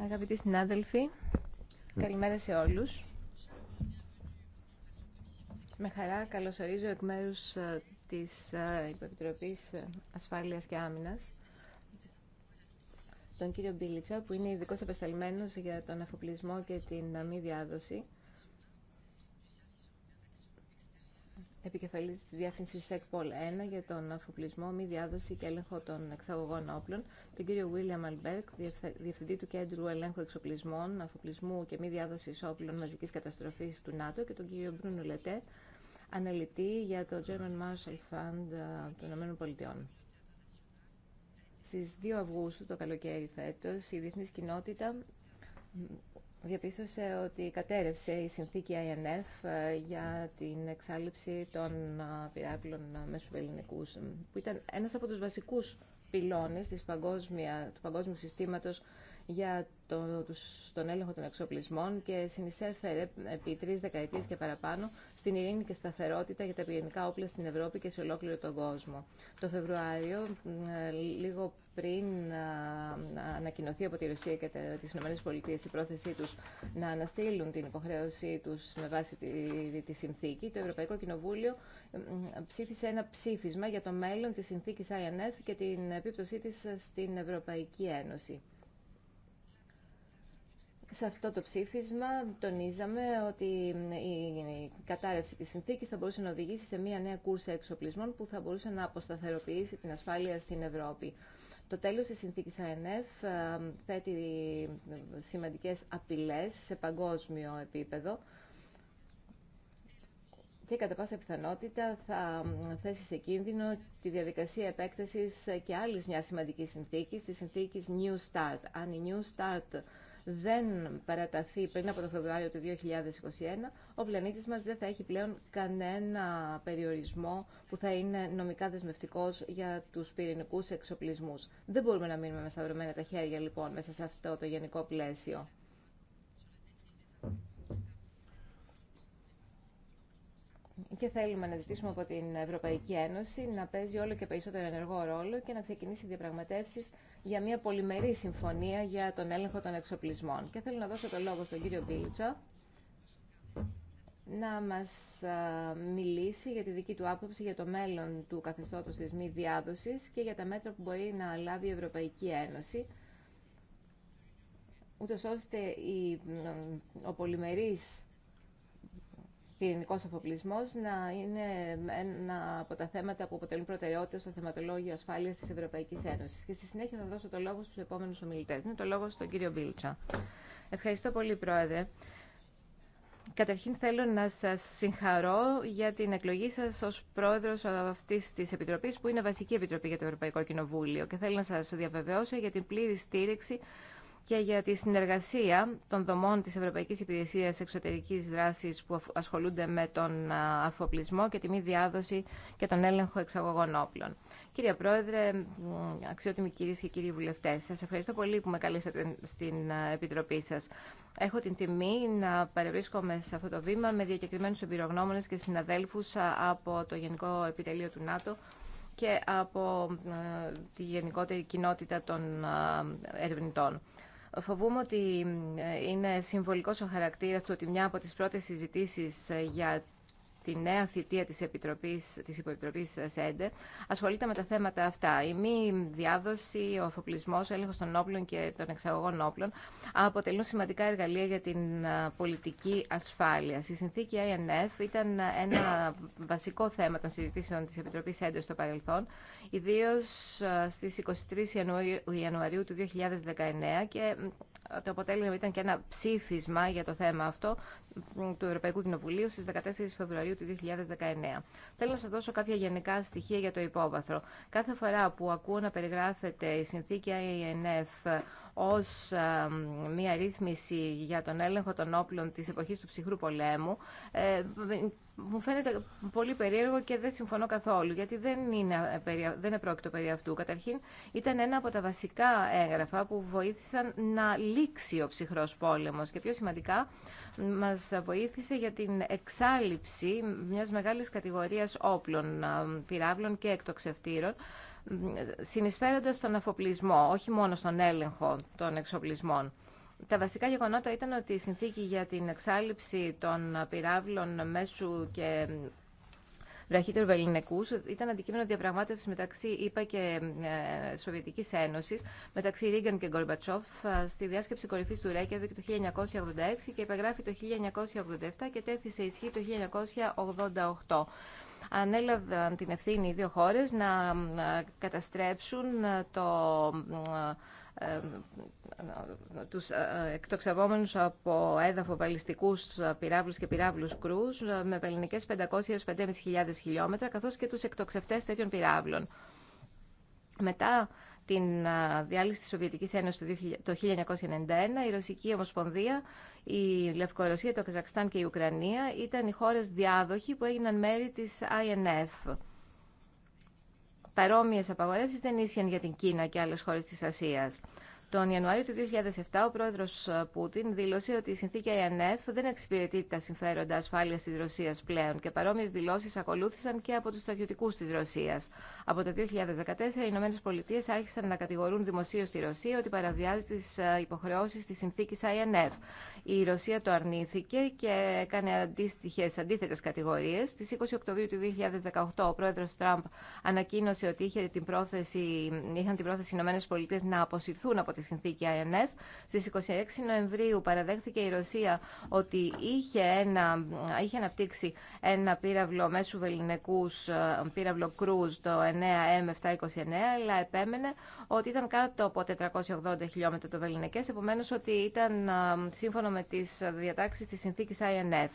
Αγαπητοί συνάδελφοι, καλημέρα σε όλους. Με χαρά καλωσορίζω εκ μέρους ε, της ε, Υποεπιτροπής Ασφάλειας και Άμυνας τον κύριο Μπίλιτσα, που είναι ειδικό απεσταλμένος για τον αφοπλισμό και την μη διάδοση επικεφαλής της διεύθυνσης ΣΕΚΠΟΛ 1 για τον αφοπλισμό, μη διάδοση και έλεγχο των εξαγωγών όπλων, τον κύριο Βίλιαμ Αλμπέρκ, διευθυντή του Κέντρου Ελέγχου Εξοπλισμών, Αφοπλισμού και Μη Διάδοση Όπλων μαζική καταστροφή του ΝΑΤΟ και τον κύριο Μπρούνο Λετέ, αναλυτή για το German Marshall Fund ε, των ΗΠΑ. Στι 2 Αυγούστου το καλοκαίρι φέτο, η διεθνή κοινότητα διαπίστωσε ότι κατέρευσε η συνθήκη INF ε, για την εξάλληψη των ε, ε, μέσου ελληνικού. που ήταν ένας από τους βασικούς πυλώνες της παγκόσμια, του παγκόσμιου συστήματος για το, τον έλεγχο των εξοπλισμών και συνεισέφερε επί τρει δεκαετίε και παραπάνω στην ειρήνη και σταθερότητα για τα πυρηνικά όπλα στην Ευρώπη και σε ολόκληρο τον κόσμο. Το Φεβρουάριο, ε, λίγο πριν ε, ανακοινωθεί από τη Ρωσία και τι ΗΠΑ η πρόθεσή του να αναστείλουν την υποχρέωσή του με βάση τη, τη συνθήκη, το Ευρωπαϊκό Κοινοβούλιο ψήφισε ένα ψήφισμα για το μέλλον τη συνθήκη INF και την επίπτωσή τη στην Ευρωπαϊκή Ένωση. Σε αυτό το ψήφισμα τονίζαμε ότι η κατάρρευση της συνθήκης θα μπορούσε να οδηγήσει σε μια νέα κούρσα εξοπλισμών που θα μπορούσε να αποσταθεροποιήσει την ασφάλεια στην Ευρώπη. Το τέλος της συνθήκης ΑΕΝΕΦ ε, θέτει σημαντικές απειλές σε παγκόσμιο επίπεδο και κατά πάσα πιθανότητα θα θέσει σε κίνδυνο τη διαδικασία επέκτασης και άλλης μιας σημαντικής συνθήκης, τη συνθήκης New Start. Αν η New Start δεν παραταθεί πριν από το Φεβρουάριο του 2021, ο πλανήτη μα δεν θα έχει πλέον κανένα περιορισμό που θα είναι νομικά δεσμευτικό για του πυρηνικού εξοπλισμού. Δεν μπορούμε να μείνουμε με σταυρωμένα τα χέρια λοιπόν μέσα σε αυτό το γενικό πλαίσιο. και θέλουμε να ζητήσουμε από την Ευρωπαϊκή Ένωση να παίζει όλο και περισσότερο ενεργό ρόλο και να ξεκινήσει διαπραγματεύσει για μια πολυμερή συμφωνία για τον έλεγχο των εξοπλισμών. Και θέλω να δώσω το λόγο στον κύριο Μπίλτσα να μας μιλήσει για τη δική του άποψη για το μέλλον του καθεστώτος της μη διάδοσης και για τα μέτρα που μπορεί να λάβει η Ευρωπαϊκή Ένωση ούτως ώστε η, ο πολυμερής πυρηνικός αφοπλισμός να είναι ένα από τα θέματα που αποτελούν προτεραιότητα στο θεματολόγιο ασφάλειας της Ευρωπαϊκής Ένωσης. Και στη συνέχεια θα δώσω το λόγο στους επόμενους ομιλητές. Είναι το λόγο στον κύριο Μπίλτσα. Ευχαριστώ πολύ, Πρόεδρε. Καταρχήν θέλω να σας συγχαρώ για την εκλογή σας ως πρόεδρος αυτής της Επιτροπής που είναι βασική επιτροπή για το Ευρωπαϊκό Κοινοβούλιο και θέλω να σας διαβεβαιώσω για την πλήρη στήριξη και για τη συνεργασία των δομών της Ευρωπαϊκής Υπηρεσίας Εξωτερικής Δράσης που ασχολούνται με τον αφοπλισμό και τη μη διάδοση και τον έλεγχο εξαγωγών όπλων. Κύριε Πρόεδρε, αξιότιμοι κυρίες και κύριοι βουλευτές, σας ευχαριστώ πολύ που με καλέσατε στην Επιτροπή σας. Έχω την τιμή να παρευρίσκομαι σε αυτό το βήμα με διακεκριμένους εμπειρογνώμονες και συναδέλφους από το Γενικό Επιτελείο του ΝΑΤΟ και από τη γενικότερη κοινότητα των ερευνητών. Φοβούμαι ότι ε, είναι συμβολικός ο χαρακτήρας του ότι μια από τις πρώτες συζητήσεις ε, για τη νέα θητεία της, Επιτροπής, της Υποεπιτροπής ΣΕΝΤΕ ασχολείται με τα θέματα αυτά. Η μη διάδοση, ο αφοπλισμός, ο έλεγχος των όπλων και των εξαγωγών όπλων αποτελούν σημαντικά εργαλεία για την πολιτική ασφάλεια. Η συνθήκη INF ήταν ένα βασικό θέμα των συζητήσεων της Επιτροπής ΣΕΝΤΕ στο παρελθόν, ιδίως στις 23 Ιανουαρίου του 2019 και το αποτέλεσμα ήταν και ένα ψήφισμα για το θέμα αυτό του Ευρωπαϊκού Κοινοβουλίου στις 14 Φεβρουαρίου του 2019. Θέλω να σας δώσω κάποια γενικά στοιχεία για το υπόβαθρο. Κάθε φορά που ακούω να περιγράφεται η συνθήκη INF ως μια ρύθμιση για τον έλεγχο των όπλων της εποχής του ψυχρού πολέμου ε, μου φαίνεται πολύ περίεργο και δεν συμφωνώ καθόλου, γιατί δεν είναι, ε, δεν είναι πρόκειτο περί αυτού. Καταρχήν, ήταν ένα από τα βασικά έγγραφα που βοήθησαν να λήξει ο ψυχρός πόλεμος και πιο σημαντικά μας βοήθησε για την εξάλληψη μιας μεγάλης κατηγορίας όπλων, ε, πυράβλων και εκτοξευτήρων, συνεισφέροντας στον αφοπλισμό, όχι μόνο στον έλεγχο των εξοπλισμών. Τα βασικά γεγονότα ήταν ότι η συνθήκη για την εξάλληψη των πυράβλων μέσου και βραχύτερου βεληνικού ήταν αντικείμενο διαπραγμάτευση μεταξύ ΗΠΑ και ε, Σοβιετική Ένωση, μεταξύ Ρίγκαν και Γκορμπατσόφ, ε, στη διάσκεψη κορυφή του Ρέκεβικ το 1986 και υπεγράφει το 1987 και τέθησε ισχύ το 1988 ανέλαβαν την ευθύνη οι δύο χώρες να καταστρέψουν ε, το ε, ε, τους εκτοξευόμενους από έδαφο βαλιστικούς πυράβλους και πυράβλους κρούς με πελληνικές 500 5.500 χιλιόμετρα καθώς και τους εκτοξευτές τέτοιων πυράβλων. Μετά την διάλυση της Σοβιετικής Ένωσης το 1991, η Ρωσική Ομοσπονδία, η Λευκορωσία, το Καζακστάν και η Ουκρανία ήταν οι χώρες διάδοχοι που έγιναν μέρη της INF. Παρόμοιες απαγορεύσεις δεν ίσχυαν για την Κίνα και άλλες χώρες της Ασίας. Τον Ιανουάριο του 2007 ο πρόεδρο ε, Πούτιν δήλωσε ότι η συνθήκη INF δεν εξυπηρετεί τα συμφέροντα ασφάλεια τη Ρωσία πλέον και παρόμοιε δηλώσει ακολούθησαν και από του στρατιωτικού τη Ρωσία. Από το 2014 οι Ηνωμένε Πολιτείε άρχισαν να κατηγορούν δημοσίω τη Ρωσία ότι παραβιάζει τι ε, υποχρεώσει τη συνθήκη INF. Η Ρωσία το αρνήθηκε και έκανε αντίστοιχε αντίθετε κατηγορίε. Τη 20 Οκτωβρίου του 2018 ο πρόεδρο Τραμπ ανακοίνωσε ότι είχε την πρόθεση, είχαν την πρόθεση οι Ηνωμένε πολιτείε να αποσυρθούν από τη συνθήκη INF. Στις 26 Νοεμβρίου παραδέχθηκε η Ρωσία ότι είχε, ένα, είχε αναπτύξει ένα πύραυλο μέσου βεληνικού, ε, πύραυλο κρούζ το 9M729, αλλά επέμενε ότι ήταν κάτω από 480 χιλιόμετρα το βελινεκές, Επομένω ότι ήταν ε, σύμφωνο με τι διατάξεις της συνθήκης INF.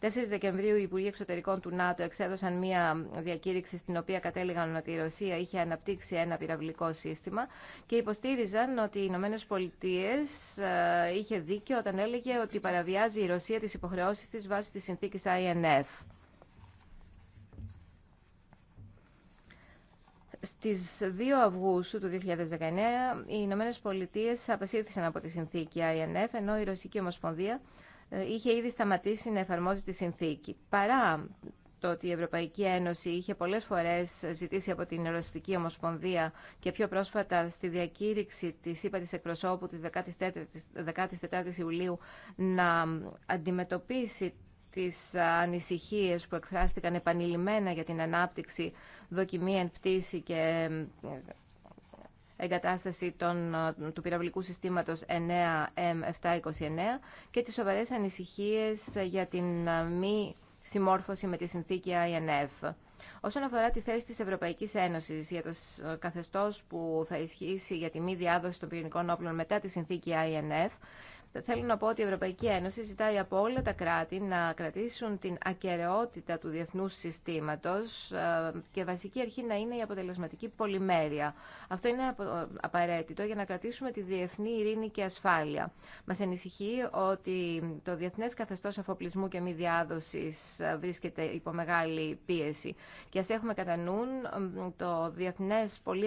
4 Δεκεμβρίου οι Υπουργοί Εξωτερικών του ΝΑΤΟ εξέδωσαν μία διακήρυξη στην οποία κατέληγαν ότι η Ρωσία είχε αναπτύξει ένα πυραυλικό σύστημα και υποστήριζαν ότι οι Ηνωμένε Πολιτείε ε, είχε δίκιο όταν έλεγε ότι παραβιάζει η Ρωσία τις υποχρεώσεις της βάσει της συνθήκης INF. Στις 2 Αυγούστου του 2019, οι Ηνωμένε Πολιτείε απασύρθησαν από τη συνθήκη INF, ενώ η Ρωσική Ομοσπονδία ε, είχε ήδη σταματήσει να εφαρμόζει τη συνθήκη. Παρά το ότι η Ευρωπαϊκή Ένωση είχε πολλές φορές ζητήσει από την Ρωσική Ομοσπονδία και πιο πρόσφατα στη διακήρυξη της ΥΠΑ εκπροσώπου της 14ης Ιουλίου να αντιμετωπίσει τις ανησυχίες που εκφράστηκαν επανειλημμένα για την ανάπτυξη δοκιμή εν πτήση και ε, εγκατάσταση των, ε, του πυραυλικού συστήματος 9M729 και τις σοβαρές ανησυχίες για την ε, μη συμμόρφωση με τη συνθήκη INF. Όσον αφορά τη θέση της Ευρωπαϊκής Ένωσης για το ε, καθεστώς που θα ισχύσει για τη μη διάδοση των πυρηνικών όπλων μετά τη συνθήκη INF, Θέλω να πω ότι η Ευρωπαϊκή Ένωση ζητάει από όλα τα κράτη να κρατήσουν την ακαιρεότητα του διεθνού συστήματος ε, και βασική αρχή να είναι η αποτελεσματική πολυμέρεια. Αυτό είναι απαραίτητο για να κρατήσουμε τη διεθνή ειρήνη και ασφάλεια. Μας ενισχύει ότι το διεθνές Καθεστώ αφοπλισμού και μη διάδοση ε, βρίσκεται υπό μεγάλη πίεση. Και α έχουμε κατά νου το διεθνές πολύ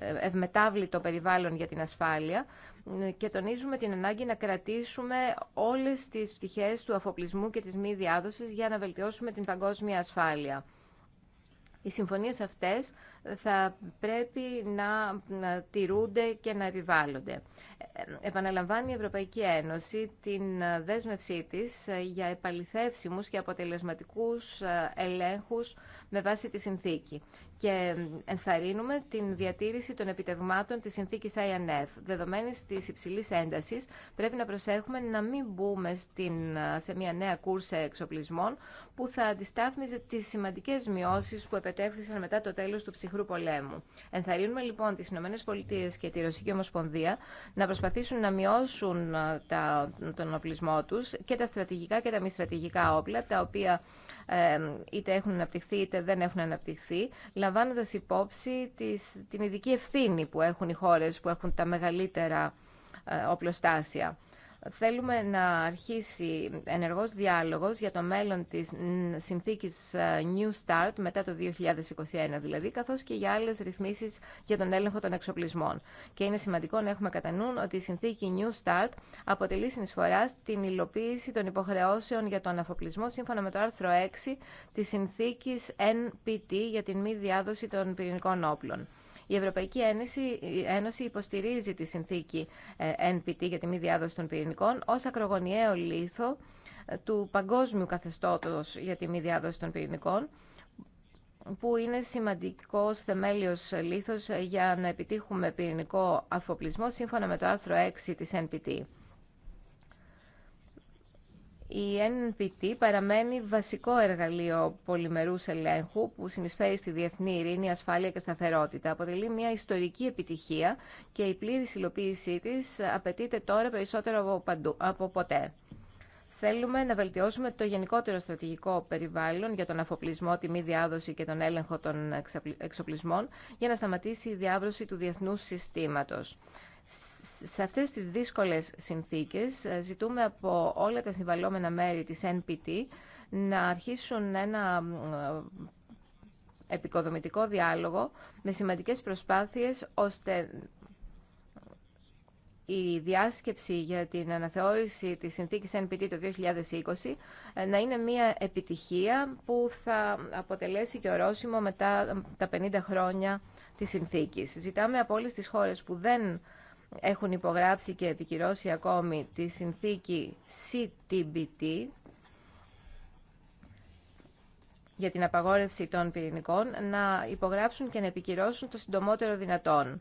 ευμετάβλητο περιβάλλον για την ασφάλεια και τονίζουμε την ανάγκη να κρατήσουμε όλες τις πτυχές του αφοπλισμού και της μη διάδοσης για να βελτιώσουμε την παγκόσμια ασφάλεια. Οι συμφωνίες αυτές θα πρέπει να τηρούνται και να επιβάλλονται. Επαναλαμβάνει η Ευρωπαϊκή Ένωση την δέσμευσή της για επαληθεύσιμους και αποτελεσματικούς ελέγχους με βάση τη συνθήκη και ενθαρρύνουμε την διατήρηση των επιτευγμάτων της συνθήκης INF. Δεδομένης της υψηλής έντασης, πρέπει να προσέχουμε να μην μπούμε σε μια νέα κούρσα εξοπλισμών που θα αντιστάθμιζε τις σημαντικές μειώσεις που επετέφθησαν μετά το τέλος του πολέμου. Ενθαρρύνουμε λοιπόν τις ΗΠΑ και τη Ρωσική Ομοσπονδία να προσπαθήσουν να μειώσουν ε, τα, τον οπλισμό τους και τα στρατηγικά και τα μη στρατηγικά όπλα, τα οποία ε, είτε έχουν αναπτυχθεί είτε δεν έχουν αναπτυχθεί, λαμβάνοντα υπόψη την ειδική ευθύνη που έχουν οι χώρες που έχουν τα μεγαλύτερα ε, οπλοστάσια. Θέλουμε να αρχίσει ενεργός διάλογος για το μέλλον της συνθήκης ε, New Start μετά το 2021 δηλαδή, καθώς και για άλλες ρυθμίσεις για τον έλεγχο των εξοπλισμών. Και είναι σημαντικό να έχουμε κατά νου ότι η συνθήκη New Start αποτελεί συνεισφορά στην υλοποίηση των υποχρεώσεων για τον αφοπλισμό σύμφωνα με το άρθρο 6 της συνθήκης NPT για την μη διάδοση των πυρηνικών όπλων. Η Ευρωπαϊκή Ένωση, Ένωση υποστηρίζει τη συνθήκη ε, NPT για τη μη διάδοση των πυρηνικών ως ακρογωνιαίο λίθο ε, του παγκόσμιου καθεστώτος για τη μη διάδοση των πυρηνικών που είναι σημαντικός θεμέλιος λίθος ε, για να επιτύχουμε πυρηνικό αφοπλισμό σύμφωνα με το άρθρο 6 της NPT. Η NPT παραμένει βασικό εργαλείο πολυμερούς ελέγχου που συνεισφέρει στη διεθνή ειρήνη, ασφάλεια και σταθερότητα. Αποτελεί μια ιστορική επιτυχία και η πλήρη υλοποίησή της απαιτείται τώρα περισσότερο από, από ποτέ. Θέλουμε να βελτιώσουμε το γενικότερο στρατηγικό περιβάλλον για τον αφοπλισμό, τη μη διάδοση και τον έλεγχο των εξοπλισμών για να σταματήσει η διάβρωση του διεθνούς συστήματος. Σε αυτές τις δύσκολες συνθήκες ε, ζητούμε από όλα τα συμβαλλόμενα μέρη της NPT να αρχίσουν ένα ε, επικοδομητικό διάλογο με σημαντικές προσπάθειες ώστε η διάσκεψη για την αναθεώρηση της συνθήκης NPT το 2020 ε, να είναι μια επιτυχία που θα αποτελέσει και ορόσημο μετά τα 50 χρόνια της συνθήκης. Ζητάμε από όλες τις χώρες που δεν έχουν υπογράψει και επικυρώσει ακόμη τη συνθήκη CTBT για την απαγόρευση των πυρηνικών να υπογράψουν και να επικυρώσουν το συντομότερο δυνατόν.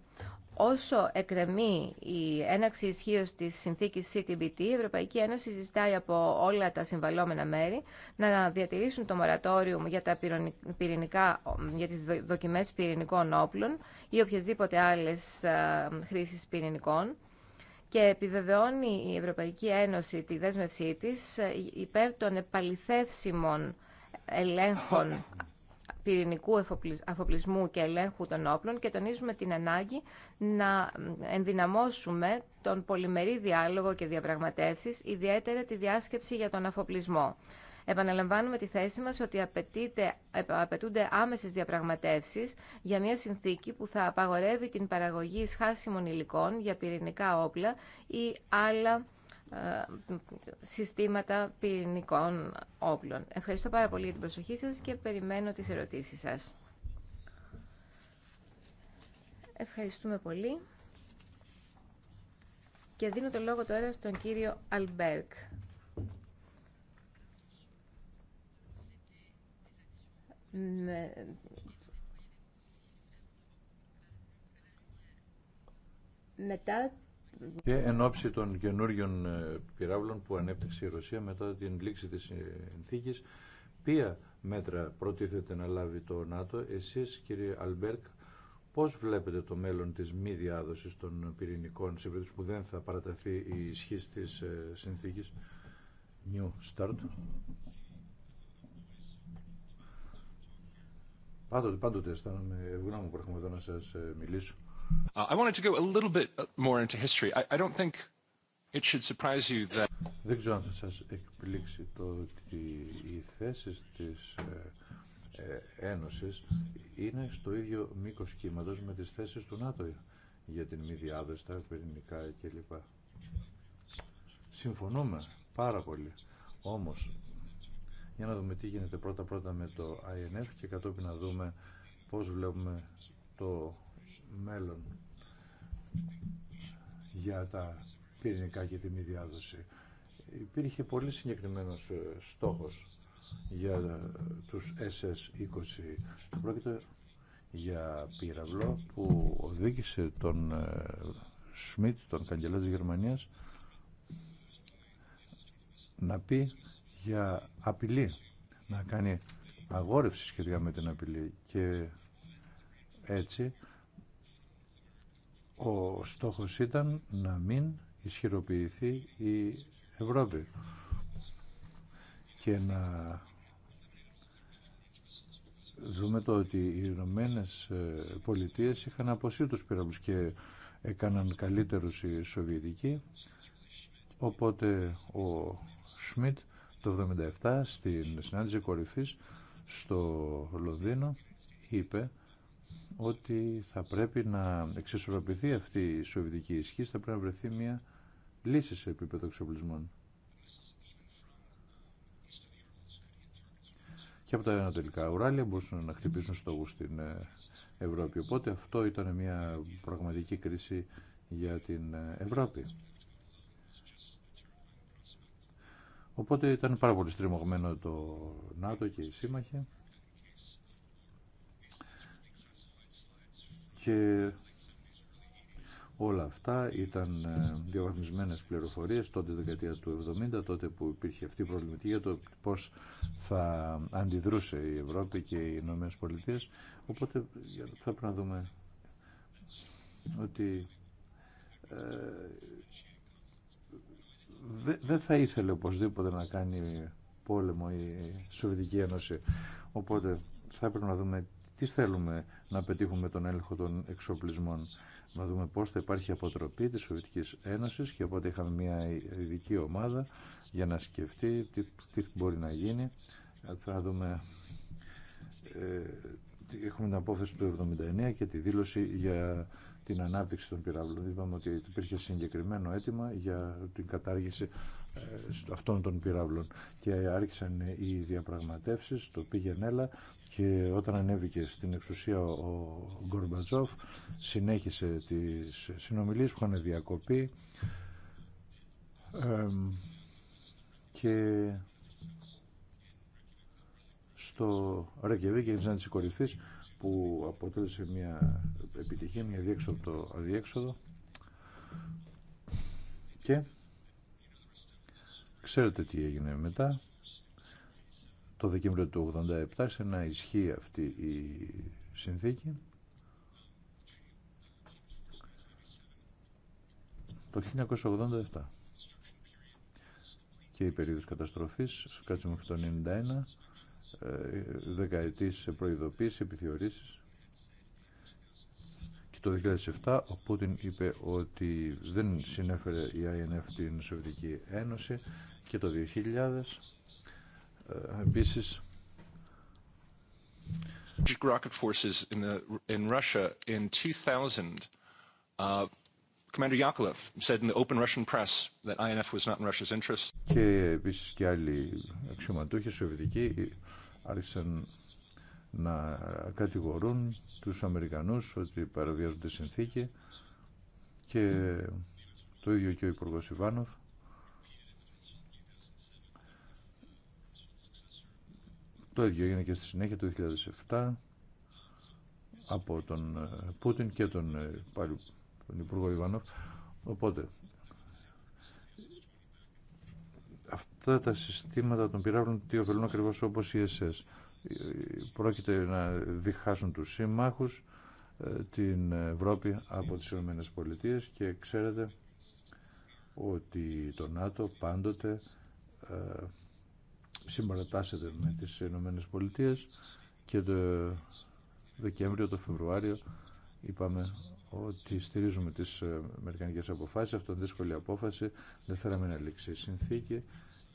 Όσο εκρεμεί η έναξη ισχύω τη συνθήκη CTBT, η Ευρωπαϊκή Ένωση ζητάει από όλα τα συμβαλόμενα μέρη να διατηρήσουν το μορατόριο για, τα πυρηνικά, για τις δοκιμές πυρηνικών όπλων ή οποιασδήποτε άλλες ε, χρήσεις πυρηνικών και επιβεβαιώνει η Ευρωπαϊκή Ένωση τη δέσμευσή της ε, υπέρ των επαληθεύσιμων ελέγχων πυρηνικού αφοπλισμού και ελέγχου των όπλων και τονίζουμε την ανάγκη να ενδυναμώσουμε τον πολυμερή διάλογο και διαπραγματεύσεις, ιδιαίτερα τη διάσκεψη για τον αφοπλισμό. Επαναλαμβάνουμε τη θέση μας ότι απαιτούνται άμεσες διαπραγματεύσεις για μια συνθήκη που θα απαγορεύει την παραγωγή σχάσιμων υλικών για πυρηνικά όπλα ή άλλα ε, συστήματα πυρηνικών όπλων. Ευχαριστώ πάρα πολύ για την προσοχή σας και περιμένω τις ερωτήσεις σας. Ευχαριστούμε πολύ. Και δίνω το λόγο τώρα στον κύριο Αλμπέρκ. Μετά και εν ώψη των καινούριων ε, πυράβλων που ανέπτυξε η Ρωσία μετά την λήξη της συνθήκης, ποια μέτρα προτίθεται να λάβει το ΝΑΤΟ, εσείς κύριε Αλμπέρκ, πώς βλέπετε το μέλλον της μη διάδοσης των πυρηνικών σε που δεν θα παραταθεί η ισχύ της ε, συνθήκης. New start. Πάντοτε, πάντοτε αισθάνομαι ευγνώμη που έρχομαι εδώ να σας ε, μιλήσω. Δεν ξέρω αν θα σας εκπλήξει το ότι οι θέσεις της ε, ε, Ένωσης είναι στο ίδιο μήκος κύματος με τις θέσεις του ΝΑΤΟ για την μη διάδεστα, πυρηνικά κλπ. Συμφωνούμε πάρα πολύ. Όμως, για να δούμε τι γίνεται πρώτα-πρώτα με το INF και κατόπιν να δούμε πώς βλέπουμε το μέλλον για τα πυρηνικά και τη μη διάδοση. Υπήρχε πολύ συγκεκριμένος ε, στόχος για τους SS-20. Πρόκειται για πυραυλό που οδήγησε τον ε, Σμιτ, τον καγκελάριο της Γερμανίας, να πει για απειλή, να κάνει αγόρευση σχετικά με την απειλή και έτσι ο στόχος ήταν να μην ισχυροποιηθεί η Ευρώπη και να δούμε το ότι οι Ηνωμένε Πολιτείε είχαν αποσύρει τους και έκαναν καλύτερους οι Σοβιετικοί οπότε ο Σμιτ το 1977 στην συνάντηση κορυφής στο Λονδίνο είπε ότι θα πρέπει να εξισορροπηθεί αυτή η σοβιετική ισχύ, θα πρέπει να βρεθεί μια λύση σε επίπεδο εξοπλισμών. Και από τα ανατολικά ουράλια μπορούσαν να χτυπήσουν στόχους στην ε, Ευρώπη. Οπότε αυτό ήταν μια πραγματική κρίση για την ε, Ευρώπη. Οπότε ήταν πάρα πολύ στριμωγμένο το ΝΑΤΟ και οι σύμμαχοι. και όλα αυτά ήταν ε, διαβαθμισμένες πληροφορίες τότε δεκαετία του 70 τότε που υπήρχε αυτή η προβληματική για το πώς θα αντιδρούσε η Ευρώπη και οι Ηνωμένε Πολιτείε. οπότε θα πρέπει να δούμε ότι ε, δεν θα ήθελε οπωσδήποτε να κάνει πόλεμο η Σοβιτική Ένωση. Οπότε θα πρέπει να δούμε τι θέλουμε να πετύχουμε τον έλεγχο των εξοπλισμών. Να δούμε πώς θα υπάρχει αποτροπή της Σοβιετικής Ένωσης και οπότε είχαμε μια ειδική ομάδα για να σκεφτεί τι, τι μπορεί να γίνει. Θα δούμε... Ε, έχουμε την απόφαση του 79 και τη δήλωση για την ανάπτυξη των πυράβλων. Είπαμε ότι υπήρχε συγκεκριμένο αίτημα για την κατάργηση ε, αυτών των πυράβλων. Και άρχισαν οι διαπραγματεύσεις, το πήγαινε έλα και όταν ανέβηκε στην εξουσία ο Γκορμπατζόφ συνέχισε τις συνομιλίες που είχαν διακοπεί και στο Ρεκεβίκη και Νέντσης κορυφής που αποτέλεσε μια επιτυχία, μια διέξοδο το αδιέξοδο και ξέρετε τι έγινε μετά το Δεκέμβριο του 87 σε να ισχύει αυτή η συνθήκη. Το 1987 και η περίοδος καταστροφής, κάτσε μέχρι το 91, ε, δεκαετής προειδοποίηση, επιθεωρήσεις. Και το 2007 ο Πούτιν είπε ότι δεν συνέφερε η INF την Σοβιετική Ένωση και το 2000 ε, επίσης, rocket forces in, the, in Russia in 2000, uh, Commander Yakolev said in the open Russian press that INF was not in Russia's interest. Και επίσης και άλλοι αξιωματούχοι σοβιετικοί άρχισαν να κατηγορούν τους Αμερικανούς ότι παραβιάζονται συνθήκη και το ίδιο και ο Υπουργός Ιβάνοφ. Το ίδιο έγινε και στη συνέχεια το 2007 από τον ε, Πούτιν και τον, ε, τον Υπουργό Ιβανόφ. Οπότε, αυτά τα συστήματα των πυράβλων τι ωφελούν ακριβώ όπως οι ΕΣΕΣ. Πρόκειται να διχάσουν τους σύμμαχους ε, την Ευρώπη από τις ΗΠΑ και ξέρετε ότι το ΝΑΤΟ πάντοτε συμπαρατάσσεται με τις Ηνωμένες Πολιτείες και το Δεκέμβριο, το Φεβρουάριο είπαμε ότι στηρίζουμε τις Αμερικανικές αποφάσεις, αυτό είναι δύσκολη απόφαση, δεν θέλαμε να λήξει η συνθήκη.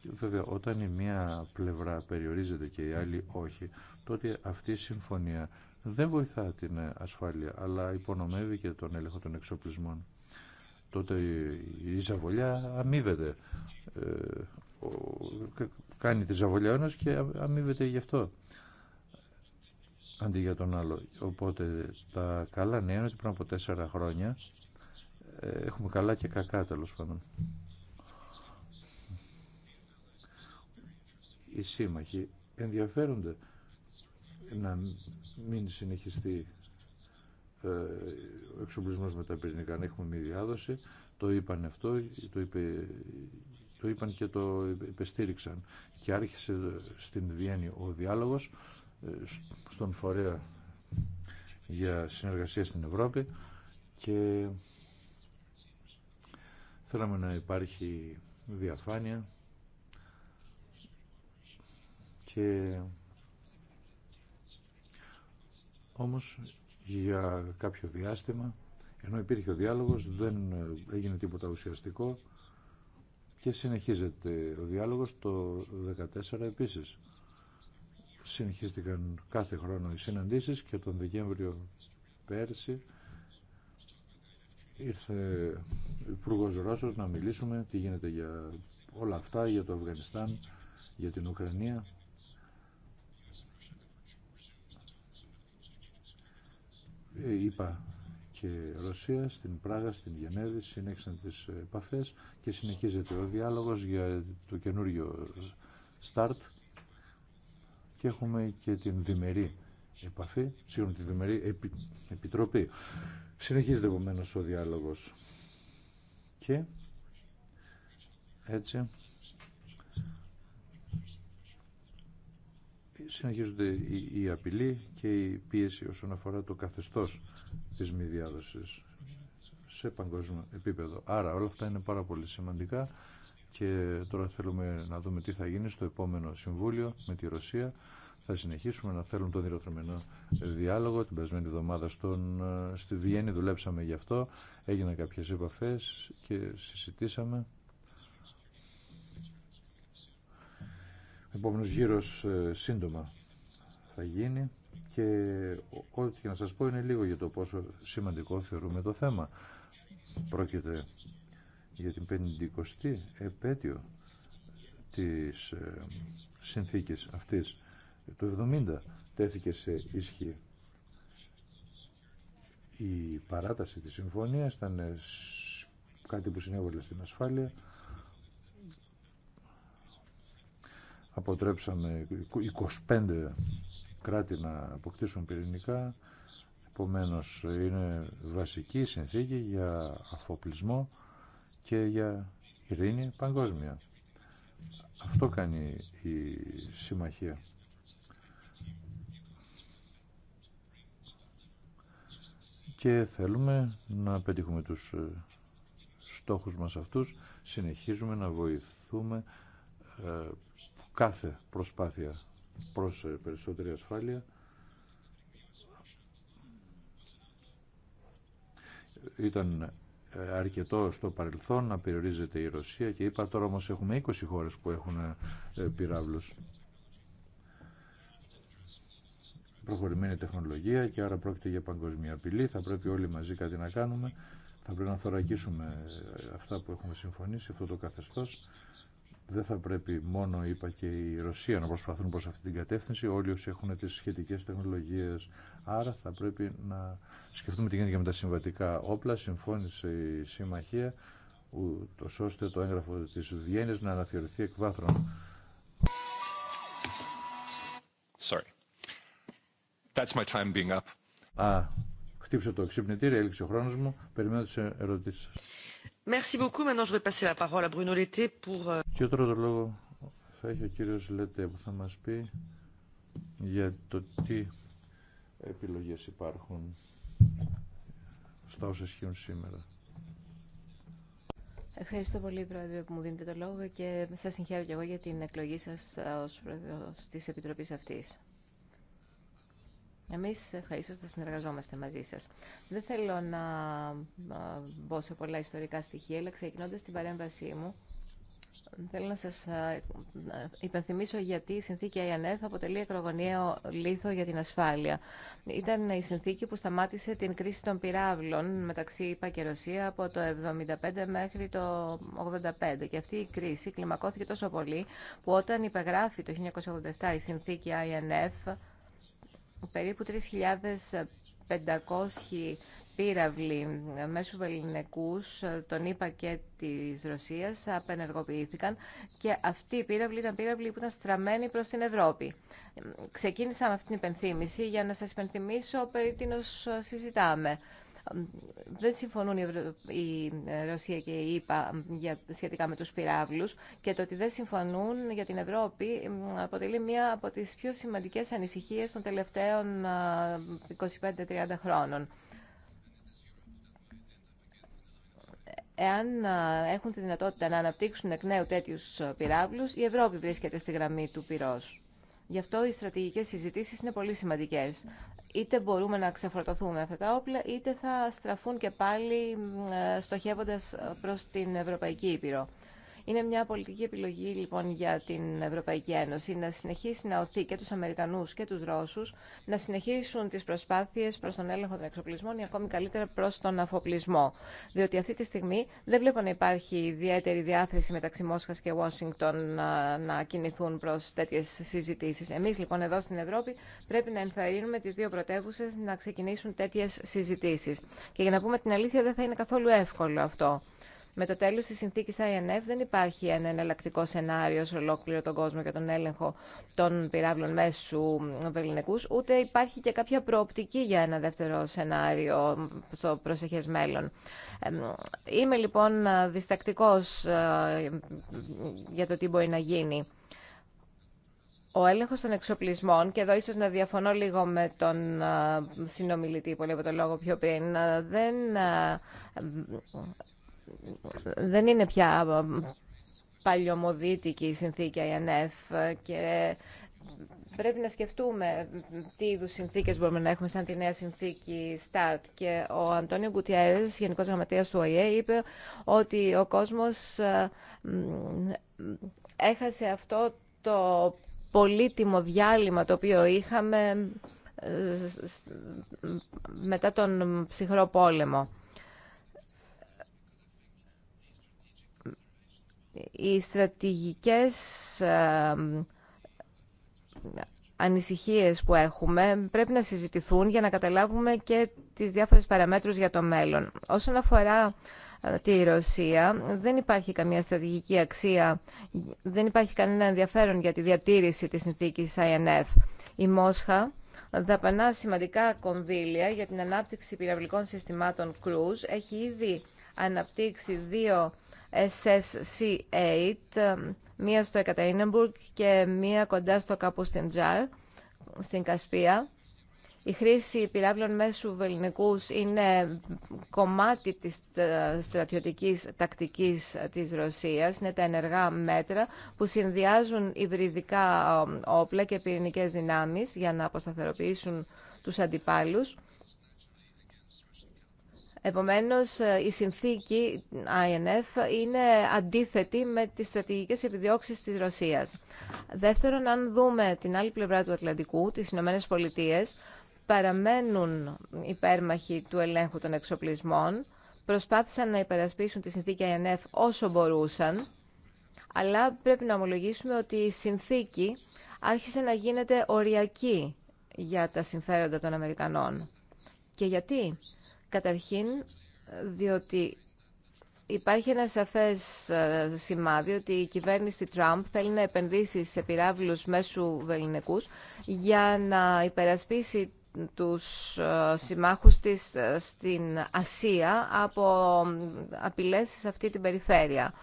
Και βέβαια, όταν η μία πλευρά περιορίζεται και η άλλη όχι, τότε αυτή η συμφωνία δεν βοηθά την ασφάλεια, αλλά υπονομεύει και τον έλεγχο των εξοπλισμών. Τότε η εισαβολιά αμείβεται. Ε, κάνει τη ζαβολιά ένας και αμείβεται γι' αυτό αντί για τον άλλο. Οπότε τα καλά νέα είναι ότι πριν από τέσσερα χρόνια ε, έχουμε καλά και κακά τέλο πάντων. Οι σύμμαχοι ενδιαφέρονται να μην συνεχιστεί ε, ο εξοπλισμός με τα πυρηνικά, έχουμε μη διάδοση. Το είπαν αυτό, το είπε το είπαν και το υπεστήριξαν και άρχισε στην Βιέννη ο διάλογος ε, στον φορέα για συνεργασία στην Ευρώπη και θέλαμε να υπάρχει διαφάνεια και όμως για κάποιο διάστημα ενώ υπήρχε ο διάλογος δεν έγινε τίποτα ουσιαστικό και συνεχίζεται ο διάλογος το 2014 επίσης. Συνεχίστηκαν κάθε χρόνο οι συναντήσεις και τον Δεκέμβριο πέρσι ήρθε ο υπουργό Ρώσος να μιλήσουμε τι γίνεται για όλα αυτά, για το Αφγανιστάν, για την Ουκρανία. Ε, είπα και Ρωσία στην Πράγα, στην Γενέβη, συνέχισαν τις επαφές και συνεχίζεται ο διάλογος για το καινούριο start και έχουμε και την διμερή επαφή, σύγχρονη την διμερή επι, επιτροπή. Συνεχίζεται επομένω ο διάλογος και έτσι συνεχίζονται η, η απειλή και η πίεση όσον αφορά το καθεστώς της μη διάδοσης σε παγκόσμιο επίπεδο. Άρα όλα αυτά είναι πάρα πολύ σημαντικά και τώρα θέλουμε να δούμε τι θα γίνει στο επόμενο συμβούλιο με τη Ρωσία. Θα συνεχίσουμε να θέλουν τον διερωτρομενό διάλογο. Την περασμένη εβδομάδα στον, ε, στη Βιέννη δουλέψαμε γι' αυτό. Έγιναν κάποιες επαφές και συζητήσαμε. Επόμενος γύρος ε, σύντομα θα γίνει και ό,τι και να σας πω είναι λίγο για το πόσο σημαντικό θεωρούμε το θέμα. Πρόκειται για την 50η επέτειο της ε, συνθήκης αυτής. Το 70 τέθηκε σε ισχύ. Η παράταση της συμφωνίας ήταν ε, κάτι που συνέβαλε στην ασφάλεια. Αποτρέψαμε 25 κράτη να αποκτήσουν πυρηνικά. Επομένω είναι βασική συνθήκη για αφοπλισμό και για ειρήνη παγκόσμια. Αυτό κάνει η συμμαχία. Και θέλουμε να πετύχουμε τους ε, στόχους μας αυτούς. Συνεχίζουμε να βοηθούμε ε, κάθε προσπάθεια προς ε, περισσότερη ασφάλεια. Ήταν ε, αρκετό στο παρελθόν να περιορίζεται η Ρωσία και είπα τώρα όμως έχουμε 20 χώρες που έχουν ε, πυράβλους. Προχωρημένη τεχνολογία και άρα πρόκειται για παγκοσμία απειλή. Θα πρέπει όλοι μαζί κάτι να κάνουμε. Θα πρέπει να θωρακίσουμε αυτά που έχουμε συμφωνήσει, αυτό το καθεστώς δεν θα πρέπει μόνο, είπα, και η Ρωσία να προσπαθούν προς αυτή την κατεύθυνση, όλοι όσοι έχουν τις σχετικές τεχνολογίες. Άρα θα πρέπει να σκεφτούμε τι γίνεται και με τα συμβατικά όπλα. Συμφώνησε η Συμμαχία, ούτως ώστε το έγγραφο της Βιέννης να αναθεωρηθεί εκ βάθρων. Sorry. That's my time being up. Α, χτύψε το ξυπνητήρι, έληξε ο χρόνος μου. Περιμένω τις ερωτήσεις σας. Merci beaucoup. Maintenant, je vais passer la parole à Bruno pour... Euh, και τώρα το λόγο θα έχει ο κύριος Λετέ που θα μας πει για το τι επιλογές υπάρχουν στα όσα ισχύουν σήμερα. Ευχαριστώ πολύ, Πρόεδρε, που μου δίνετε το λόγο και σας συγχαίρω και εγώ για την εκλογή σας ε, ως πρόεδρος της Επιτροπής αυτής. Εμείς ευχαριστώ, θα συνεργαζόμαστε μαζί σας. Δεν θέλω να μπω σε πολλά ιστορικά στοιχεία, αλλά ξεκινώντα την παρέμβασή μου, θέλω να σας υπενθυμίσω γιατί η συνθήκη INF αποτελεί ακρογωνιαίο λίθο για την ασφάλεια. Ήταν η συνθήκη που σταμάτησε την κρίση των πυράβλων μεταξύ ΙΠΑ και Ρωσία από το 1975 μέχρι το 1985. Και αυτή η κρίση κλιμακώθηκε τόσο πολύ που όταν υπεγράφει το 1987 η συνθήκη INF περίπου 3.500 πύραυλοι μέσω βεληνικούς τον είπα και της Ρωσίας απενεργοποιήθηκαν και αυτοί οι πύραυλοι ήταν πύραυλοι που ήταν στραμμένοι προς την Ευρώπη. Ξεκίνησα με αυτή την υπενθύμηση για να σας υπενθυμίσω περί τίνος συζητάμε δεν συμφωνούν η ε, Ρωσία και η ΕΠΑ σχετικά με τους πυράβλους και το ότι δεν συμφωνούν για την Ευρώπη αποτελεί μία από τις πιο σημαντικές ανησυχίες των τελευταίων 25-30 χρόνων. Εάν έχουν τη δυνατότητα να αναπτύξουν εκ νέου τέτοιους πυράβλους, η Ευρώπη βρίσκεται στη γραμμή του πυρός. Γι' αυτό οι στρατηγικές συζητήσεις είναι πολύ σημαντικές είτε μπορούμε να ξεφορτωθούμε αυτά τα όπλα, είτε θα στραφούν και πάλι ε, στοχεύοντας προς την Ευρωπαϊκή Ήπειρο. Είναι μια πολιτική επιλογή λοιπόν για την Ευρωπαϊκή Ένωση να συνεχίσει να οθεί και του Αμερικανού και του Ρώσους να συνεχίσουν τι προσπάθειε προ τον έλεγχο των εξοπλισμών ή ακόμη καλύτερα προ τον αφοπλισμό. Διότι αυτή τη στιγμή δεν βλέπω να υπάρχει ιδιαίτερη διάθεση μεταξύ Μόσχας και Ουάσιγκτον να κινηθούν προ τέτοιε συζητήσει. Εμεί, λοιπόν εδώ στην Ευρώπη πρέπει να ενθαρρύνουμε τι δύο πρωτεύουσε να ξεκινήσουν τέτοιε συζητήσει. Και για να πούμε την αλήθεια δεν θα είναι καθόλου εύκολο αυτό. Με το τέλος της συνθήκη INF δεν υπάρχει ένα εναλλακτικό σενάριο σε ολόκληρο τον κόσμο για τον έλεγχο των πυράβλων μέσου βεληνικούς, ούτε υπάρχει και κάποια προοπτική για ένα δεύτερο σενάριο στο προσεχές μέλλον. Είμαι λοιπόν διστακτικός ε, για το τι μπορεί να γίνει. Ο έλεγχο των εξοπλισμών, και εδώ ίσω να διαφωνώ λίγο με τον ε, συνομιλητή που έλεγε το λόγο πιο πριν, ε, δεν δεν είναι πια παλιωμοδίτικη η συνθήκη και πρέπει να σκεφτούμε τι είδους συνθήκες μπορούμε να έχουμε σαν τη νέα συνθήκη START. Και ο Αντώνιο Γκουτιέρες, Γενικός Γραμματέας του ΟΗΕ, είπε ότι ο κόσμος ε, έχασε αυτό το πολύτιμο διάλειμμα το οποίο είχαμε ε, μετά τον ψυχρό πόλεμο. οι στρατηγικές ανησυχίες που έχουμε πρέπει να συζητηθούν για να καταλάβουμε και τις διάφορες παραμέτρους για το μέλλον. Όσον αφορά ε, τη Ρωσία, δεν υπάρχει καμία στρατηγική αξία, δεν υπάρχει κανένα ενδιαφέρον για τη διατήρηση της συνθήκης INF. Η Μόσχα δαπανά σημαντικά κονδύλια για την ανάπτυξη πυραυλικών συστημάτων Cruise. Έχει ήδη αναπτύξει δύο SSC8, μία στο Εκατερίνεμπουργκ και μία κοντά στο κάπου στην Τζάρ, στην Κασπία. Η χρήση πυράβλων μέσου βελνικούς είναι κομμάτι της ε, στρατιωτικής τακτικής της Ρωσίας. Είναι τα ενεργά μέτρα που συνδυάζουν υβριδικά ε, όπλα και πυρηνικές δυνάμεις για να αποσταθεροποιήσουν τους αντιπάλους. Επομένως, ε, η συνθήκη INF είναι αντίθετη με τις στρατηγικές επιδιώξεις της Ρωσίας. Δεύτερον, αν δούμε την άλλη πλευρά του Ατλαντικού, τις Ηνωμένες Πολιτείες, παραμένουν υπέρμαχοι του ελέγχου των εξοπλισμών, προσπάθησαν να υπερασπίσουν τη συνθήκη INF όσο μπορούσαν, αλλά πρέπει να ομολογήσουμε ότι η συνθήκη άρχισε να γίνεται οριακή για τα συμφέροντα των Αμερικανών. Και γιατί? Καταρχήν, διότι υπάρχει ένα σαφές ε, σημάδι ότι η κυβέρνηση Τραμπ θέλει να επενδύσει σε πυράβλους μέσου βεληνικούς για να υπερασπίσει τους ε, συμμάχους της ε, στην Ασία από απειλές σε αυτή την περιφέρεια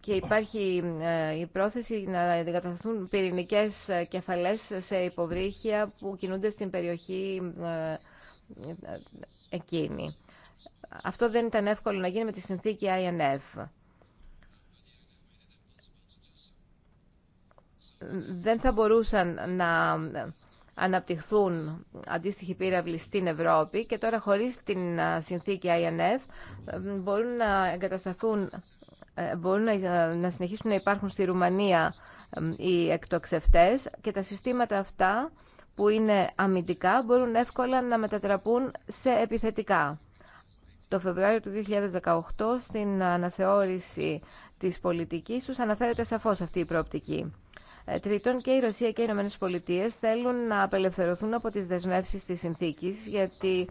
και υπάρχει ε, η πρόθεση να εγκατασταθούν πυρηνικές κεφαλές σε υποβρύχια που κινούνται στην περιοχή ε, ε, εκείνη. Αυτό δεν ήταν εύκολο να γίνει με τη συνθήκη INF. Δεν θα μπορούσαν να αναπτυχθούν αντίστοιχοι πύραυλοι στην Ευρώπη και τώρα χωρίς την συνθήκη INF μπορούν να εγκατασταθούν ε, μπορούν ε, να συνεχίσουν να υπάρχουν στη Ρουμανία οι εκτοξευτές και τα συστήματα αυτά που είναι αμυντικά μπορούν εύκολα να μετατραπούν σε επιθετικά. Το Φεβρουάριο του 2018 στην αναθεώρηση της πολιτικής τους αναφέρεται σαφώς αυτή η προοπτική. Ε, τρίτον, και η Ρωσία και οι Ηνωμένε Πολιτείε θέλουν να απελευθερωθούν από τις δεσμεύσεις της συνθήκης, γιατί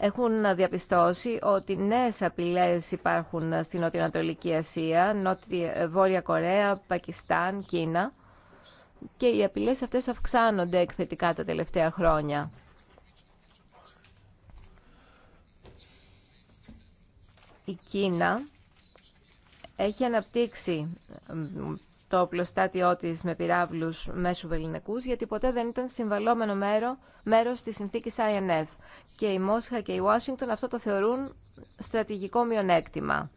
έχουν διαπιστώσει ότι νέες απειλές υπάρχουν στην Νοτιοανατολική Ασία, Νότια, Βόρεια Κορέα, Πακιστάν, Κίνα και οι απειλές αυτές αυξάνονται εκθετικά τα τελευταία χρόνια. Η Κίνα έχει αναπτύξει το πλωστάτιό τη με πυράβλου μέσου βελληνικού, γιατί ποτέ δεν ήταν συμβαλόμενο μέρο, μέρος της συνθήκη INF. Και η Μόσχα και η Ουάσιγκτον αυτό το θεωρούν στρατηγικό μειονέκτημα.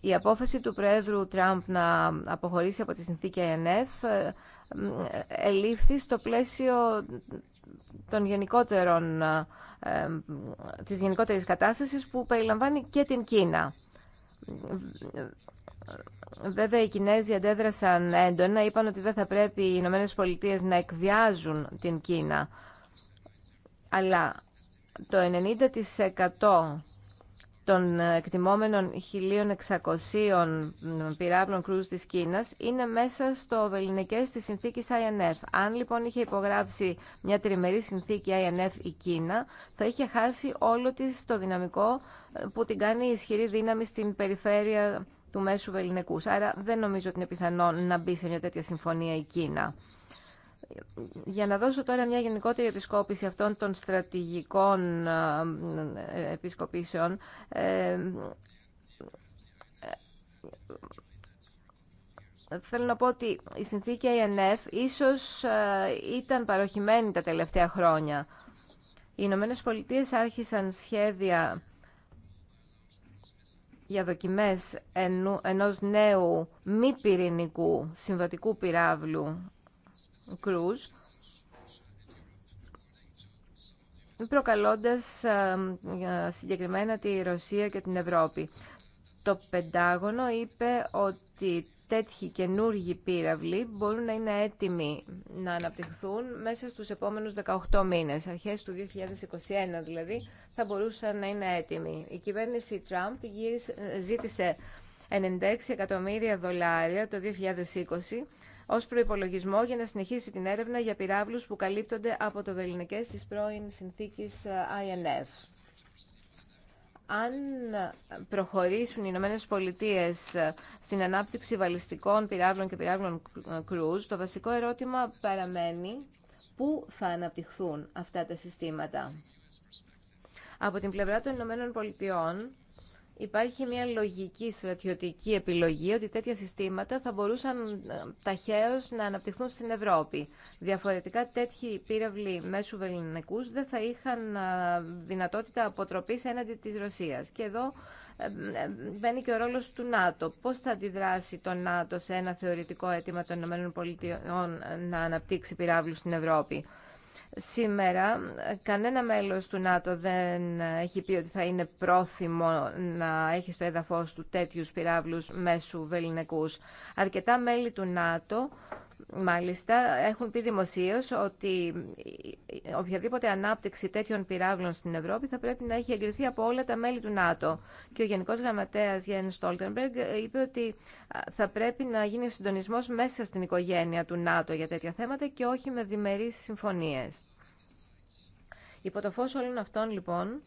Η απόφαση του Προέδρου Τραμπ να αποχωρήσει από τη συνθήκη INF ε, ε, ελήφθη στο πλαίσιο των γενικότερων, ε, της γενικότερης κατάστασης που περιλαμβάνει και την Κίνα. Βέβαια οι Κινέζοι αντέδρασαν έντονα, είπαν ότι δεν θα πρέπει οι Ηνωμένε Πολιτείε να εκβιάζουν την Κίνα. Αλλά το 90% των εκτιμόμενων 1.600 πυράβλων κρούς της Κίνας είναι μέσα στο βεληνικές της συνθήκης INF. Αν λοιπόν είχε υπογράψει μια τριμερή συνθήκη INF η Κίνα, θα είχε χάσει όλο της το δυναμικό που την κάνει ισχυρή δύναμη στην περιφέρεια του μέσου ελληνικού. Άρα δεν νομίζω ότι είναι πιθανό να μπει σε μια τέτοια συμφωνία η Κίνα. Για να δώσω τώρα μια γενικότερη επισκόπηση αυτών των στρατηγικών ε, ε, επισκοπήσεων, ε, θέλω να πω ότι η συνθήκη INF ίσως ήταν παροχημένη τα τελευταία χρόνια. Οι Ηνωμένε Πολιτείε άρχισαν σχέδια για δοκιμές ενός νέου μη πυρηνικού συμβατικού πυράβλου Cruise, προκαλώντας ε, ε, συγκεκριμένα τη Ρωσία και την Ευρώπη. Το Πεντάγωνο είπε ότι τέτοιοι καινούργοι πύραυλοι μπορούν να είναι έτοιμοι να αναπτυχθούν μέσα στους επόμενους 18 μήνες. Αρχές του 2021 δηλαδή θα μπορούσαν να είναι έτοιμοι. Η κυβέρνηση Τραμπ ζήτησε 96 εκατομμύρια δολάρια το 2020 ως προϋπολογισμό για να συνεχίσει την έρευνα για πυράβλους που καλύπτονται από το βεληνικές της πρώην συνθήκης ε, INF αν προχωρήσουν οι Ηνωμένε Πολιτείε στην ανάπτυξη βαλιστικών πυράβλων και πυράβλων κρούζ, το βασικό ερώτημα παραμένει πού θα αναπτυχθούν αυτά τα συστήματα. Από την πλευρά των Ηνωμένων Πολιτειών, Υπάρχει μια λογική στρατιωτική επιλογή ότι τέτοια συστήματα θα μπορούσαν ε, ταχαίως να αναπτυχθούν στην Ευρώπη. Διαφορετικά τέτοιοι πύραυλοι μέσου βελληνικούς δεν θα είχαν ε, δυνατότητα αποτροπής έναντι της Ρωσίας. Και εδώ ε, μπαίνει και ο ρόλος του ΝΑΤΟ. Πώς θα αντιδράσει το ΝΑΤΟ σε ένα θεωρητικό αίτημα των ΗΠΑ να αναπτύξει πυράβλους στην Ευρώπη. Σήμερα κανένα μέλος του ΝΑΤΟ δεν έχει πει ότι θα είναι πρόθυμο να έχει στο έδαφος του τέτοιους πυράβλους μέσου βεληνικούς. Αρκετά μέλη του ΝΑΤΟ Μάλιστα, έχουν πει δημοσίω ότι οποιαδήποτε ανάπτυξη τέτοιων πυράβλων στην Ευρώπη θα πρέπει να έχει εγκριθεί από όλα τα μέλη του ΝΑΤΟ. Και ο Γενικό Γραμματέα Γιάννη Στόλτεμπεργκ είπε ότι θα πρέπει να γίνει ο συντονισμό μέσα στην οικογένεια του ΝΑΤΟ για τέτοια θέματα και όχι με διμερεί συμφωνίε. Υπό το φως όλων αυτών, λοιπόν,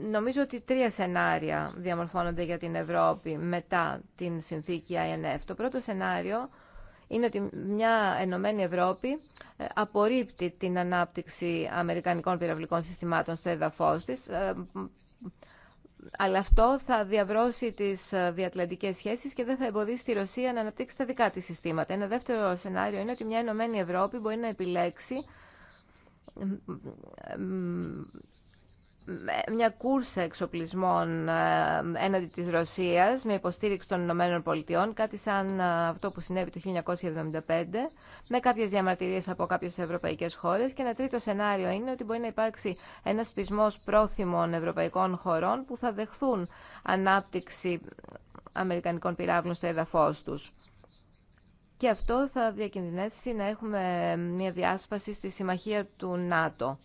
νομίζω ότι τρία σενάρια διαμορφώνονται για την Ευρώπη μετά την συνθήκη INF. Το πρώτο σενάριο είναι ότι μια Ενωμένη Ευρώπη ε, απορρίπτει την ανάπτυξη αμερικανικών πυραυλικών συστημάτων στο έδαφος της, ε, αλλά αυτό θα διαβρώσει τις ε, διατλαντικές σχέσεις και δεν θα εμποδίσει τη Ρωσία να αναπτύξει τα δικά της συστήματα. Ένα δεύτερο σενάριο είναι ότι μια Ενωμένη Ευρώπη μπορεί να επιλέξει μια κούρσα εξοπλισμών ε, έναντι της Ρωσίας με υποστήριξη των Ηνωμένων Πολιτειών, κάτι σαν ε, αυτό που συνέβη το 1975, με κάποιες διαμαρτυρίες από κάποιες ευρωπαϊκές χώρες. Και ένα τρίτο σενάριο είναι ότι μπορεί να υπάρξει ένα σπισμός πρόθυμων ευρωπαϊκών χωρών που θα δεχθούν ανάπτυξη αμερικανικών πυράβλων στο έδαφος τους. Και αυτό θα διακινδυνεύσει να έχουμε ε, μια διάσπαση στη συμμαχία του ΝΑΤΟ.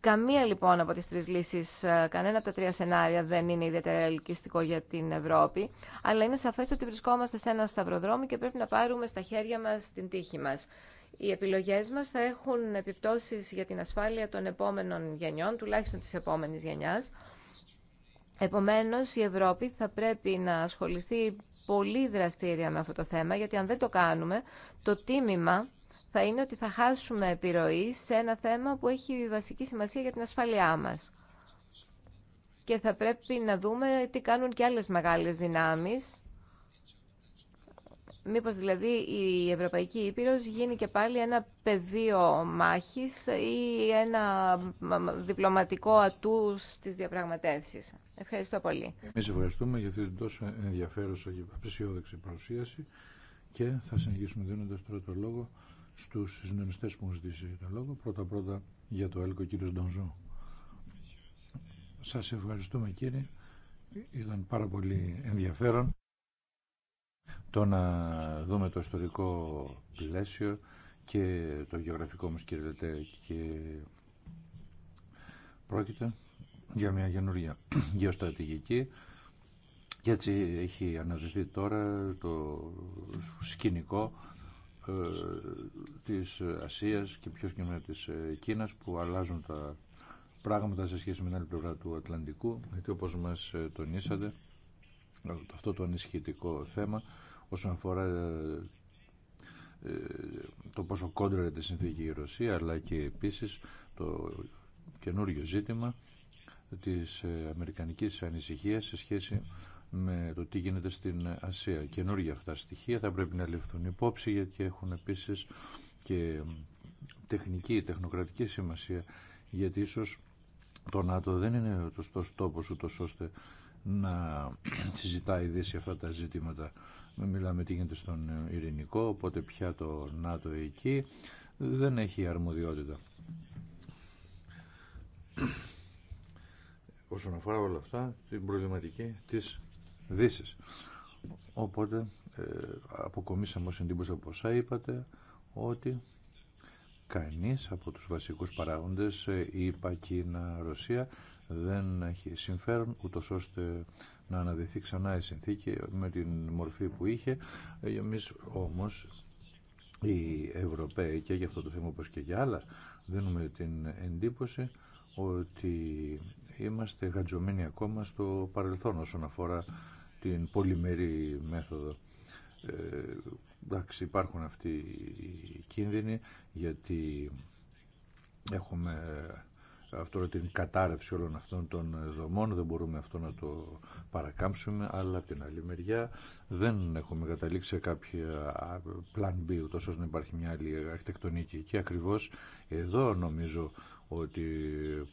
Καμία λοιπόν από τις τρεις λύσεις, ε, κανένα από τα τρία σενάρια δεν είναι ιδιαίτερα ελκυστικό για την Ευρώπη, αλλά είναι σαφές ότι βρισκόμαστε σε ένα σταυροδρόμι και πρέπει να πάρουμε στα χέρια μας την τύχη μας. Οι επιλογές μας θα έχουν επιπτώσεις για την ασφάλεια των επόμενων γενιών, τουλάχιστον της επόμενης γενιάς. Επομένως, η Ευρώπη θα πρέπει να ασχοληθεί πολύ δραστήρια με αυτό το θέμα, γιατί αν δεν το κάνουμε, το τίμημα θα είναι ότι θα χάσουμε επιρροή σε ένα θέμα που έχει βασική σημασία για την ασφαλειά μας. Και θα πρέπει να δούμε τι κάνουν και άλλες μεγάλες δυνάμεις. Μήπως δηλαδή η Ευρωπαϊκή Ήπειρος γίνει και πάλι ένα πεδίο μάχης ή ένα διπλωματικό ατού στις διαπραγματεύσεις. Ευχαριστώ πολύ. Εμείς ευχαριστούμε για αυτή την τόσο ενδιαφέρουσα και απεσιόδοξη παρουσίαση και θα συνεχίσουμε δίνοντας τώρα το λόγο στους συντονιστέ που μου ζητήσει το λόγο. Πρώτα-πρώτα για το έλκο κύριο Ντονζό. Σα ευχαριστούμε κύριε. Ήταν πάρα πολύ ενδιαφέρον το να δούμε το ιστορικό πλαίσιο και το γεωγραφικό μας κυριολετέ και πρόκειται για μια καινούργια γεωστρατηγική και έτσι έχει αναδεθεί τώρα το σκηνικό ε, της Ασίας και πιο συγκεκριμένα της ε, Κίνας που αλλάζουν τα πράγματα σε σχέση με την άλλη πλευρά του Ατλαντικού γιατί όπως μας ε, τονίσατε αυτό το ανησυχητικό θέμα όσον αφορά το πόσο κόντρα τη συνθήκη η Ρωσία αλλά και επίσης το καινούριο ζήτημα της αμερικανικής ανησυχίας σε σχέση με το τι γίνεται στην Ασία. Καινούργια αυτά στοιχεία θα πρέπει να ληφθούν υπόψη γιατί έχουν επίσης και τεχνική, τεχνοκρατική σημασία γιατί ίσως το ΝΑΤΟ δεν είναι ο σωστός τόπος ούτως ώστε να συζητάει η Δύση αυτά τα ζητήματα. Μιλάμε τι γίνεται στον Ειρηνικό, οπότε πια το ΝΑΤΟ εκεί δεν έχει αρμοδιότητα. Όσον αφορά όλα αυτά, την προβληματική της Δύση. Οπότε ε, αποκομίσαμε ως εντύπωση από είπατε ότι κανείς από τους βασικούς παράγοντες η ε, Κίνα, Ρωσία δεν έχει συμφέρον ούτω ώστε να αναδεθεί ξανά η συνθήκη με την μορφή που είχε ε, εμείς όμως οι Ευρωπαίοι και για αυτό το θέμα όπως και για άλλα δίνουμε την εντύπωση ότι είμαστε γαντζωμένοι ακόμα στο παρελθόν όσον αφορά την πολυμερή μέθοδο. Ε, εντάξει, υπάρχουν αυτοί οι κίνδυνοι γιατί έχουμε αυτό την κατάρρευση όλων αυτών των δομών, δεν μπορούμε αυτό να το παρακάμψουμε, αλλά από την άλλη μεριά δεν έχουμε καταλήξει σε κάποια plan B, ούτως ώστε να υπάρχει μια άλλη αρχιτεκτονική. Και ακριβώς εδώ νομίζω ότι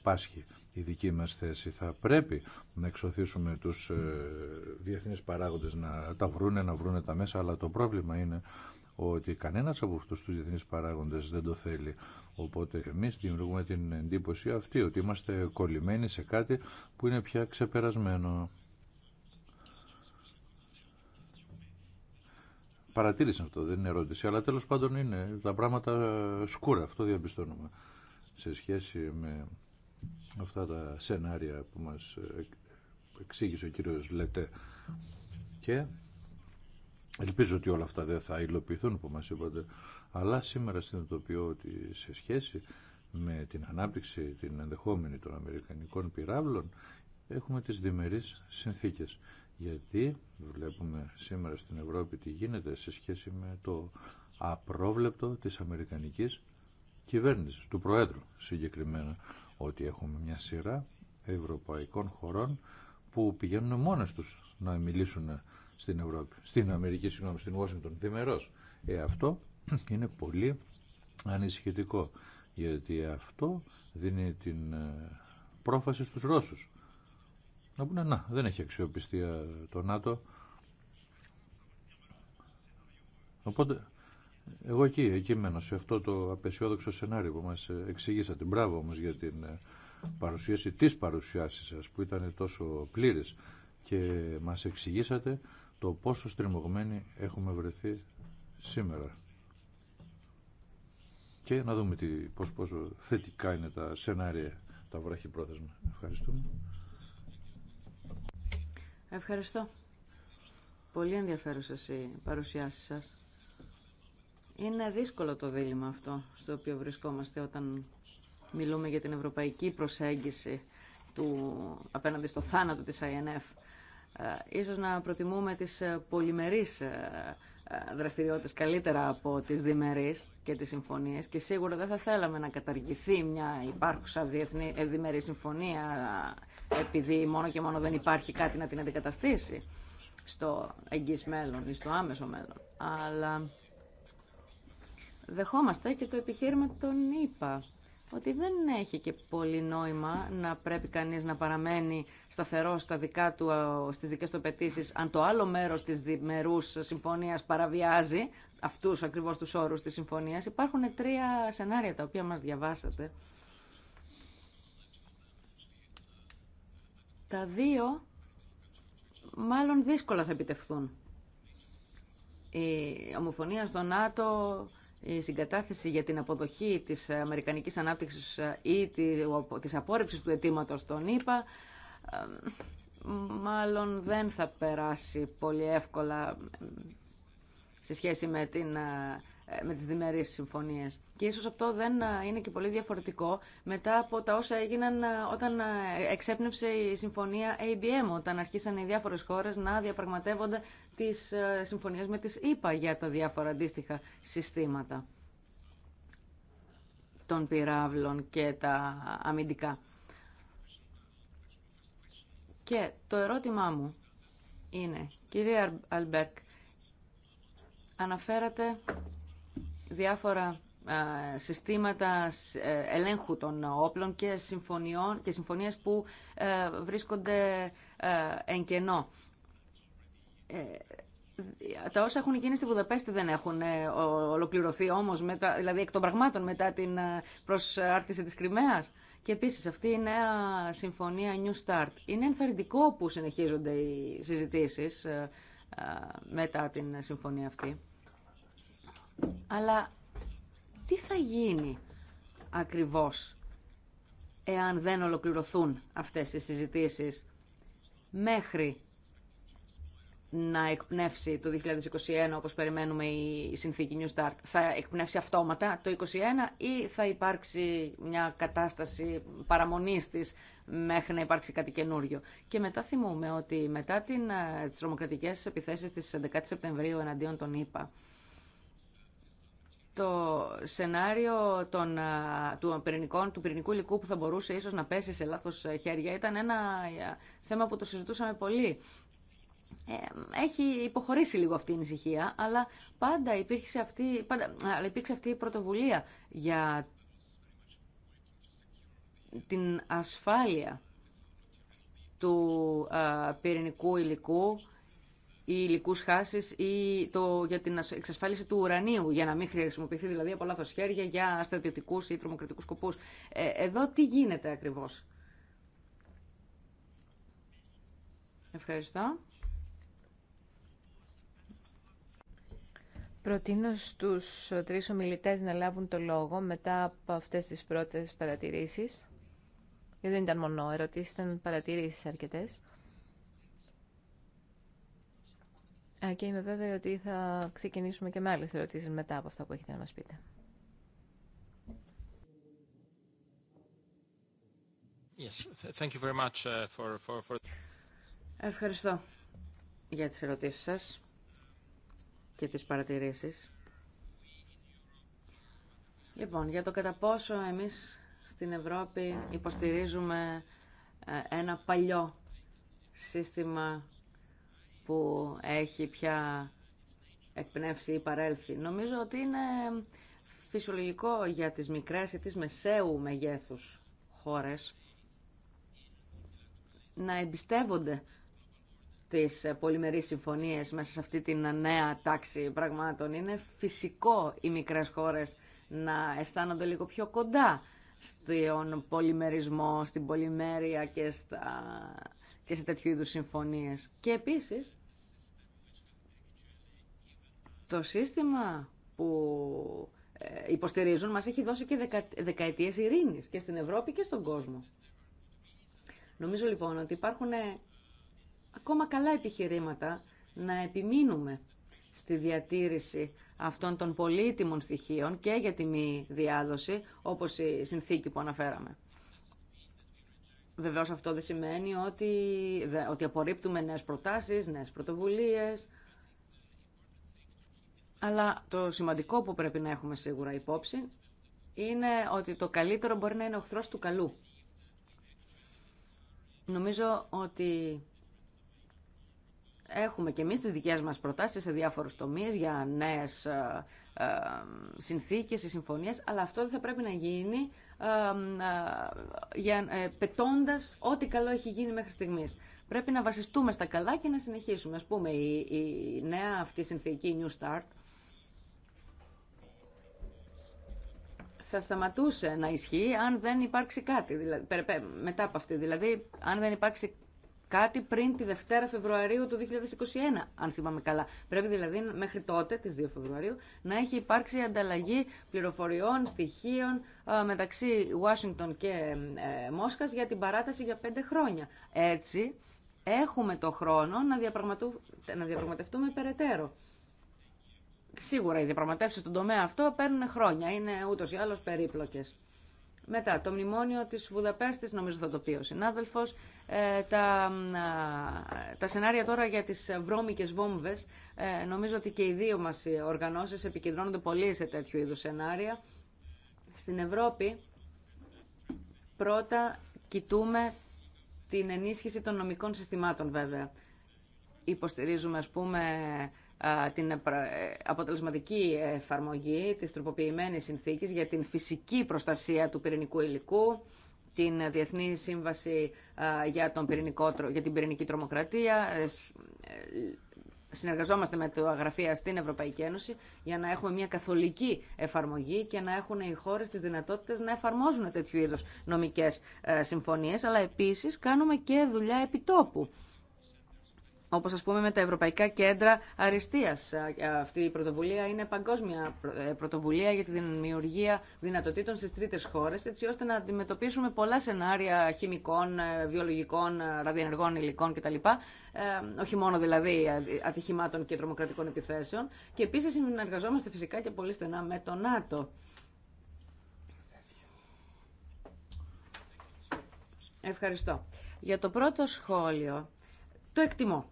πάσχει η δική μας θέση. Θα πρέπει να εξωθήσουμε τους ε, διεθνείς παράγοντες να τα βρούνε, να βρούνε τα μέσα, αλλά το πρόβλημα είναι ότι κανένας από αυτούς τους διεθνείς παράγοντες δεν το θέλει. Οπότε εμείς δημιουργούμε την εντύπωση αυτή ότι είμαστε κολλημένοι σε κάτι που είναι πια ξεπερασμένο. Παρατήρησα αυτό, δεν είναι ερώτηση, αλλά τέλος πάντων είναι τα πράγματα σκούρα, αυτό διαπιστώνουμε σε σχέση με αυτά τα σενάρια που μας ε, εξήγησε ο κύριος Λετέ και ελπίζω ότι όλα αυτά δεν θα υλοποιηθούν που μας είπατε αλλά σήμερα συνειδητοποιώ ότι σε σχέση με την ανάπτυξη την ενδεχόμενη των Αμερικανικών πυράβλων έχουμε τις διμερείς συνθήκες γιατί βλέπουμε σήμερα στην Ευρώπη τι γίνεται σε σχέση με το απρόβλεπτο της Αμερικανικής κυβέρνησης, του Προέδρου συγκεκριμένα ότι έχουμε μια σειρά ευρωπαϊκών χωρών που πηγαίνουν μόνες τους να μιλήσουν στην Ευρώπη, στην Αμερική, συγγνώμη, στην Ουάσιγκτον, διμερός. Ε, αυτό είναι πολύ ανησυχητικό, γιατί αυτό δίνει την ε, πρόφαση στους Ρώσους. Να πούνε, να, δεν έχει αξιοπιστία το ΝΑΤΟ. Οπότε, εγώ εκεί, εκεί μένω, σε αυτό το απεσιόδοξο σενάριο που μας εξηγήσατε. Μπράβο όμως για την ε, παρουσίαση της παρουσιάσεις σας που ήταν τόσο πλήρες και μας εξηγήσατε το πόσο στριμωγμένοι έχουμε βρεθεί σήμερα. Και να δούμε τι, πώς, πόσο θετικά είναι τα σενάρια, τα πρόθεσμα. Ευχαριστούμε. Ευχαριστώ. Πολύ ενδιαφέρουσα η παρουσιάση σας. Είναι δύσκολο το δίλημα αυτό στο οποίο βρισκόμαστε όταν μιλούμε για την ευρωπαϊκή προσέγγιση του, απέναντι στο θάνατο της INF. Ε, ίσως να προτιμούμε τις ε, πολυμερείς ε, δραστηριότητες καλύτερα από τις διμερείς και τις συμφωνίες και σίγουρα δεν θα θέλαμε να καταργηθεί μια υπάρχουσα διεθνή διμερή συμφωνία επειδή μόνο και μόνο δεν υπάρχει κάτι να την αντικαταστήσει στο εγγύς μέλλον ή στο άμεσο μέλλον. Αλλά Δεχόμαστε και το επιχείρημα τον είπα ότι δεν έχει και πολύ νόημα να πρέπει κανείς να παραμένει σταθερό στα δικά του, στις δικές του απαιτήσει αν το άλλο μέρος της διμερούς συμφωνίας παραβιάζει αυτούς ακριβώς τους όρους της συμφωνίας. Υπάρχουν τρία σενάρια τα οποία μας διαβάσατε. Τα δύο μάλλον δύσκολα θα επιτευχθούν. Η ομοφωνία στο ΝΑΤΟ η συγκατάθεση για την αποδοχή της Αμερικανικής Ανάπτυξης ή της απόρριψης του αιτήματο των ΗΠΑ μάλλον δεν θα περάσει πολύ εύκολα σε σχέση με την ε, ε, με τις διμερείς συμφωνίες. Και ίσως αυτό δεν ε, είναι και πολύ διαφορετικό μετά από τα όσα έγιναν ε, όταν εξέπνευσε η συμφωνία ABM, όταν αρχίσαν οι διάφορες χώρες να διαπραγματεύονται τις συμφωνίες με τις ΗΠΑ για τα διάφορα αντίστοιχα συστήματα των πυράβλων και τα αμυντικά. Και το ερώτημά μου είναι, κυρία Αλμπέρκ, αναφέρατε διάφορα συστήματα ε, ελέγχου των όπλων και, συμφωνιών, και συμφωνίες που ε, βρίσκονται ε, εν κενό. Τα όσα έχουν γίνει στη Βουδαπέστη δεν έχουν ολοκληρωθεί όμως, μετα, δηλαδή εκ των πραγμάτων μετά την προσάρτηση της Κρυμαίας. Και επίσης αυτή η νέα συμφωνία New Start. Είναι ενθαρρυντικό που συνεχίζονται οι συζητήσεις μετά την συμφωνία αυτή. Αλλά τι θα γίνει ακριβώς εάν δεν ολοκληρωθούν αυτές οι συζητήσεις μέχρι να εκπνεύσει το 2021 όπως περιμένουμε η συνθήκη New Start. Θα εκπνεύσει αυτόματα το 2021 ή θα υπάρξει μια κατάσταση παραμονής της μέχρι να υπάρξει κάτι καινούριο. Και μετά θυμούμε ότι μετά την, ε, τις τρομοκρατικές επιθέσεις της 11 Σεπτεμβρίου εναντίον των ΗΠΑ το σενάριο των, του, του πυρηνικού υλικού που θα μπορούσε ίσως να πέσει σε λάθος ε, χέρια ήταν ένα ε, θέμα που το συζητούσαμε πολύ. Ε, έχει υποχωρήσει λίγο αυτή η ανησυχία, αλλά πάντα υπήρχε αυτή, πάντα, αλλά υπήρξε αυτή η πρωτοβουλία για την ασφάλεια του πυρηνικού υλικού ή υλικού χάσει ή το, για την εξασφάλιση του ουρανίου, για να μην χρησιμοποιηθεί δηλαδή από λάθο χέρια για στρατιωτικού ή τρομοκρατικούς σκοπούς. Ε, εδώ τι γίνεται ακριβώς. Ευχαριστώ. Προτείνω στους τρεις ομιλητές να λάβουν το λόγο μετά από αυτές τις πρώτες παρατηρήσεις. δεν ήταν μόνο ερωτήσεις, ήταν παρατηρήσεις αρκετές. και είμαι βέβαιη ότι θα ξεκινήσουμε και με άλλες ερωτήσεις μετά από αυτά που έχετε να μας πείτε. Yes, thank you very much uh, for, for, for... Ευχαριστώ για τις ερωτήσεις σας και τις παρατηρήσεις. Λοιπόν, για το κατά πόσο εμείς στην Ευρώπη υποστηρίζουμε ε, ένα παλιό σύστημα που έχει πια εκπνεύσει ή παρέλθει. Νομίζω ότι είναι φυσιολογικό για τις μικρές ή τις μεσαίου μεγέθους χώρες να εμπιστεύονται τις πολυμερείς συμφωνίες μέσα σε αυτή την νέα τάξη πραγμάτων. Είναι φυσικό οι μικρές χώρες να αισθάνονται λίγο πιο κοντά στον πολυμερισμό, στην πολυμέρεια και στα και σε τέτοιου είδους συμφωνίες. Και επίσης, το σύστημα που ε, υποστηρίζουν μας έχει δώσει και δεκα, δεκαετίες ειρήνης και στην Ευρώπη και στον κόσμο. Νομίζω λοιπόν ότι υπάρχουν ε, ακόμα καλά επιχειρήματα να επιμείνουμε στη διατήρηση αυτών των πολύτιμων στοιχείων και για τη μη διάδοση, όπως η συνθήκη που αναφέραμε. Βεβαίω αυτό δεν σημαίνει ότι, ότι απορρίπτουμε νέες προτάσεις, νέε πρωτοβουλίες. Αλλά το σημαντικό που πρέπει να έχουμε σίγουρα υπόψη είναι ότι το καλύτερο μπορεί να είναι ο του καλού. Νομίζω ότι έχουμε και εμείς τις δικές μας προτάσεις σε διάφορους τομείς για νέες ε, ε, συνθήκες ή συμφωνίες, αλλά αυτό δεν θα πρέπει να γίνει ε, για, ε, πετώντας ό,τι καλό έχει γίνει μέχρι στιγμή. Πρέπει να βασιστούμε στα καλά και να συνεχίσουμε. Α πούμε, η, η νέα αυτή συνθήκη, New Start, θα σταματούσε να ισχύει αν δεν υπάρξει κάτι μετά από αυτή. Δηλαδή, αν δεν υπάρξει κάτι πριν τη Δευτέρα Φεβρουαρίου του 2021, αν θυμάμαι καλά. Πρέπει δηλαδή μέχρι τότε, τις 2 Φεβρουαρίου, να έχει υπάρξει ανταλλαγή πληροφοριών, στοιχείων ε, μεταξύ Ουάσιγκτον και ε, Μόσχας για την παράταση για πέντε χρόνια. Έτσι, έχουμε το χρόνο να, διαπραγματευτούμε περαιτέρω. Σίγουρα οι διαπραγματεύσει στον τομέα αυτό παίρνουν χρόνια, είναι ούτως ή άλλως περίπλοκες. Μετά, το μνημόνιο της Βουδαπέστης, νομίζω θα το πει ο συνάδελφος, ε, τα, ε, τα σενάρια τώρα για τις βρώμικες βόμβες, ε, νομίζω ότι και οι δύο μας οργανώσεις επικεντρώνονται πολύ σε τέτοιου είδους σενάρια. Στην Ευρώπη, πρώτα κοιτούμε την ενίσχυση των νομικών συστημάτων βέβαια. Υποστηρίζουμε, ας πούμε, την ε, ε, αποτελεσματική εφαρμογή της τροποποιημένης συνθήκης για την φυσική προστασία του πυρηνικού υλικού, την Διεθνή Σύμβαση για, τον πυρηνικό, για την πυρηνική τρομοκρατία. Ε, συνεργαζόμαστε με το Αγραφείο στην Ευρωπαϊκή Ένωση για να έχουμε μια καθολική εφαρμογή και να έχουν οι χώρε τι δυνατότητε να εφαρμόζουν τέτοιου είδου νομικέ συμφωνίε. Αλλά επίση κάνουμε και δουλειά επιτόπου όπως ας πούμε με τα Ευρωπαϊκά Κέντρα Αριστείας. Αυτή η πρωτοβουλία είναι παγκόσμια ε, πρωτοβουλία για τη δημιουργία δυνατοτήτων στις τρίτες χώρες, έτσι ώστε να αντιμετωπίσουμε πολλά σενάρια χημικών, ε, βιολογικών, ε, ραδιενεργών υλικών κτλ. όχι μόνο δηλαδή ατυχημάτων και τρομοκρατικών επιθέσεων. Και επίσης συνεργαζόμαστε φυσικά και πολύ στενά με το ΝΑΤΟ. Ευχαριστώ. Για το πρώτο σχόλιο, το εκτιμώ.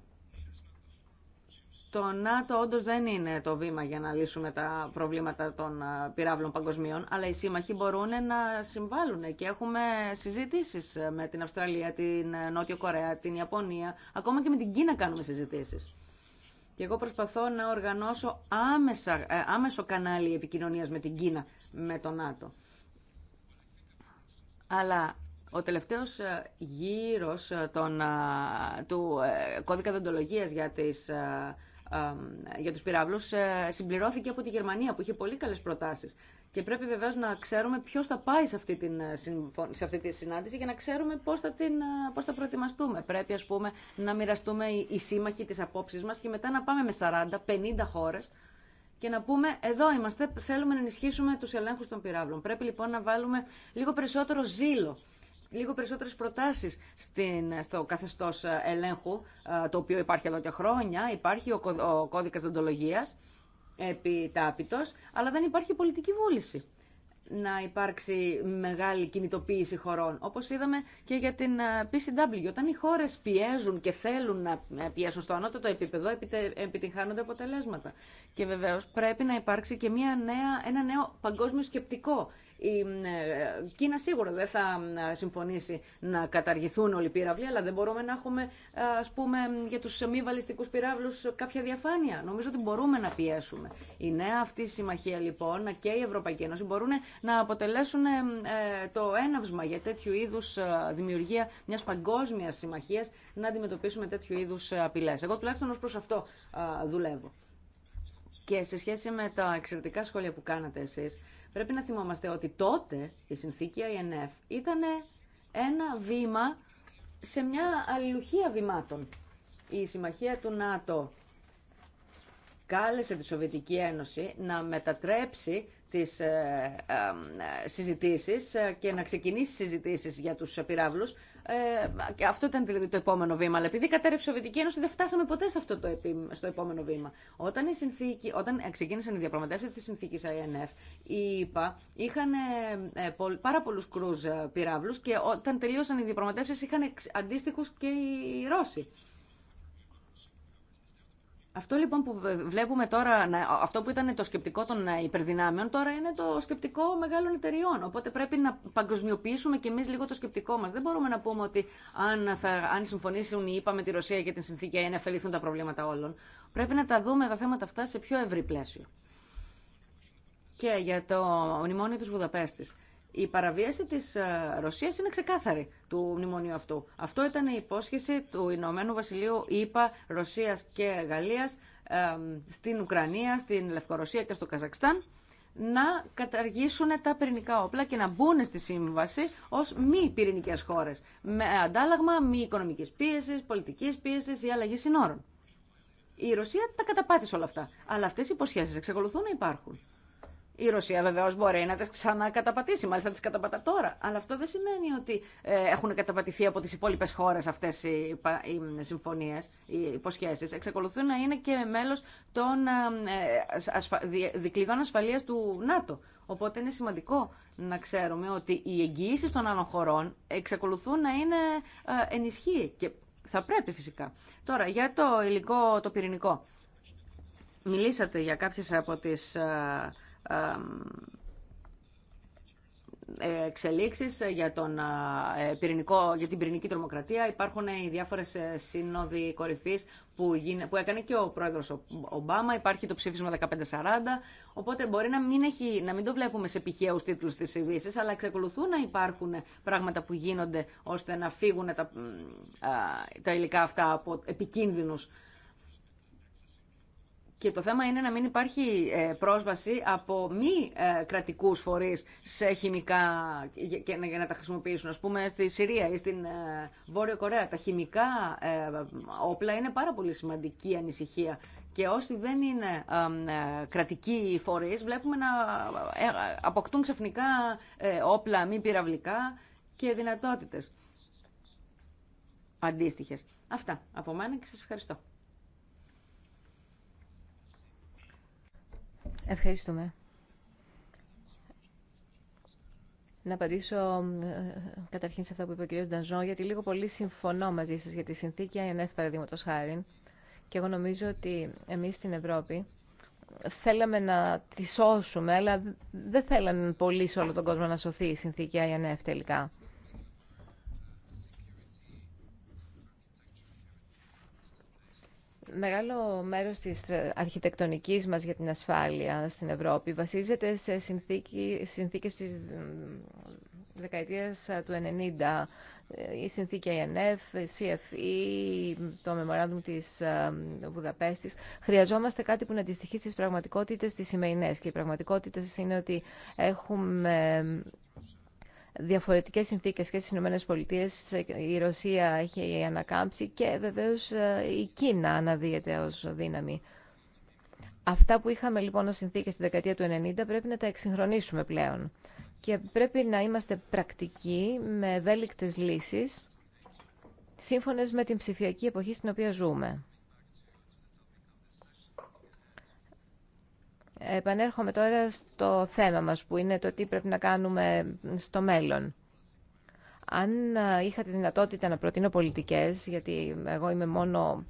Το ΝΑΤΟ όντω δεν είναι το βήμα για να λύσουμε τα προβλήματα των πυράβλων παγκοσμίων, αλλά οι σύμμαχοι μπορούν να συμβάλλουν και έχουμε συζητήσεις ε, με την Αυστραλία, την ε, Νότιο Κορέα, την Ιαπωνία, ακόμα και με την Κίνα κάνουμε συζητήσεις. Και εγώ προσπαθώ να οργανώσω άμεσα, ε, άμεσο κανάλι επικοινωνίας με την Κίνα, με το ΝΑΤΟ. Αλλά ο τελευταίος γύρος του κώδικα δοντολογίας για τις για τους πυράβλους ε, συμπληρώθηκε από τη Γερμανία που είχε πολύ καλές προτάσεις. Και πρέπει βεβαίω να ξέρουμε ποιο θα πάει σε αυτή, την, ε, σε αυτή τη συνάντηση για να ξέρουμε πώ θα, την, ε, πώς θα προετοιμαστούμε. Πρέπει, ας πούμε, να μοιραστούμε οι σύμμαχοι της απόψει μα και μετά να πάμε με 40-50 χώρε και να πούμε εδώ είμαστε, θέλουμε να ενισχύσουμε τους ελέγχους των πυράβλων. Πρέπει λοιπόν να βάλουμε λίγο περισσότερο ζήλο λίγο περισσότερες προτάσεις στο Καθεστώ ε, ελέγχου, ε, το οποίο υπάρχει εδώ και χρόνια, υπάρχει ο, ο δοντολογία δοντολογίας επιτάπητος, αλλά δεν υπάρχει πολιτική βούληση να υπάρξει μεγάλη κινητοποίηση χωρών. Όπως είδαμε και για την ε, PCW. Όταν οι χώρες πιέζουν και θέλουν να πιέσουν στο ανώτατο επίπεδο, επιτυγχάνονται αποτελέσματα. Και βεβαίως πρέπει να υπάρξει και μια νέα, ένα νέο παγκόσμιο σκεπτικό η ε, Κίνα σίγουρα δεν θα ε, συμφωνήσει να καταργηθούν όλοι οι πύραυλοι, αλλά δεν μπορούμε να έχουμε, ε, ας πούμε, για του μη βαλιστικού πυράβλους κάποια διαφάνεια. Νομίζω ότι μπορούμε να πιέσουμε. Η νέα αυτή συμμαχία, λοιπόν, και η Ευρωπαϊκή Ένωση μπορούν να αποτελέσουν το έναυσμα για τέτοιου είδου δημιουργία μια παγκόσμια συμμαχία να αντιμετωπίσουμε τέτοιου είδου απειλέ. Εγώ τουλάχιστον ω προ αυτό δουλεύω. Και σε σχέση με τα εξαιρετικά σχόλια που κάνατε εσείς, Πρέπει να θυμόμαστε ότι τότε η συνθήκη INF ήταν ένα βήμα σε μια αλληλουχία βημάτων. Η συμμαχία του ΝΑΤΟ κάλεσε τη Σοβιετική Ένωση να μετατρέψει τις ε, ε, ε συζητήσεις ε, και να ξεκινήσει συζητήσεις για τους πυράβλους ε, αυτό ήταν δηλαδή το επόμενο βήμα. Αλλά επειδή κατέρευσε η Σοβιετική Ένωση, δεν φτάσαμε ποτέ σε αυτό το στο επόμενο βήμα. Όταν, η συνθήκη, όταν ξεκίνησαν οι διαπραγματεύσει τη συνθήκη INF, οι ΗΠΑ είχαν ε, ε, πάρα πολλού κρούζ ε, πυράβλου και όταν τελείωσαν οι διαπραγματεύσει είχαν αντίστοιχου και οι Ρώσοι. Αυτό λοιπόν που βλέπουμε τώρα, αυτό που ήταν το σκεπτικό των ε, υπερδυνάμεων, τώρα είναι το σκεπτικό μεγάλων εταιριών. Οπότε πρέπει να παγκοσμιοποιήσουμε και εμεί λίγο το σκεπτικό μα. Δεν μπορούμε να πούμε ότι αν, αν συμφωνήσουν οι ΗΠΑ με τη Ρωσία για την συνθήκη θα λυθούν τα προβλήματα όλων. Πρέπει να τα δούμε τα θέματα αυτά σε πιο ευρύ πλαίσιο. Και για το μνημόνιο τη Βουδαπέστη η παραβίαση της ε, Ρωσίας είναι ξεκάθαρη του μνημονίου αυτού. Αυτό ήταν η υπόσχεση του Ηνωμένου Βασιλείου, ήπα Ρωσίας και Γαλλίας στην Ουκρανία, στην Λευκορωσία και στο Καζακστάν να καταργήσουν τα πυρηνικά όπλα και να μπουν στη σύμβαση ω μη πυρηνικέ χώρε. Με αντάλλαγμα μη οικονομική πίεση, πολιτική πίεση ή αλλαγή συνόρων. Η Ρωσία τα καταπάτησε όλα αυτά. Αλλά αυτέ οι υποσχέσει εξακολουθούν να υπάρχουν. Η Ρωσία βεβαίω μπορεί να τι ξανακαταπατήσει, μάλιστα τι καταπατά τώρα. Αλλά αυτό δεν σημαίνει ότι ε, έχουν καταπατηθεί από τι υπόλοιπε χώρε αυτέ οι συμφωνίε, οι υποσχέσει. Εξακολουθούν να είναι και μέλο των ε, δικλειδών ασφαλεία του ΝΑΤΟ. Οπότε είναι σημαντικό να ξέρουμε ότι οι εγγυήσει των άλλων χωρών εξακολουθούν να είναι ε, ενισχύει. Και θα πρέπει φυσικά. Τώρα, για το υλικό το πυρηνικό. Μιλήσατε για κάποιε από τις ε, εξελίξεις για, τον ε, για την πυρηνική τρομοκρατία. Υπάρχουν ε, οι διάφορες σύνοδοι κορυφής που, που έκανε και ο πρόεδρος Ομπάμα. Υπάρχει το ψήφισμα 1540. Οπότε μπορεί να μην, έχει, να μην το βλέπουμε σε πηχαίους τίτλους της ειδήσει, αλλά εξακολουθούν να υπάρχουν πράγματα που γίνονται ώστε να φύγουν τα, υλικά αυτά από επικίνδυνους και το θέμα είναι να μην υπάρχει ε, πρόσβαση από μη ε, κρατικούς φορεί σε χημικά για να τα χρησιμοποιήσουν. Α πούμε στη Συρία ή στην ε, Βόρεια Κορέα τα χημικά όπλα είναι πάρα πολύ σημαντική ανησυχία. Και όσοι δεν είναι κρατικοί φορεί, βλέπουμε να αποκτούν ξαφνικά όπλα μη πυραυλικά και δυνατότητε. Αντίστοιχε. Αυτά από μένα και σα ευχαριστώ. Ευχαριστούμε. Να απαντήσω ε, καταρχήν σε αυτά που είπε ο κ. Ντανζό γιατί λίγο πολύ συμφωνώ μαζί σας για τη συνθήκη INF, παραδείγματο χάρη. Και εγώ νομίζω ότι εμείς στην Ευρώπη θέλαμε να τη σώσουμε, αλλά δεν θέλανε πολύ σε όλο τον κόσμο να σωθεί η συνθήκη INF τελικά. Μεγάλο μέρος της αρχιτεκτονικής μας για την ασφάλεια στην Ευρώπη βασίζεται σε συνθήκη, συνθήκες της δεκαετίας του 90. Ε, η συνθήκη INF, CFE, το Memorandum της Βουδαπέστης. Χρειαζόμαστε κάτι που να αντιστοιχεί στις πραγματικότητες τη σημερινές. Και οι πραγματικότητες είναι ότι έχουμε διαφορετικές συνθήκες και στι ΗΠΑ. η Ρωσία έχει ανακάμψει και βεβαίως ε, η Κίνα αναδύεται ως δύναμη. Αυτά που είχαμε λοιπόν ως συνθήκες στη δεκαετία του 90 πρέπει να τα εξυγχρονίσουμε πλέον και πρέπει να είμαστε πρακτικοί με ευέλικτες λύσεις σύμφωνες με την ψηφιακή εποχή στην οποία ζούμε. Επανέρχομαι τώρα στο θέμα μας που είναι το τι πρέπει να κάνουμε στο μέλλον. Αν ε, είχα τη δυνατότητα να προτείνω πολιτικές, γιατί εγώ είμαι μόνο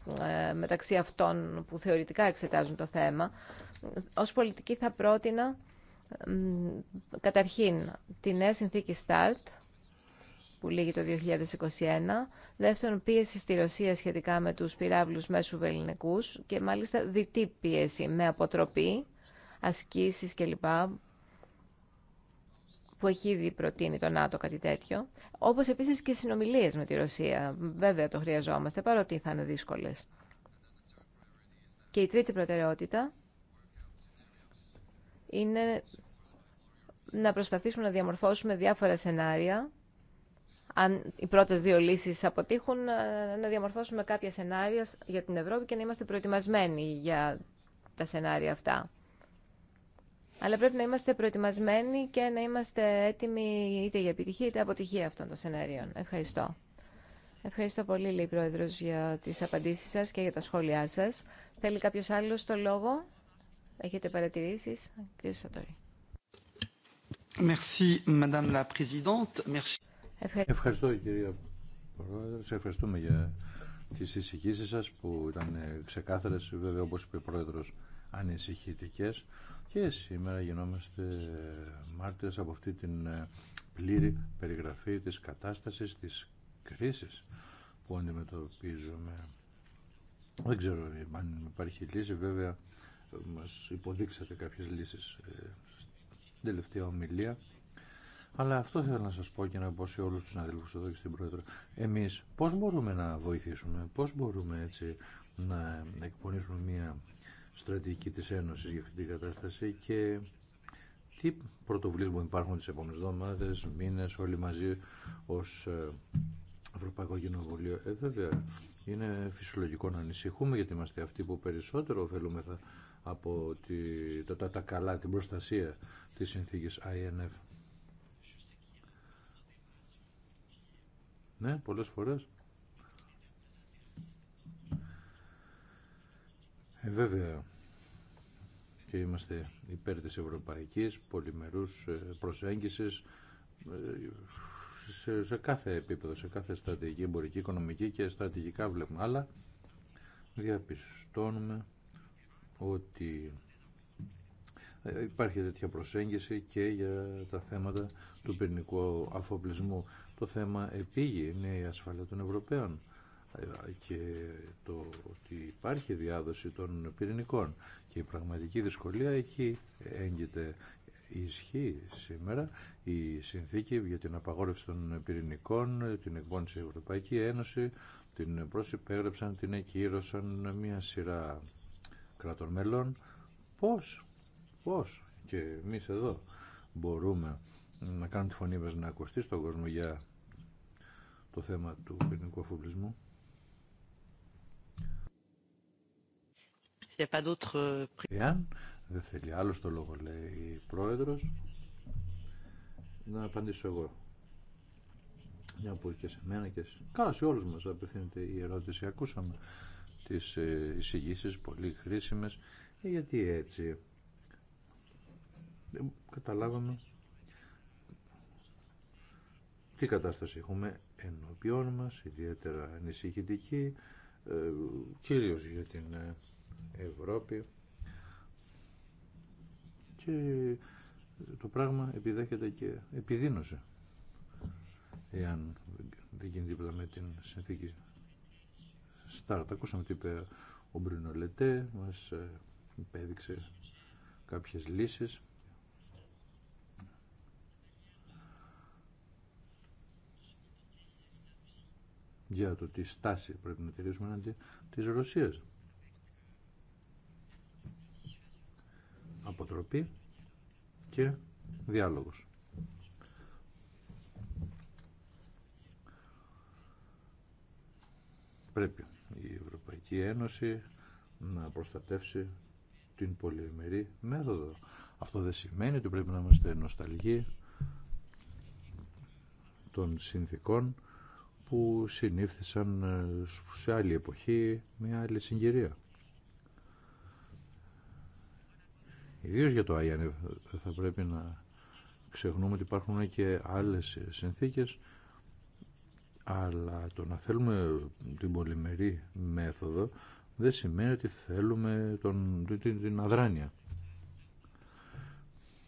ε, μεταξύ αυτών που θεωρητικά εξετάζουν το θέμα, ως πολιτική θα πρότεινα καταρχήν τη νέα συνθήκη START, που λύγει το 2021, δεύτερον πίεση στη Ρωσία σχετικά με τους πυράβλους μέσου ελληνικού και μάλιστα διτή πίεση με αποτροπή ασκήσεις κλπ που έχει ήδη προτείνει το ΝΑΤΟ κάτι τέτοιο, όπως επίσης και συνομιλίες με τη Ρωσία. Βέβαια το χρειαζόμαστε, παρότι θα είναι δύσκολες. Και η τρίτη προτεραιότητα είναι να προσπαθήσουμε να διαμορφώσουμε διάφορα σενάρια. Αν οι πρώτες δύο λύσεις αποτύχουν, να διαμορφώσουμε κάποια σενάρια για την Ευρώπη και να είμαστε προετοιμασμένοι για τα σενάρια αυτά. Αλλά πρέπει να είμαστε προετοιμασμένοι και να είμαστε έτοιμοι είτε για επιτυχία είτε αποτυχία αυτών των σενάριων. Ευχαριστώ. Ευχαριστώ πολύ, λέει η Πρόεδρος, για τις απαντήσεις σας και για τα σχόλιά σας. Θέλει κάποιος άλλο το λόγο. Έχετε παρατηρήσεις. Κύριε Σατόρη. Merci, Madame la Présidente. Merci. Ευχαριστώ, κυρία Πρόεδρε. Σε ευχαριστούμε για τις εισηγήσεις σας που ήταν ξεκάθαρες, βέβαια, όπως είπε ο Πρόεδρος, ανησυχητικές. Και σήμερα γινόμαστε μάρτυρες από αυτή την ε, πλήρη περιγραφή της κατάστασης της κρίσης που αντιμετωπίζουμε. Δεν ξέρω αν υπάρχει λύση, βέβαια μας υποδείξατε κάποιες λύσεις ε, στην τελευταία ομιλία. Αλλά αυτό θέλω να σας πω και να πω σε όλους τους αδελφούς εδώ και στην Πρόεδρο. Εμείς πώς μπορούμε να βοηθήσουμε, πώς μπορούμε έτσι να εκπονήσουμε μια στρατηγική της Ένωσης για αυτή την κατάσταση και τι πρωτοβουλίες που υπάρχουν τις επόμενες εβδομάδες, μήνες, όλοι μαζί ως ε, Ευρωπαϊκό Κοινοβουλίο. Ε, βέβαια, είναι φυσιολογικό να ανησυχούμε γιατί είμαστε αυτοί που περισσότερο ωφελούμε από τη, τα, τα, τα καλά, την προστασία της συνθήκης INF. Ναι, πολλές φορές Ε, βέβαια και είμαστε υπέρ της ευρωπαϊκής πολυμερούς ε, προσέγγισης ε, σε, σε κάθε επίπεδο, σε κάθε στρατηγική, εμπορική, οικονομική και στρατηγικά βλέπουμε. Αλλά διαπιστώνουμε ότι ε, υπάρχει τέτοια προσέγγιση και για τα θέματα του πυρηνικού αφοπλισμού. Το θέμα επίγει είναι η ασφάλεια των Ευρωπαίων και το ότι υπάρχει διάδοση των πυρηνικών και η πραγματική δυσκολία εκεί έγκυται ισχύει σήμερα η συνθήκη για την απαγόρευση των πυρηνικών, την εκπόνηση Ευρωπαϊκή Ένωση, την πρόσυπέγραψαν, την εκείρωσαν μια σειρά κρατών μελών. Πώς, πώς και εμεί εδώ μπορούμε να κάνουμε τη φωνή μας να ακουστεί στον κόσμο για το θέμα του πυρηνικού αφοπλισμού. Euh, δεν θέλει άλλο το λόγο, λέει η πρόεδρο, να απαντήσω εγώ. Μια που και σε μένα και σε... Καλά σε όλους μας απευθύνεται η ερώτηση. Ακούσαμε τις ε, εισηγήσει πολύ χρήσιμες. Ε, γιατί έτσι ε, καταλάβαμε τι κατάσταση έχουμε ενώπιόν μας, ιδιαίτερα ανησυχητική, κυρίως για την Ευρώπη και το πράγμα επιδέχεται και επιδίνωσε εάν δεν γίνει δίπλα με την συνθήκη Στάρτ. Ακούσαμε τι είπε ο Μπρίνο Λετέ, μας ε, υπέδειξε κάποιες λύσεις. για το τι στάση πρέπει να τηρήσουμε αντί της Ρωσίας. αποτροπή και διάλογος. Πρέπει η Ευρωπαϊκή Ένωση να προστατεύσει την πολυεμερή μέθοδο. Αυτό δεν σημαίνει ότι πρέπει να είμαστε νοσταλγοί των συνθήκων που συνήφθησαν ε, σε άλλη εποχή, μια άλλη συγκυρία. Ιδίω για το ΑΙΑΝΕ θα πρέπει να ξεχνούμε ότι υπάρχουν και άλλες συνθήκες αλλά το να θέλουμε την πολυμερή μέθοδο δεν σημαίνει ότι θέλουμε τον, την, την αδράνεια.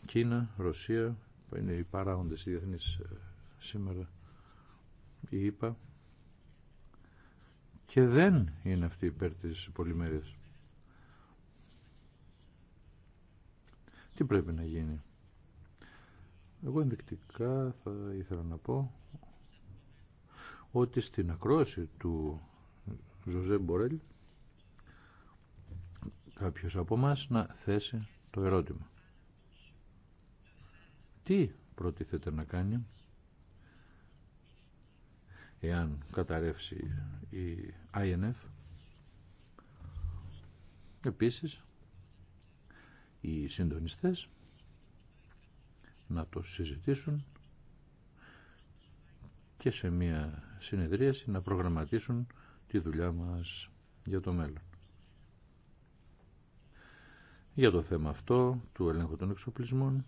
Κίνα, Ρωσία είναι οι παράγοντες διεθνείς ε, σήμερα η ΕΠΑ και δεν είναι αυτή υπέρ της πολυμερίας. Τι πρέπει να γίνει. Εγώ ενδεικτικά θα ήθελα να πω ότι στην ακρόαση του Ζωζέ Μπορέλ κάποιος από μας να θέσει το ερώτημα. Τι προτίθεται να κάνει εάν καταρρεύσει η INF. Επίσης, οι συντονιστές να το συζητήσουν και σε μια συνεδρίαση να προγραμματίσουν τη δουλειά μας για το μέλλον. Για το θέμα αυτό του ελέγχου των εξοπλισμών,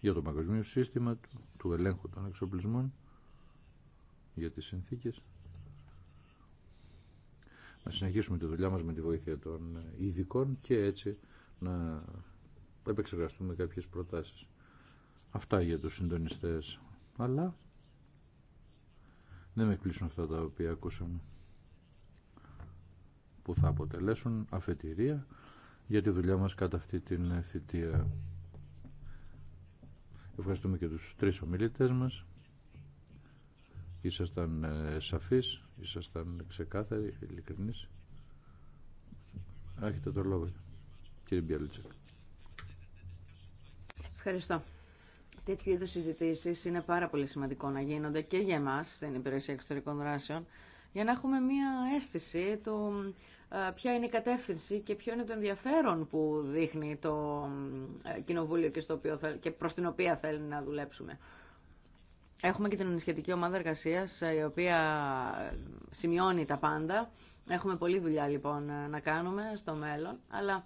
για το παγκοσμίο σύστημα του, του ελέγχου των εξοπλισμών, για τις συνθήκες να συνεχίσουμε τη δουλειά μας με τη βοήθεια των ειδικών και έτσι να επεξεργαστούμε κάποιες προτάσεις. Αυτά για τους συντονιστές. Αλλά δεν με εκπλήσουν αυτά τα οποία ακούσαμε που θα αποτελέσουν αφετηρία για τη δουλειά μας κατά αυτή την θητεία. Ευχαριστούμε και τους τρεις ομιλητές μας. Ήσασταν ε, σαφείς, ήσασταν ξεκάθαροι, ειλικρινείς. Έχετε το λόγο, κύριε Μπιαλίτσεκ. Ευχαριστώ. Τέτοιου είδου συζητήσει είναι πάρα πολύ σημαντικό να γίνονται και για εμά στην Υπηρεσία Εξωτερικών Δράσεων, για να έχουμε μία αίσθηση του ε, ποια είναι η κατεύθυνση και ποιο είναι το ενδιαφέρον που δείχνει το ε, Κοινοβούλιο και, στο και προς την οποία θέλει να δουλέψουμε. Έχουμε και την σχετική ομάδα εργασία, ε, η οποία ε, σημειώνει τα πάντα. Έχουμε πολλή δουλειά λοιπόν ε, να κάνουμε στο μέλλον, αλλά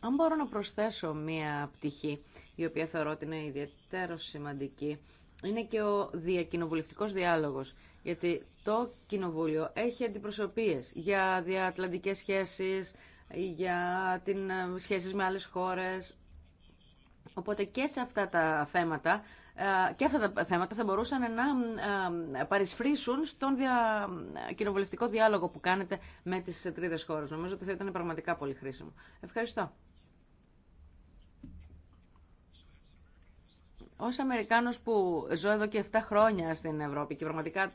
αν μπορώ να προσθέσω μία πτυχή η οποία θεωρώ ότι είναι ιδιαίτερο σημαντική, είναι και ο διακοινοβουλευτικό διάλογος. Γιατί το κοινοβούλιο έχει αντιπροσωπείες για διατλαντικέ σχέσει για την, σχέσεις με άλλες χώρες. Οπότε και σε αυτά τα θέματα ε, και αυτά τα θέματα θα μπορούσαν να ε, ε, παρισφρήσουν στον δια... κοινοβουλευτικό διάλογο που κάνετε με τις τρίτες χώρες. Νομίζω ότι θα ήταν πραγματικά πολύ χρήσιμο. Ευχαριστώ. ως Αμερικάνος που ζω εδώ και 7 χρόνια στην Ευρώπη και πραγματικά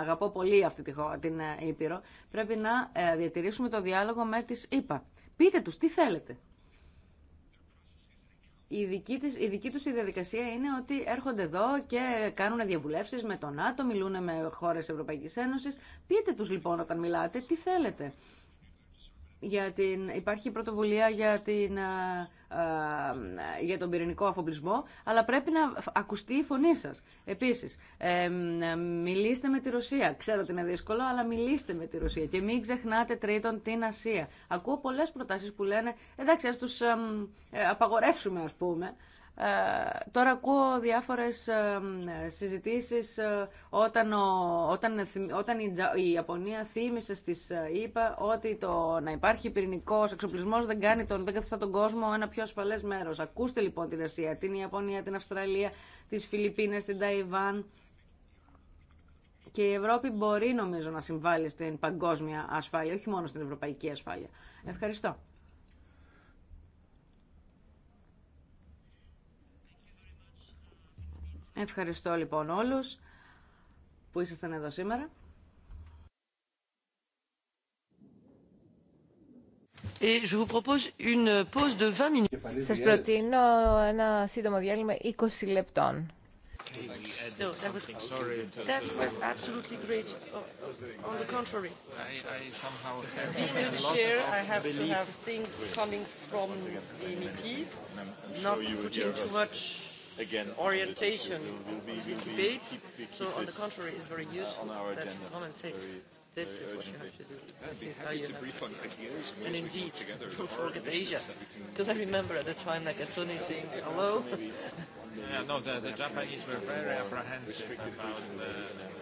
αγαπώ πολύ αυτή τη χώρα, την Ήπειρο, πρέπει να διατηρήσουμε το διάλογο με τις ΗΠΑ. Πείτε τους τι θέλετε η δική, της, η δική τους η διαδικασία είναι ότι έρχονται εδώ και κάνουν διαβουλεύσεις με τον ΝΑΤΟ, μιλούν με χώρες Ευρωπαϊκής Ένωσης. Πείτε τους λοιπόν όταν μιλάτε τι θέλετε. Για την, υπάρχει πρωτοβουλία για την ε, ε, για τον πυρηνικό αφοπλισμό, αλλά πρέπει να ακουστεί η φωνή σας. Επίσης, ε, ε, μιλήστε με τη Ρωσία. Ξέρω ότι είναι δύσκολο, αλλά μιλήστε με τη Ρωσία και μην ξεχνάτε τρίτον την Ασία. Ακούω πολλέ προτάσεις που λένε, εντάξει, α τους απαγορεύσουμε α πούμε, ε, τώρα ακούω διάφορες ε, συζητήσεις ε, όταν, όταν, όταν η, Ιαπωνία θύμισε στις ΗΠΑ ότι το να υπάρχει πυρηνικός εξοπλισμός δεν, κάνει τον, δεν καθιστά τον κόσμο ένα πιο ασφαλές μέρος. Ακούστε λοιπόν την Ασία, την Ιαπωνία, την Αυστραλία, τις Φιλιππίνες, την Ταϊβάν. Και η Ευρώπη μπορεί νομίζω να συμβάλλει στην παγκόσμια ασφάλεια, όχι μόνο στην ευρωπαϊκή ασφάλεια. Ευχαριστώ. Ευχαριστώ λοιπόν όλους που ήσασταν εδώ σήμερα. Σας προτείνω ένα σύντομο διάλειμμα 20 λεπτών again orientation debate. So on the contrary, it's very useful that you come and say, this is what you have to do. This is how you have to do And indeed, don't forget Asia. Because I remember at the time, like, sunny saying, hello. Yeah, no, the, the Japanese were very apprehensive about the...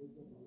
Υπότιτλοι AUTHORWAVE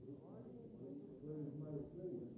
βουβαλίου του του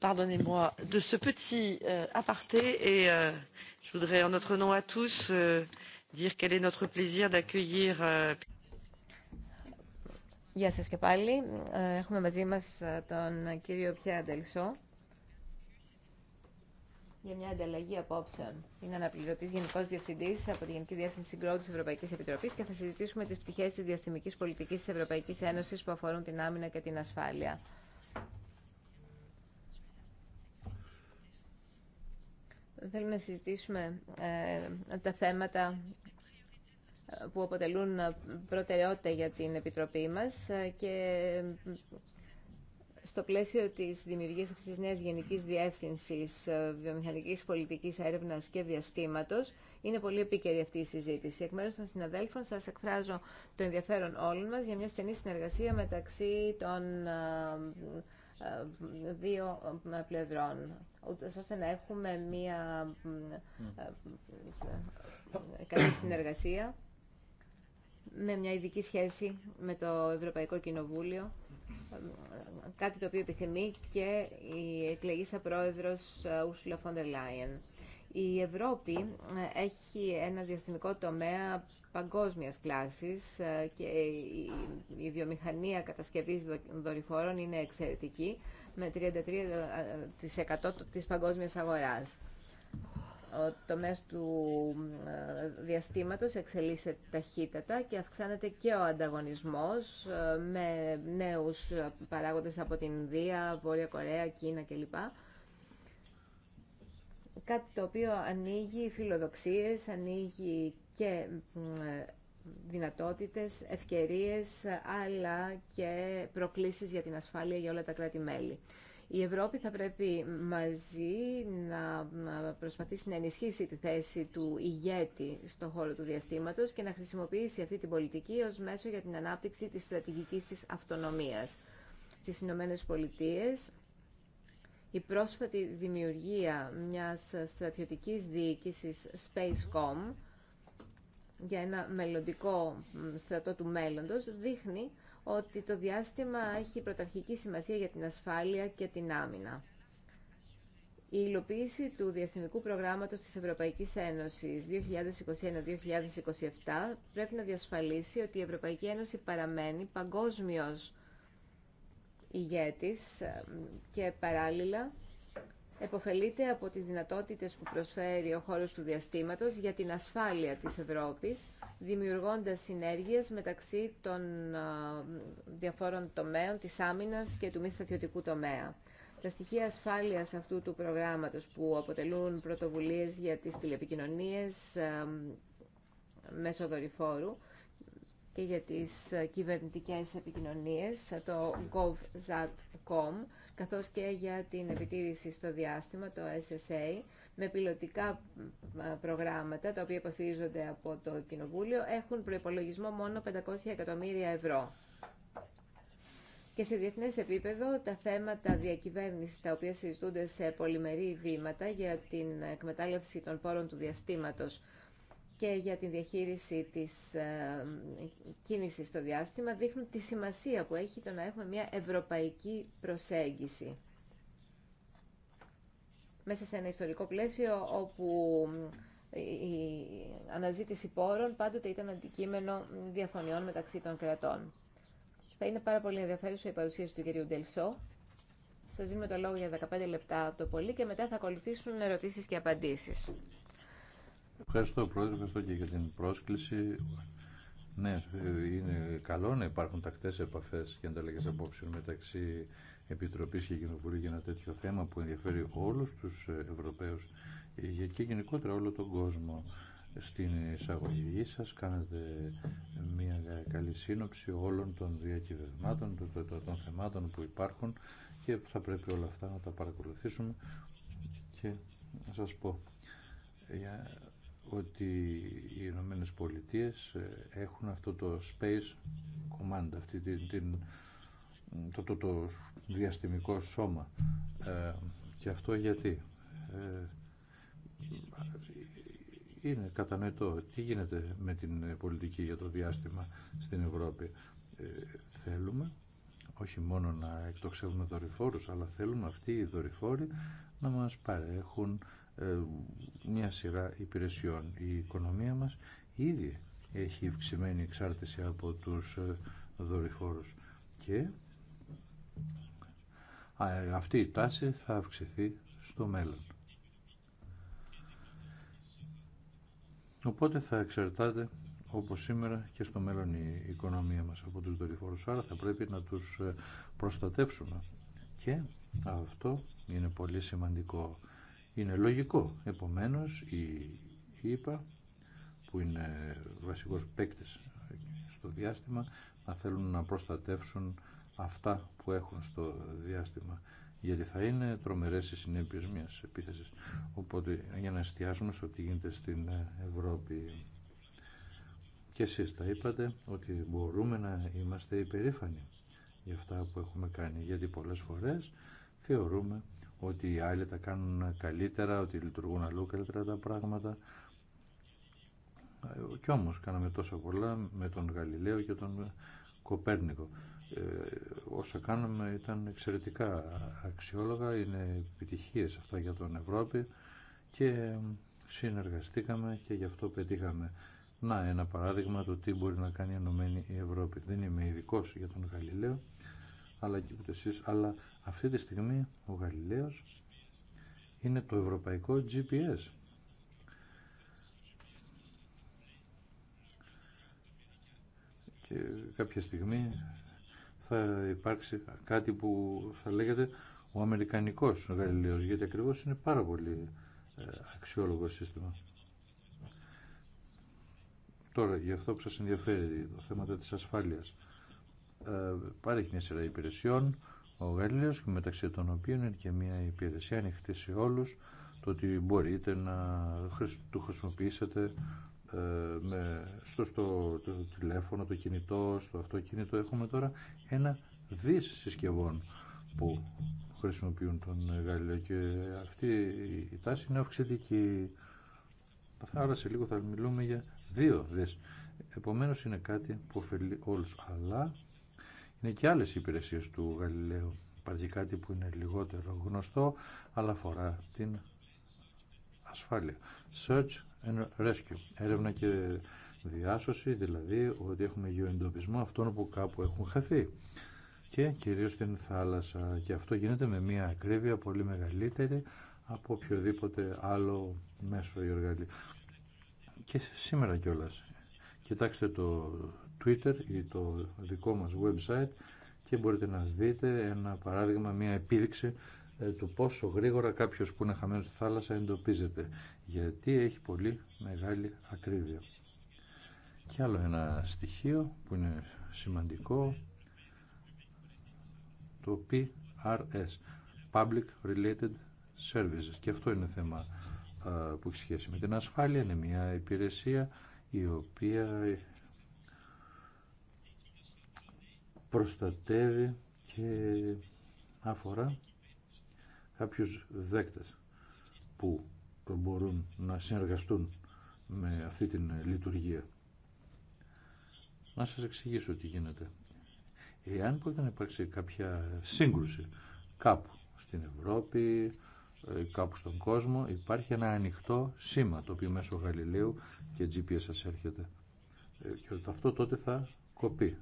pardonnez-moi, de ce petit euh, aparté. Et euh, je voudrais, en notre nom à tous, euh, dire quel est notre plaisir d'accueillir. Γεια σας και πάλι. Ε, έχουμε μαζί μας ε, τον κύριο Πιέρα Ντελσό για μια ανταλλαγή απόψεων. Είναι αναπληρωτή Γενικό Διευθυντής από τη Γενική Διεύθυνση Grow τη Ευρωπαϊκή Επιτροπή και θα συζητήσουμε τι πτυχέ τη διαστημικής πολιτική τη Ευρωπαϊκή Ένωση που αφορούν την άμυνα και την ασφάλεια. θέλουμε να συζητήσουμε ε, τα θέματα που αποτελούν προτεραιότητα για την Επιτροπή μας ε, και στο πλαίσιο της δημιουργίας αυτής της νέας Γενικής Διεύθυνσης ε, Βιομηχανικής Πολιτικής Έρευνας και Διαστήματος είναι πολύ επίκαιρη αυτή η συζήτηση. Εκ μέρους των συναδέλφων σας εκφράζω το ενδιαφέρον όλων μας για μια στενή συνεργασία μεταξύ των δύο πλευρών, ώστε να έχουμε μία ε, καλή συνεργασία με μια ειδική σχέση με το Ευρωπαϊκό Κοινοβούλιο, κάτι το οποίο επιθυμεί και η εκλεγήσα πρόεδρος ε, Ursula Φόντερ Λάιεν. Η Ευρώπη ε, έχει ένα διαστημικό τομέα παγκόσμιας κλάσης ε, και η βιομηχανία κατασκευής δορυφόρων είναι εξαιρετική με 33% της παγκόσμιας αγοράς. Ο τομέας του ε, διαστήματος εξελίσσεται ταχύτατα και αυξάνεται και ο ανταγωνισμός με νέους παράγοντες από την Ινδία, Βόρεια Κορέα, Κίνα κλπ κάτι το οποίο ανοίγει φιλοδοξίες, ανοίγει και δυνατότητες, ευκαιρίες, αλλά και προκλήσεις για την ασφάλεια για όλα τα κράτη-μέλη. Η Ευρώπη θα πρέπει μαζί να προσπαθήσει να ενισχύσει τη θέση του ηγέτη στο χώρο του διαστήματος και να χρησιμοποιήσει αυτή την πολιτική ως μέσο για την ανάπτυξη της στρατηγικής της αυτονομίας. Στις Ηνωμένε Πολιτείες η πρόσφατη δημιουργία μιας στρατιωτικής διοίκησης Spacecom για ένα μελλοντικό στρατό του μέλλοντος δείχνει ότι το διάστημα έχει πρωταρχική σημασία για την ασφάλεια και την άμυνα. Η υλοποίηση του διαστημικού προγράμματος της Ευρωπαϊκής Ένωσης 2021-2027 πρέπει να διασφαλίσει ότι η Ευρωπαϊκή Ένωση παραμένει παγκόσμιος ηγέτης και παράλληλα εποφελείται από τις δυνατότητες που προσφέρει ο χώρος του διαστήματος για την ασφάλεια της Ευρώπης, δημιουργώντας συνέργειες μεταξύ των διαφόρων τομέων της άμυνας και του μη στρατιωτικού τομέα. Τα στοιχεία ασφάλειας αυτού του προγράμματος που αποτελούν πρωτοβουλίες για τις τηλεπικοινωνίες μέσω δορυφόρου, και για τις ε, κυβερνητικές επικοινωνίες, ε, το gov.com, καθώς και για την επιτήρηση στο διάστημα, το SSA, με πιλωτικά ε, προγράμματα, τα οποία υποστηρίζονται από το Κοινοβούλιο, έχουν προϋπολογισμό μόνο 500 εκατομμύρια ευρώ. Και σε διεθνέ επίπεδο, τα θέματα διακυβέρνησης, τα οποία συζητούνται σε πολυμερή βήματα για την εκμετάλλευση των πόρων του διαστήματο και για την διαχείριση της ε, κίνησης στο διάστημα δείχνουν τη σημασία που έχει το να έχουμε μια ευρωπαϊκή προσέγγιση μέσα σε ένα ιστορικό πλαίσιο όπου ε, η αναζήτηση πόρων πάντοτε ήταν αντικείμενο διαφωνιών μεταξύ των κρατών. Θα είναι πάρα πολύ ενδιαφέρουσα η παρουσίαση του κυρίου Ντελσό. Σας δίνουμε το λόγο για 15 λεπτά το πολύ και μετά θα ακολουθήσουν ερωτήσεις και απαντήσεις. Ευχαριστώ Πρόεδρε, ευχαριστώ και για την πρόσκληση. Ναι, είναι καλό να υπάρχουν τακτές επαφές και ανταλλαγές απόψεων μεταξύ Επιτροπής και Κοινοβουλίου για ένα τέτοιο θέμα που ενδιαφέρει όλους τους Ευρωπαίους και γενικότερα όλο τον κόσμο. Στην εισαγωγή σας κάνατε μια καλή σύνοψη όλων των διακυβευμάτων, των θεμάτων που υπάρχουν και θα πρέπει όλα αυτά να τα παρακολουθήσουμε και να σας πω ότι οι Ηνωμένε Πολιτείε ε, έχουν αυτό το space command, αυτή την, το, το, διαστημικό σώμα. Ε, και αυτό γιατί. Ε, είναι κατανοητό τι γίνεται με την πολιτική για το διάστημα στην Ευρώπη. θέλουμε όχι μόνο να εκτοξεύουμε δορυφόρους, αλλά θέλουμε αυτοί οι δορυφόροι να μας παρέχουν ε, μια σειρά υπηρεσιών. Η οικονομία μας ήδη έχει αυξημένη εξάρτηση από τους ε, δορυφόρους και ε, αυτή η τάση θα αυξηθεί στο μέλλον. Οπότε θα εξαρτάται όπως σήμερα και στο μέλλον η οικονομία μας από τους δορυφόρους. Άρα θα πρέπει να τους προστατεύσουμε. Και αυτό είναι πολύ σημαντικό. Είναι λογικό. Επομένως, η ΥΠΑ ΕΕ, που είναι βασικός παίκτη στο διάστημα, να θέλουν να προστατεύσουν αυτά που έχουν στο διάστημα. Γιατί θα είναι τρομερές οι συνέπειες μιας επίθεσης. Οπότε, για να εστιάσουμε σε ό,τι γίνεται στην Ευρώπη. Και εσείς τα είπατε ότι μπορούμε να είμαστε υπερήφανοι για αυτά που έχουμε κάνει. Γιατί πολλές φορές θεωρούμε ότι οι άλλοι τα κάνουν καλύτερα, ότι λειτουργούν αλλού καλύτερα τα πράγματα. Κι όμως κάναμε τόσα πολλά με τον Γαλιλαίο και τον Κοπέρνικο. Ε, όσα κάναμε ήταν εξαιρετικά αξιόλογα, είναι επιτυχίες αυτά για τον Ευρώπη και συνεργαστήκαμε και γι' αυτό πετύχαμε. Να, ένα παράδειγμα το τι μπορεί να κάνει η Ευρώπη. Δεν είμαι ειδικό για τον Γαλιλαίο, αλλά και ούτε εσείς, αλλά αυτή τη στιγμή ο Γαλιλαίος είναι το ευρωπαϊκό GPS. Και κάποια στιγμή θα υπάρξει κάτι που θα λέγεται ο Αμερικανικός ο Γαλιλαίος, γιατί ακριβώς είναι πάρα πολύ ε, αξιόλογο σύστημα. Τώρα, για αυτό που σας ενδιαφέρει, το θέμα της ασφάλειας υπάρχει ε, μια σειρά υπηρεσιών ο Γαλλιός και μεταξύ των οποίων είναι και μια υπηρεσία ανοιχτή σε όλους το ότι μπορείτε να του χρησιμοποιήσετε ε, με, στο, το τηλέφωνο, το κινητό, στο αυτοκίνητο έχουμε τώρα ένα δις συσκευών που χρησιμοποιούν τον Γαλλίο και αυτή η τάση είναι αυξητική. Άρα σε λίγο θα μιλούμε για δύο δις. Επομένως είναι κάτι που ωφελεί όλους, αλλά είναι και άλλες υπηρεσίες του Γαλιλαίου. Υπάρχει κάτι που είναι λιγότερο γνωστό, αλλά αφορά την ασφάλεια. Search and Rescue. Έρευνα και διάσωση, δηλαδή ότι έχουμε γεωεντοπισμό αυτών που κάπου έχουν χαθεί. Και κυρίως στην θάλασσα. Και αυτό γίνεται με μια ακρίβεια πολύ μεγαλύτερη από οποιοδήποτε άλλο μέσο ή εργαλείο. Και σήμερα κιόλας. Κοιτάξτε το Twitter ή το δικό μας website και μπορείτε να δείτε ένα παράδειγμα, μια επίδειξη ε, του πόσο γρήγορα κάποιος που είναι χαμένος στη θάλασσα εντοπίζεται γιατί έχει πολύ μεγάλη ακρίβεια. Και άλλο ένα στοιχείο που είναι σημαντικό το PRS Public Related Services και αυτό είναι θέμα ε, που έχει σχέση με την ασφάλεια είναι μια υπηρεσία η οποία προστατεύει και αφορά κάποιους δέκτες που μπορούν να συνεργαστούν με αυτή την λειτουργία. Να σας εξηγήσω τι γίνεται. Εάν μπορεί να υπάρξει κάποια σύγκρουση κάπου στην Ευρώπη, ε, κάπου στον κόσμο, υπάρχει ένα ανοιχτό σήμα το οποίο μέσω Γαλιλαίου και GPS σας έρχεται. Ε, και αυτό τότε θα κοπεί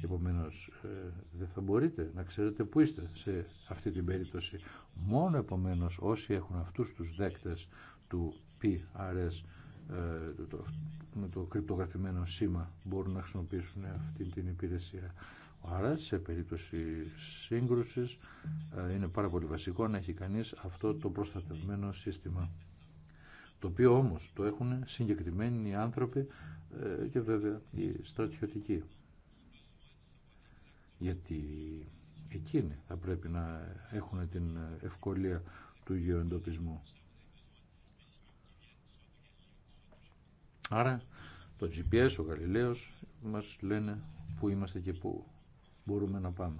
Επομένως ε, δεν θα μπορείτε να ξέρετε που είστε σε αυτή την περίπτωση. Μόνο επομένως όσοι έχουν αυτούς τους δέκτες του PRS ε, με το κρυπτογραφημένο σήμα μπορούν να χρησιμοποιήσουν αυτή την υπηρεσία. Άρα σε περίπτωση σύγκρουσης ε, είναι πάρα πολύ βασικό να έχει κανείς αυτό το προστατευμένο σύστημα το οποίο όμως το έχουν συγκεκριμένοι άνθρωποι και βέβαια οι στρατιωτικοί γιατί εκείνοι θα πρέπει να έχουν την ευκολία του γεωεντοπισμού. Άρα το GPS, ο Γαλιλαίος μας λένε που είμαστε και που μπορούμε να πάμε.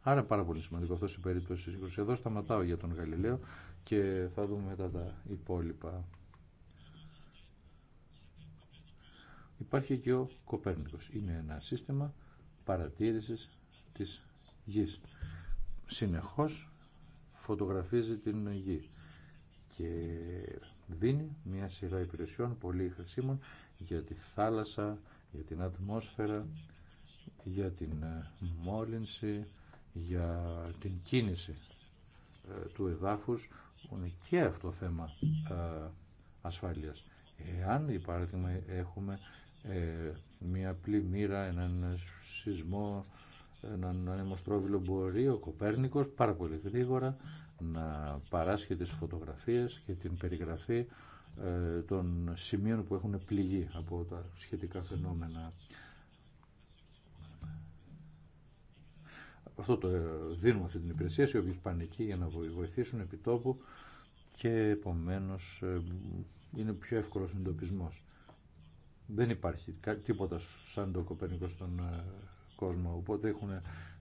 Άρα πάρα πολύ σημαντικό αυτό η περίπτωση. Εδώ σταματάω για τον Γαλιλαίο και θα δούμε μετά τα υπόλοιπα. Υπάρχει και ο Κοπέρνικος. Είναι ένα σύστημα παρατήρησης της γης. Συνεχώς φωτογραφίζει την γη και δίνει μια σειρά υπηρεσιών πολύ χρησίμων για τη θάλασσα, για την ατμόσφαιρα, για την ε, μόλυνση, για την κίνηση ε, του εδάφους είναι και αυτό θέμα ε, ασφάλειας. Εάν, για παράδειγμα, έχουμε ε, μια πλημμύρα, έναν σεισμό, έναν ανεμοστρόβιλο μπορεί ο Κοπέρνικος πάρα πολύ γρήγορα να παράσχει τις φωτογραφίες και την περιγραφή ε, των σημείων που έχουν πληγεί από τα σχετικά φαινόμενα. Αυτό το ε, δίνουμε αυτή την υπηρεσία σε όποιους για να βοηθήσουν επί τόπου και επομένως είναι πιο εύκολος εντοπισμός. Δεν υπάρχει τίποτα σαν το Κοπέρνικο στον ε, κόσμο. Οπότε έχουν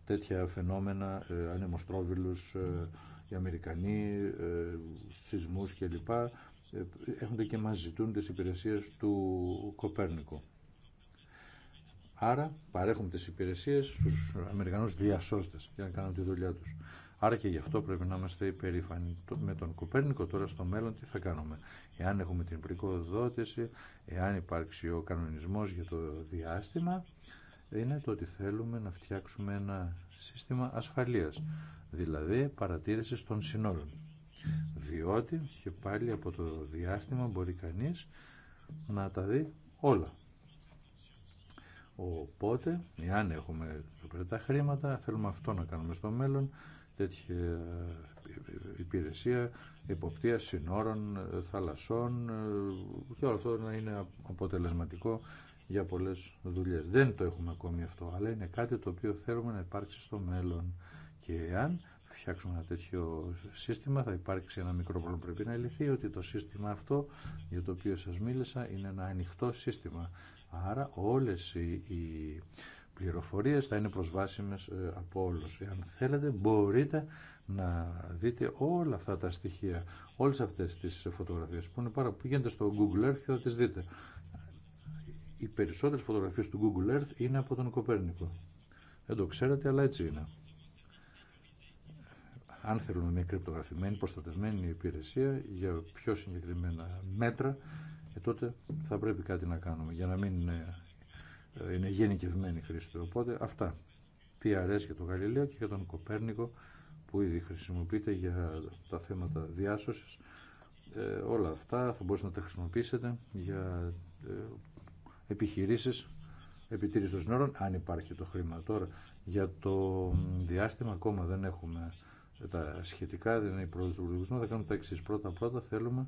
τέτοια φαινόμενα, ε, ανεμοστρόβιλους, ε, οι Αμερικανοί, ε, σεισμούς κλπ. Ε, έχουν και μας ζητούν τις υπηρεσίες του Κοπέρνικου. Άρα παρέχουμε τις υπηρεσίες στους Αμερικανούς διασώστες για να κάνουν τη δουλειά τους. Άρα και γι' αυτό πρέπει να είμαστε υπερήφανοι. Με τον Κοπέρνικο τώρα στο μέλλον τι θα κάνουμε. Εάν έχουμε την πρικοδότηση, εάν υπάρξει ο κανονισμός για το διάστημα, είναι το ότι θέλουμε να φτιάξουμε ένα σύστημα ασφαλείας, δηλαδή παρατήρησης των συνόρων. Διότι και πάλι από το διάστημα μπορεί κανείς να τα δει όλα. Οπότε, εάν έχουμε τα χρήματα, θέλουμε αυτό να κάνουμε στο μέλλον, τέτοια υπηρεσία υποπτία συνόρων, θαλασσών ε, και όλο αυτό να είναι αποτελεσματικό για πολλές δουλειές. Δεν το έχουμε ακόμη αυτό, αλλά είναι κάτι το οποίο θέλουμε να υπάρξει στο μέλλον. Και εάν φτιάξουμε ένα τέτοιο σύστημα, θα υπάρξει ένα μικρό πρόβλημα. Πρέπει να λυθεί ότι το σύστημα αυτό για το οποίο σας μίλησα είναι ένα ανοιχτό σύστημα. Άρα όλες οι πληροφορίες θα είναι προσβάσιμες ε, από όλους. Αν θέλετε μπορείτε να δείτε όλα αυτά τα στοιχεία, όλες αυτές τις φωτογραφίες που είναι πάρα που πηγαίνετε στο Google Earth και θα τις δείτε. Οι περισσότερες φωτογραφίες του Google Earth είναι από τον Κοπέρνικο. Δεν το ξέρετε αλλά έτσι είναι. Αν θέλουμε μια κρυπτογραφημένη, προστατευμένη υπηρεσία για πιο συγκεκριμένα μέτρα, ε, τότε θα πρέπει κάτι να κάνουμε για να μην ε, είναι γενικευμένη χρήση Οπότε αυτά. PRS για τον Γαλιλαίο και για τον Κοπέρνικο που ήδη χρησιμοποιείται για τα θέματα διάσωσης. Ε, όλα αυτά θα μπορείτε να τα χρησιμοποιήσετε για ε, επιχειρήσεις επιτήρηση των συνόρων, αν υπάρχει το χρήμα τώρα. Για το διάστημα ακόμα δεν έχουμε τα σχετικά, δεν είναι η πρόοδος του προλογισμού. Θα κάνουμε τα εξή. Πρώτα-πρώτα θέλουμε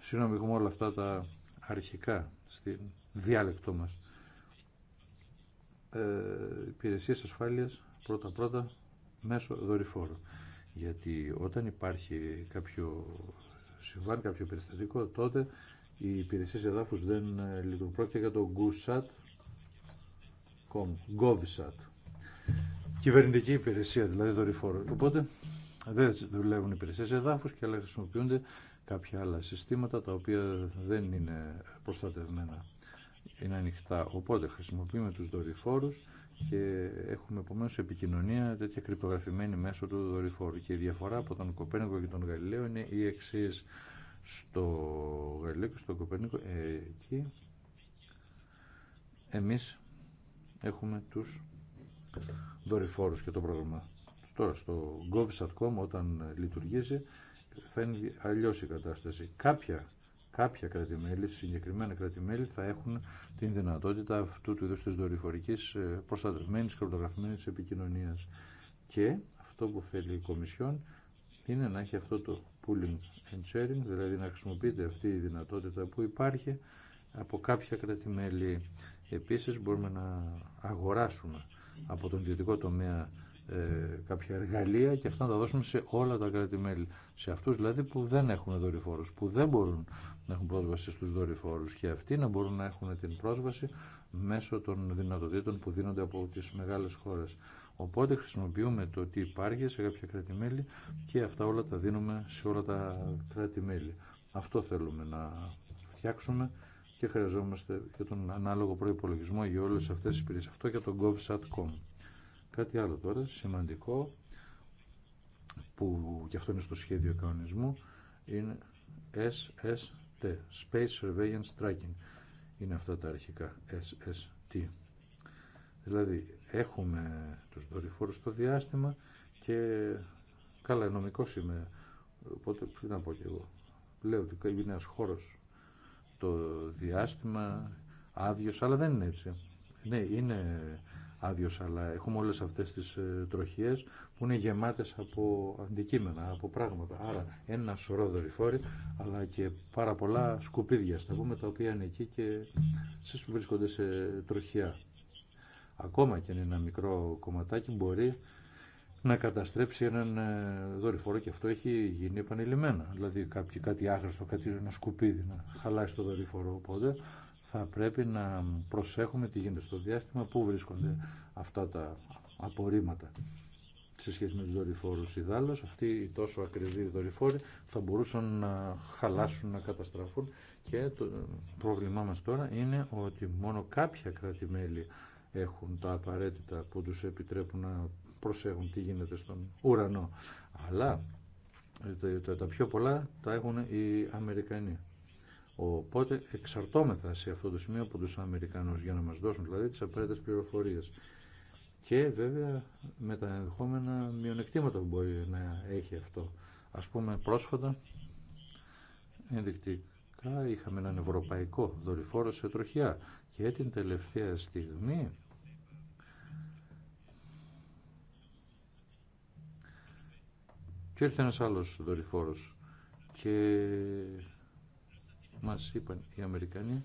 Συγγνώμη, έχουμε όλα αυτά τα αρχικά στη διάλεκτό μας. Ε, υπηρεσίες ασφάλειας πρώτα-πρώτα μέσω δορυφόρου. Γιατί όταν υπάρχει κάποιο συμβάν, κάποιο περιστατικό, τότε οι υπηρεσίες εδάφους δεν ε, λειτουργούν. Πρόκειται για το GOVSAT. Κυβερνητική υπηρεσία, δηλαδή δορυφόρο. Οπότε δεν δουλεύουν υπηρεσίε εδάφου και αλλά χρησιμοποιούνται κάποια άλλα συστήματα τα οποία δεν είναι προστατευμένα, είναι ανοιχτά. Οπότε χρησιμοποιούμε τους δορυφόρους και έχουμε επομένως επικοινωνία τέτοια κρυπτογραφημένη μέσω του δορυφόρου. Και η διαφορά από τον Κοπέρνικο και τον Γαλιλαίο είναι η εξή στο Γαλιλαίο και στο Κοπέρνικο. Ε, εκεί εμείς έχουμε τους δορυφόρους και το πρόγραμμα. Τώρα στο gov.com όταν λειτουργήσει φαίνεται αλλιώς η κατάσταση. Κάποια, κάποια κρατημέλη, συγκεκριμένα κρατημέλη, θα έχουν την δυνατότητα αυτού του είδου της δορυφορικής ε, προστατευμένη και επικοινωνίας. Και αυτό που θέλει η Κομισιόν είναι να έχει αυτό το pooling and sharing, δηλαδή να χρησιμοποιείται αυτή η δυνατότητα που υπάρχει από κάποια κρατημέλη. Επίσης μπορούμε να αγοράσουμε από τον ιδιωτικό τομέα ε, κάποια εργαλεία και αυτά να τα δώσουμε σε όλα τα κράτη-μέλη. Σε αυτού δηλαδή που δεν έχουν δορυφόρους, που δεν μπορούν να έχουν πρόσβαση στου δορυφόρου και αυτοί να μπορούν να έχουν την πρόσβαση μέσω των δυνατοτήτων που δίνονται από τι μεγάλε χώρε. Οπότε χρησιμοποιούμε το ότι υπάρχει σε κάποια κράτη-μέλη και αυτά όλα τα δίνουμε σε όλα τα κράτη-μέλη. Αυτό θέλουμε να φτιάξουμε και χρειαζόμαστε και τον ανάλογο προϋπολογισμό για όλες αυτές τις υπηρεσίες. Αυτό και τον GovSat.com. Κάτι άλλο τώρα σημαντικό που και αυτό είναι στο σχέδιο κανονισμού είναι SST Space Surveillance Tracking είναι αυτά τα αρχικά SST δηλαδή έχουμε τους δορυφόρους στο διάστημα και καλά νομικός είμαι οπότε τι να πω και εγώ λέω ότι είναι ένας χώρος το διάστημα άδειος αλλά δεν είναι έτσι ναι είναι άδειο, αλλά έχουμε όλες αυτές τις ε, τροχίες που είναι γεμάτες από αντικείμενα, από πράγματα. Άρα ένα σωρό δορυφόροι, αλλά και πάρα πολλά σκουπίδια, στα πούμε, τα οποία είναι εκεί και βρίσκονται σε τροχιά. Ακόμα και ένα μικρό κομματάκι μπορεί να καταστρέψει έναν ε, δορυφόρο και αυτό έχει γίνει επανειλημμένα. Δηλαδή κάποιοι κάτι άγραστο, κάτι, ένα σκουπίδι να χαλάσει το δορυφόρο. Οπότε θα πρέπει να προσέχουμε τι γίνεται στο διάστημα, πού βρίσκονται αυτά τα απορρίμματα σε σχέση με τους δορυφόρους Αυτοί οι τόσο ακριβοί δορυφόροι θα μπορούσαν να χαλάσουν, να καταστραφούν και το πρόβλημά μας τώρα είναι ότι μόνο κάποια κράτη-μέλη έχουν τα απαραίτητα που τους επιτρέπουν να προσέχουν τι γίνεται στον ουρανό. Αλλά τα πιο πολλά τα έχουν οι Αμερικανοί. Οπότε εξαρτώμεθα σε αυτό το σημείο από τους Αμερικανούς για να μας δώσουν δηλαδή τις απαραίτητες πληροφορίες. Και βέβαια με τα ενδεχόμενα μειονεκτήματα που μπορεί να έχει αυτό. Ας πούμε πρόσφατα ενδεικτικά είχαμε έναν ευρωπαϊκό δορυφόρο σε τροχιά και την τελευταία στιγμή και ήρθε ένας άλλος δορυφόρος και μας είπαν οι Αμερικανοί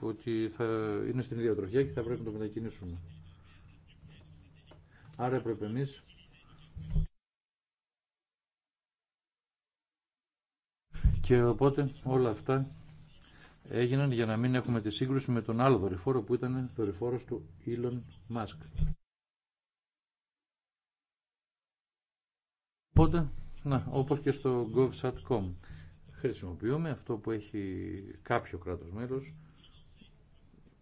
ότι θα είναι στην ίδια τροχιά και θα πρέπει να το μετακινήσουμε. Άρα έπρεπε εμείς και οπότε όλα αυτά έγιναν για να μην έχουμε τη σύγκρουση με τον άλλο δορυφόρο που ήταν δορυφόρος του Elon Musk. Οπότε, να, όπως και στο GovSat.com Χρησιμοποιούμε αυτό που έχει κάποιο κράτος μέλος,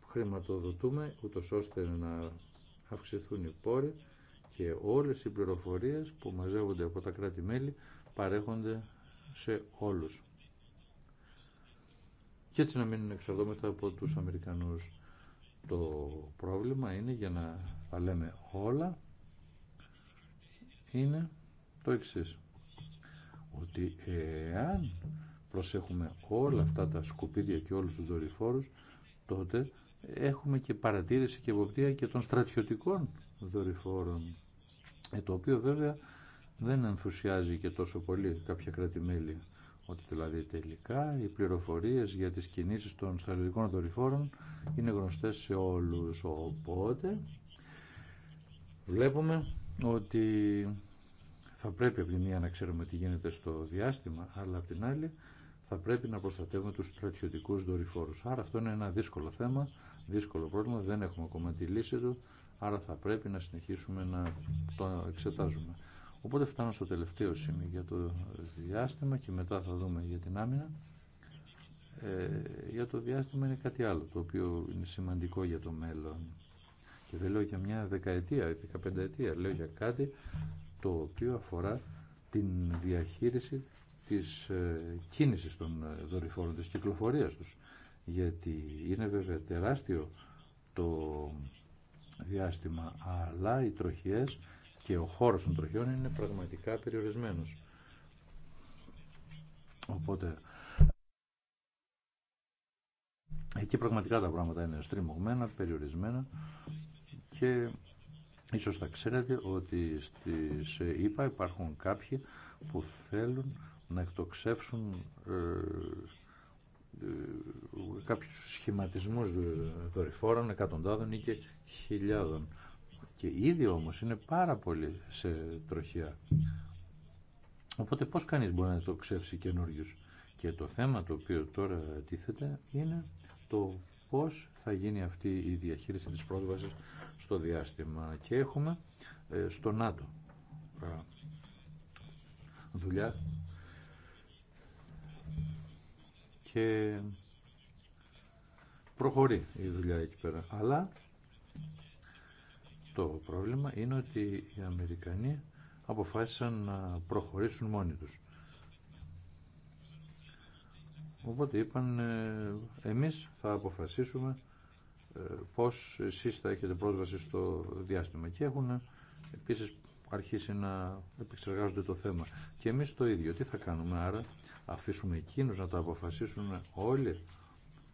χρηματοδοτούμε ούτω ώστε να αυξηθούν οι πόροι και όλες οι πληροφορίες που μαζεύονται από τα κράτη-μέλη παρέχονται σε όλους. Και έτσι να μην εξαρτώμεθα από τους Αμερικανούς. Το πρόβλημα είναι για να τα λέμε όλα είναι το εξής ότι εάν προσέχουμε όλα αυτά τα σκουπίδια και όλους τους δορυφόρους, τότε έχουμε και παρατήρηση και εποπτεία και των στρατιωτικών δορυφόρων, ε, το οποίο βέβαια δεν ενθουσιάζει και τόσο πολύ κάποια ότι δηλαδή τελικά οι πληροφορίες για τις κινήσεις των στρατιωτικών δορυφόρων είναι γνωστές σε όλους, οπότε βλέπουμε ότι θα πρέπει από τη μία να ξέρουμε τι γίνεται στο διάστημα, αλλά από την άλλη θα πρέπει να προστατεύουμε τους στρατιωτικούς δορυφόρους. Άρα αυτό είναι ένα δύσκολο θέμα, δύσκολο πρόβλημα, δεν έχουμε ακόμα τη λύση του, άρα θα πρέπει να συνεχίσουμε να το εξετάζουμε. Οπότε φτάνω στο τελευταίο σημείο για το διάστημα και μετά θα δούμε για την άμυνα. Ε, για το διάστημα είναι κάτι άλλο, το οποίο είναι σημαντικό για το μέλλον. Και δεν λέω για μια δεκαετία ή δεκαπενταετία, λέω για κάτι το οποίο αφορά την διαχείριση της ε, κίνησης των ε, δορυφόρων, της κυκλοφορίας τους. Γιατί είναι βέβαια τεράστιο το διάστημα, αλλά οι τροχιές και ο χώρος των τροχιών είναι πραγματικά περιορισμένος. Οπότε, εκεί πραγματικά τα πράγματα είναι στριμωγμένα, περιορισμένα και ίσως θα ξέρετε ότι στις ΕΠΑ υπάρχουν κάποιοι που θέλουν να εκτοξεύσουν ε, ε, κάποιους σχηματισμούς ε, δορυφόρων εκατοντάδων ή και χιλιάδων. Και ήδη όμως είναι πάρα πολύ σε τροχιά. Οπότε πώς κανείς μπορεί να εκτοξεύσει καινούριου. Και το θέμα το οποίο τώρα τίθεται είναι το πώς θα γίνει αυτή η διαχείριση της πρόσβασης στο διάστημα. Και έχουμε ε, στο ΝΑΤΟ δουλειά και προχωρεί η δουλειά εκεί πέρα. Αλλά το πρόβλημα είναι ότι οι Αμερικανοί αποφάσισαν να προχωρήσουν μόνοι τους. Οπότε είπαν ε, εμείς θα αποφασίσουμε ε, πώς εσείς θα έχετε πρόσβαση στο διάστημα και έχουν επίσης αρχίσει να επεξεργάζονται το θέμα. Και εμείς το ίδιο. Τι θα κάνουμε άρα, αφήσουμε εκείνους να τα αποφασίσουν όλοι.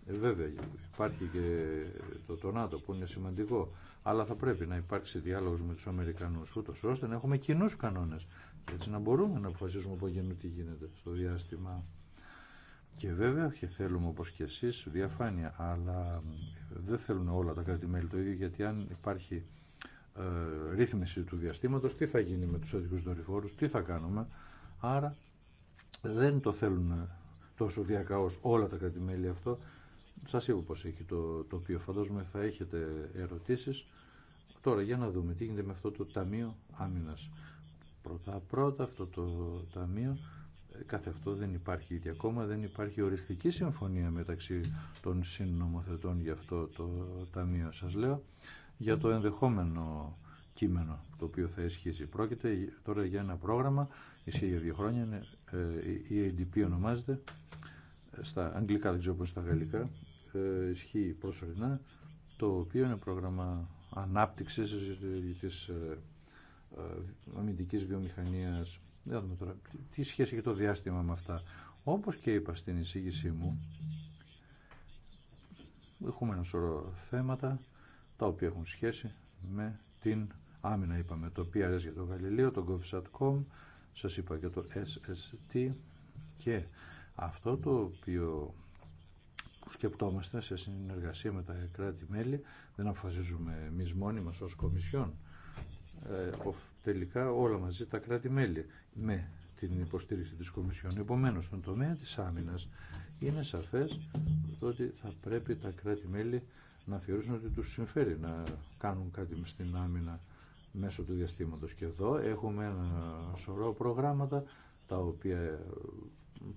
Ε, βέβαια, υπάρχει και το, τονάτο που είναι σημαντικό, αλλά θα πρέπει να υπάρξει διάλογος με τους Αμερικανούς, ούτως ώστε να έχουμε κοινού κανόνες και έτσι να μπορούμε να αποφασίσουμε από γενού τι γίνεται στο διάστημα. Και βέβαια και θέλουμε όπως και εσείς διαφάνεια, αλλά ε, δεν θέλουν όλα τα κράτη-μέλη το ίδιο, γιατί αν υπάρχει ε, ρύθμιση του διαστήματος, τι θα γίνει με τους έτοιμους δορυφόρους, τι θα κάνουμε. Άρα δεν το θέλουν τόσο διακαώς όλα τα κρατημέλη αυτό. Σας είπα πως έχει το τοπίο. Φαντάζομαι θα έχετε ερωτήσεις. Τώρα για να δούμε τι γίνεται με αυτό το Ταμείο Άμυνας. Πρώτα πρώτα αυτό το Ταμείο ε, κάθε αυτό δεν υπάρχει και ακόμα δεν υπάρχει οριστική συμφωνία μεταξύ των συνομοθετών για αυτό το Ταμείο σας λέω για το ενδεχόμενο κείμενο το οποίο θα ισχύσει. Πρόκειται τώρα για ένα πρόγραμμα, ισχύει για δύο χρόνια, ε, η ADP ονομάζεται, στα αγγλικά δεν ξέρω στα γαλλικά, ε, ισχύει προσωρινά, το οποίο είναι πρόγραμμα ανάπτυξης της ε, αμυντικής βιομηχανίας. Δεν δούμε τώρα τι σχέση έχει το διάστημα με αυτά. Όπως και είπα στην εισήγησή μου, έχουμε ένα σωρό θέματα τα οποία έχουν σχέση με την άμυνα είπαμε το PRS για το Γαλιλαίο, το GovSatcom, σας είπα και το SST και αυτό το οποίο που σκεπτόμαστε σε συνεργασία με τα κράτη-μέλη, δεν αποφασίζουμε εμείς μόνοι μας ως Κομισιόν, ε, τελικά όλα μαζί τα κράτη-μέλη με την υποστήριξη της Κομισιόν. Επομένως, στον τομέα της άμυνας είναι σαφές ότι θα πρέπει τα κράτη-μέλη να θεωρήσουν ότι τους συμφέρει να κάνουν κάτι στην άμυνα μέσω του διαστήματος. Και εδώ έχουμε ένα σωρό προγράμματα τα οποία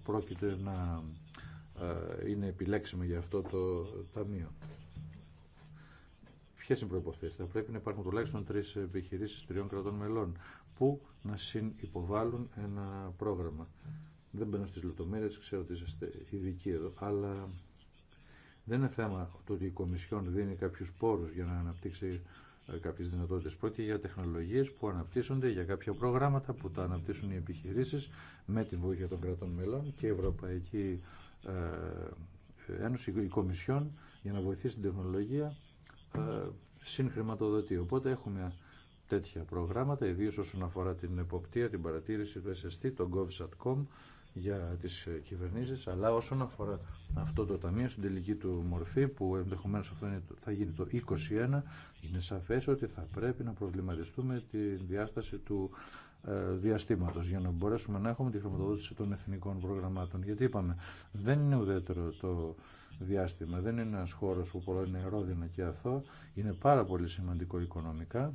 πρόκειται να ε, είναι επιλέξιμα για αυτό το ταμείο. Ποιε είναι οι προποθέσει, θα πρέπει να υπάρχουν τουλάχιστον τρει επιχειρήσει τριών κρατών μελών που να συνυποβάλλουν ένα πρόγραμμα. Δεν μπαίνω στι λεπτομέρειε, ξέρω ότι είστε ειδικοί εδώ, αλλά δεν είναι θέμα το ότι η Κομισιόν δίνει κάποιους πόρους για να αναπτύξει ε, κάποιες δυνατότητες. Πρώτη για τεχνολογίες που αναπτύσσονται για κάποια προγράμματα που τα αναπτύσσουν οι επιχειρήσεις με τη βοήθεια των κρατών μελών και η Ευρωπαϊκή ε, Ένωση, η Κομισιόν για να βοηθήσει την τεχνολογία ε, συγχρηματοδοτεί. Οπότε έχουμε τέτοια προγράμματα, ιδίω όσον αφορά την εποπτεία, την παρατήρηση του SST, το GovSatcom, για τις ε, κυβερνήσεις, αλλά όσον αφορά αυτό το ταμείο στην τελική του μορφή, που ενδεχομένω αυτό είναι, θα γίνει το 21, είναι σαφές ότι θα πρέπει να προβληματιστούμε τη διάσταση του ε, διαστήματος για να μπορέσουμε να έχουμε τη χρηματοδότηση των εθνικών προγραμμάτων. Γιατί είπαμε, δεν είναι ουδέτερο το διάστημα, δεν είναι ένα χώρο που πολλά είναι ρόδινα και αθώο, είναι πάρα πολύ σημαντικό οικονομικά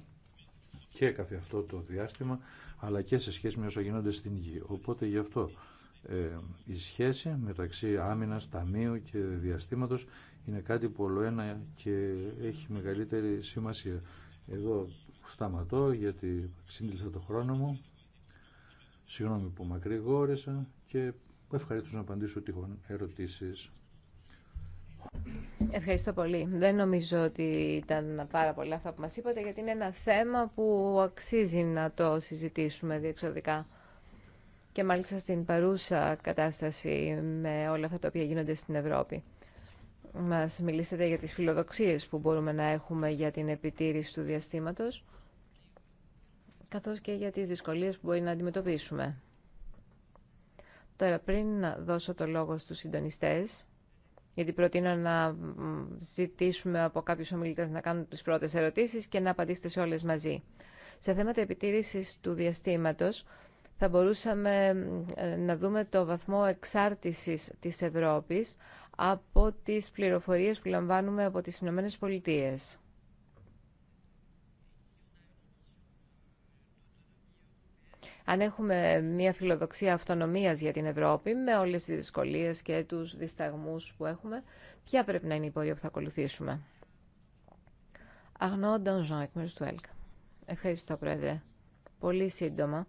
και καθ' αυτό το διάστημα, αλλά και σε σχέση με όσα γίνονται στην γη. Οπότε γι' αυτό ε, η σχέση μεταξύ άμυνας, ταμείου και διαστήματος είναι κάτι που ένα και έχει μεγαλύτερη σημασία. Εδώ σταματώ γιατί ξύντλησα το χρόνο μου. Συγγνώμη που μακρηγόρησα και ευχαρίστω να απαντήσω τυχόν ερωτήσεις. Ευχαριστώ πολύ. Δεν νομίζω ότι ήταν πάρα πολλά αυτά που μας είπατε γιατί είναι ένα θέμα που αξίζει να το συζητήσουμε διεξοδικά και μάλιστα στην παρούσα κατάσταση με όλα αυτά τα οποία γίνονται στην Ευρώπη. Μας μιλήσατε για τις φιλοδοξίες που μπορούμε να έχουμε για την επιτήρηση του διαστήματος, καθώς και για τις δυσκολίες που μπορεί να αντιμετωπίσουμε. Τώρα, πριν να δώσω το λόγο στους συντονιστές, γιατί προτείνω να ζητήσουμε από κάποιους ομιλητές να κάνουν τις πρώτες ερωτήσεις και να απαντήσετε σε όλες μαζί. Σε θέματα επιτήρησης του διαστήματος, θα μπορούσαμε ε, να δούμε το βαθμό εξάρτησης της Ευρώπης από τις πληροφορίες που λαμβάνουμε από τις Ηνωμένε Πολιτείες. Αν έχουμε μια φιλοδοξία αυτονομίας για την Ευρώπη, με όλες τις δυσκολίες και τους δισταγμούς που έχουμε, ποια πρέπει να είναι η πορεία που θα ακολουθήσουμε. Αγνώ Ντονζόν, εκ μέρους του Ευχαριστώ, Πρόεδρε. Πολύ σύντομα.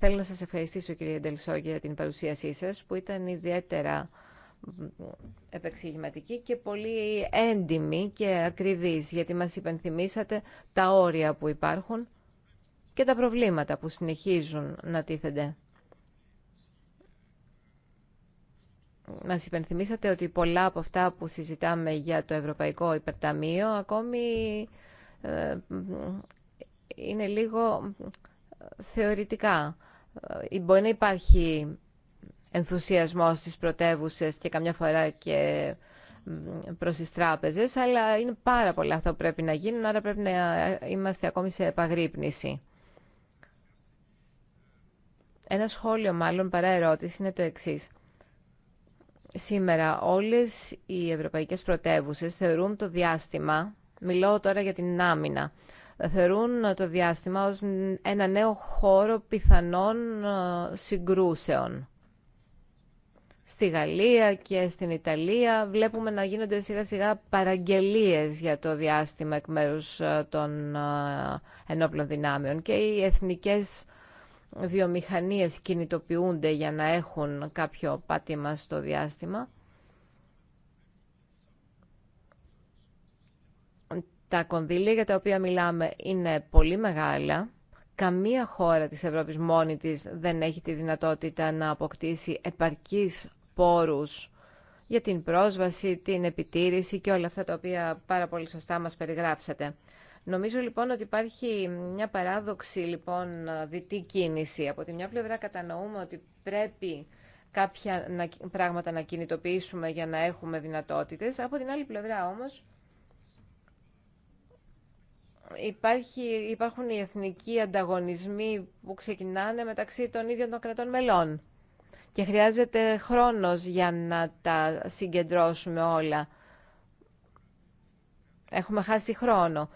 Θέλω να σας ευχαριστήσω κύριε Ντελσό για την παρουσίασή σας που ήταν ιδιαίτερα επεξηγηματική και πολύ έντιμη και ακριβής γιατί μας υπενθυμίσατε τα όρια που υπάρχουν και τα προβλήματα που συνεχίζουν να τίθενται. Μας υπενθυμίσατε ότι πολλά από αυτά που συζητάμε για το Ευρωπαϊκό Υπερταμείο ακόμη ε, είναι λίγο θεωρητικά. Ε, μπορεί να υπάρχει ενθουσιασμός στις πρωτεύουσες και καμιά φορά και προς τις τράπεζες, αλλά είναι πάρα πολλά αυτό που πρέπει να γίνουν, άρα πρέπει να είμαστε ακόμη σε επαγρύπνηση. Ένα σχόλιο μάλλον παρά ερώτηση είναι το εξής. Σήμερα όλες οι ευρωπαϊκές πρωτεύουσες θεωρούν το διάστημα, μιλώ τώρα για την άμυνα, θεωρούν το διάστημα ως ένα νέο χώρο πιθανών ε, συγκρούσεων. Στη Γαλλία και στην Ιταλία βλέπουμε να γίνονται σιγά σιγά παραγγελίες για το διάστημα εκ μέρους ε, των ε, ενόπλων δυνάμεων και οι εθνικές βιομηχανίες κινητοποιούνται για να έχουν κάποιο πάτημα στο διάστημα. Τα κονδύλια για τα οποία μιλάμε είναι πολύ μεγάλα. Καμία χώρα της Ευρώπης μόνη της δεν έχει τη δυνατότητα να αποκτήσει επαρκείς πόρους για την πρόσβαση, την επιτήρηση και όλα αυτά τα οποία πάρα πολύ σωστά μας περιγράψατε. Νομίζω λοιπόν ότι υπάρχει μια παράδοξη λοιπόν διτή κίνηση. Από τη μια πλευρά κατανοούμε ότι πρέπει κάποια πράγματα να κινητοποιήσουμε για να έχουμε δυνατότητες. Από την άλλη πλευρά όμως Υπάρχει, υπάρχουν οι εθνικοί ανταγωνισμοί που ξεκινάνε μεταξύ των ίδιων των κρατών μελών και χρειάζεται χρόνος για να τα συγκεντρώσουμε όλα. Έχουμε χάσει χρόνο.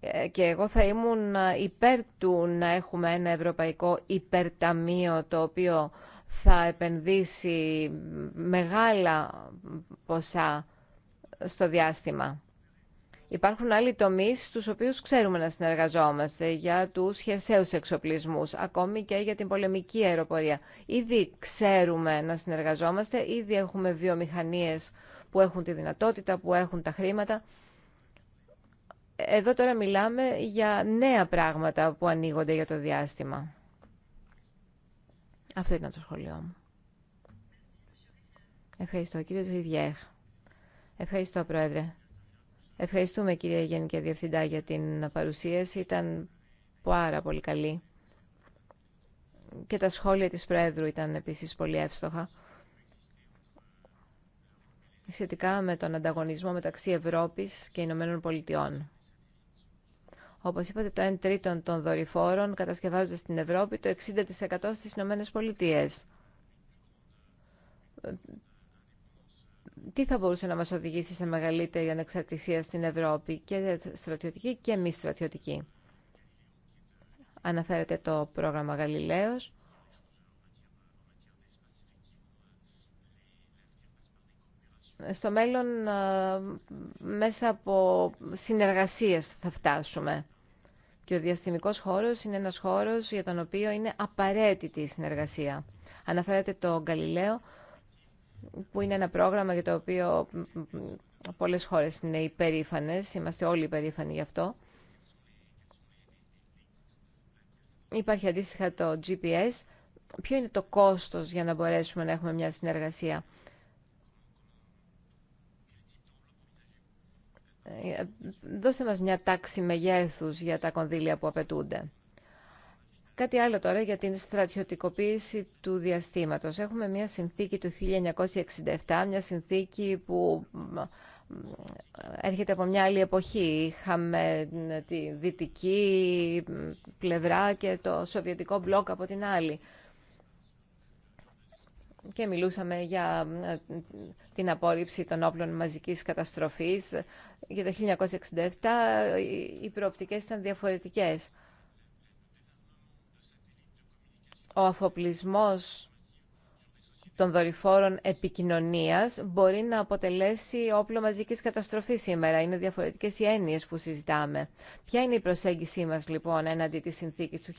Ε, και εγώ θα ήμουν υπέρ του να έχουμε ένα ευρωπαϊκό υπερταμείο το οποίο θα επενδύσει μεγάλα ποσά στο διάστημα. Υπάρχουν άλλοι τομείς στου οποίους ξέρουμε να συνεργαζόμαστε για τους χερσαίου εξοπλισμούς, ακόμη και για την πολεμική αεροπορία. Ήδη ξέρουμε να συνεργαζόμαστε, ήδη έχουμε βιομηχανίε που έχουν τη δυνατότητα, που έχουν τα χρήματα. Εδώ τώρα μιλάμε για νέα πράγματα που ανοίγονται για το διάστημα. Αυτό ήταν το σχολείο μου. Ευχαριστώ, κύριε Ζουιβιέχ. Ευχαριστώ, Πρόεδρε. Ευχαριστούμε κυρία Γενική Διευθυντά για την παρουσίαση. Ήταν πάρα πολύ καλή. Και τα σχόλια της Πρόεδρου ήταν επίσης πολύ εύστοχα. Σχετικά με τον ανταγωνισμό μεταξύ Ευρώπης και Ηνωμένων Πολιτειών. Όπως είπατε, το 1 τρίτο των δορυφόρων κατασκευάζονται στην Ευρώπη, το 60% στις Ηνωμένες Πολιτείες τι θα μπορούσε να μας οδηγήσει σε μεγαλύτερη ανεξαρτησία στην Ευρώπη και στρατιωτική και μη στρατιωτική. Αναφέρεται το πρόγραμμα Γαλιλαίος. Στο μέλλον, μέσα από συνεργασίες θα φτάσουμε. Και ο διαστημικός χώρος είναι ένας χώρος για τον οποίο είναι απαραίτητη η συνεργασία. Αναφέρεται το Γαλιλαίο που είναι ένα πρόγραμμα για το οποίο πολλές χώρες είναι υπερήφανες, είμαστε όλοι υπερήφανοι γι' αυτό. Υπάρχει αντίστοιχα το GPS. Ποιο είναι το κόστος για να μπορέσουμε να έχουμε μια συνεργασία. Ε, δώστε μας μια τάξη μεγέθους για τα κονδύλια που απαιτούνται. Κάτι άλλο τώρα για την στρατιωτικοποίηση του διαστήματος. Έχουμε μια συνθήκη του 1967, μια συνθήκη που έρχεται από μια άλλη εποχή. Είχαμε τη δυτική πλευρά και το σοβιετικό μπλοκ από την άλλη. Και μιλούσαμε για την απόρριψη των όπλων μαζικής καταστροφής. Για το 1967 οι προοπτικές ήταν διαφορετικές. ο αφοπλισμός των δορυφόρων επικοινωνίας μπορεί να αποτελέσει όπλο μαζικής καταστροφής σήμερα. Είναι διαφορετικές οι έννοιες που συζητάμε. Ποια είναι η προσέγγιση μας λοιπόν έναντι της συνθήκης του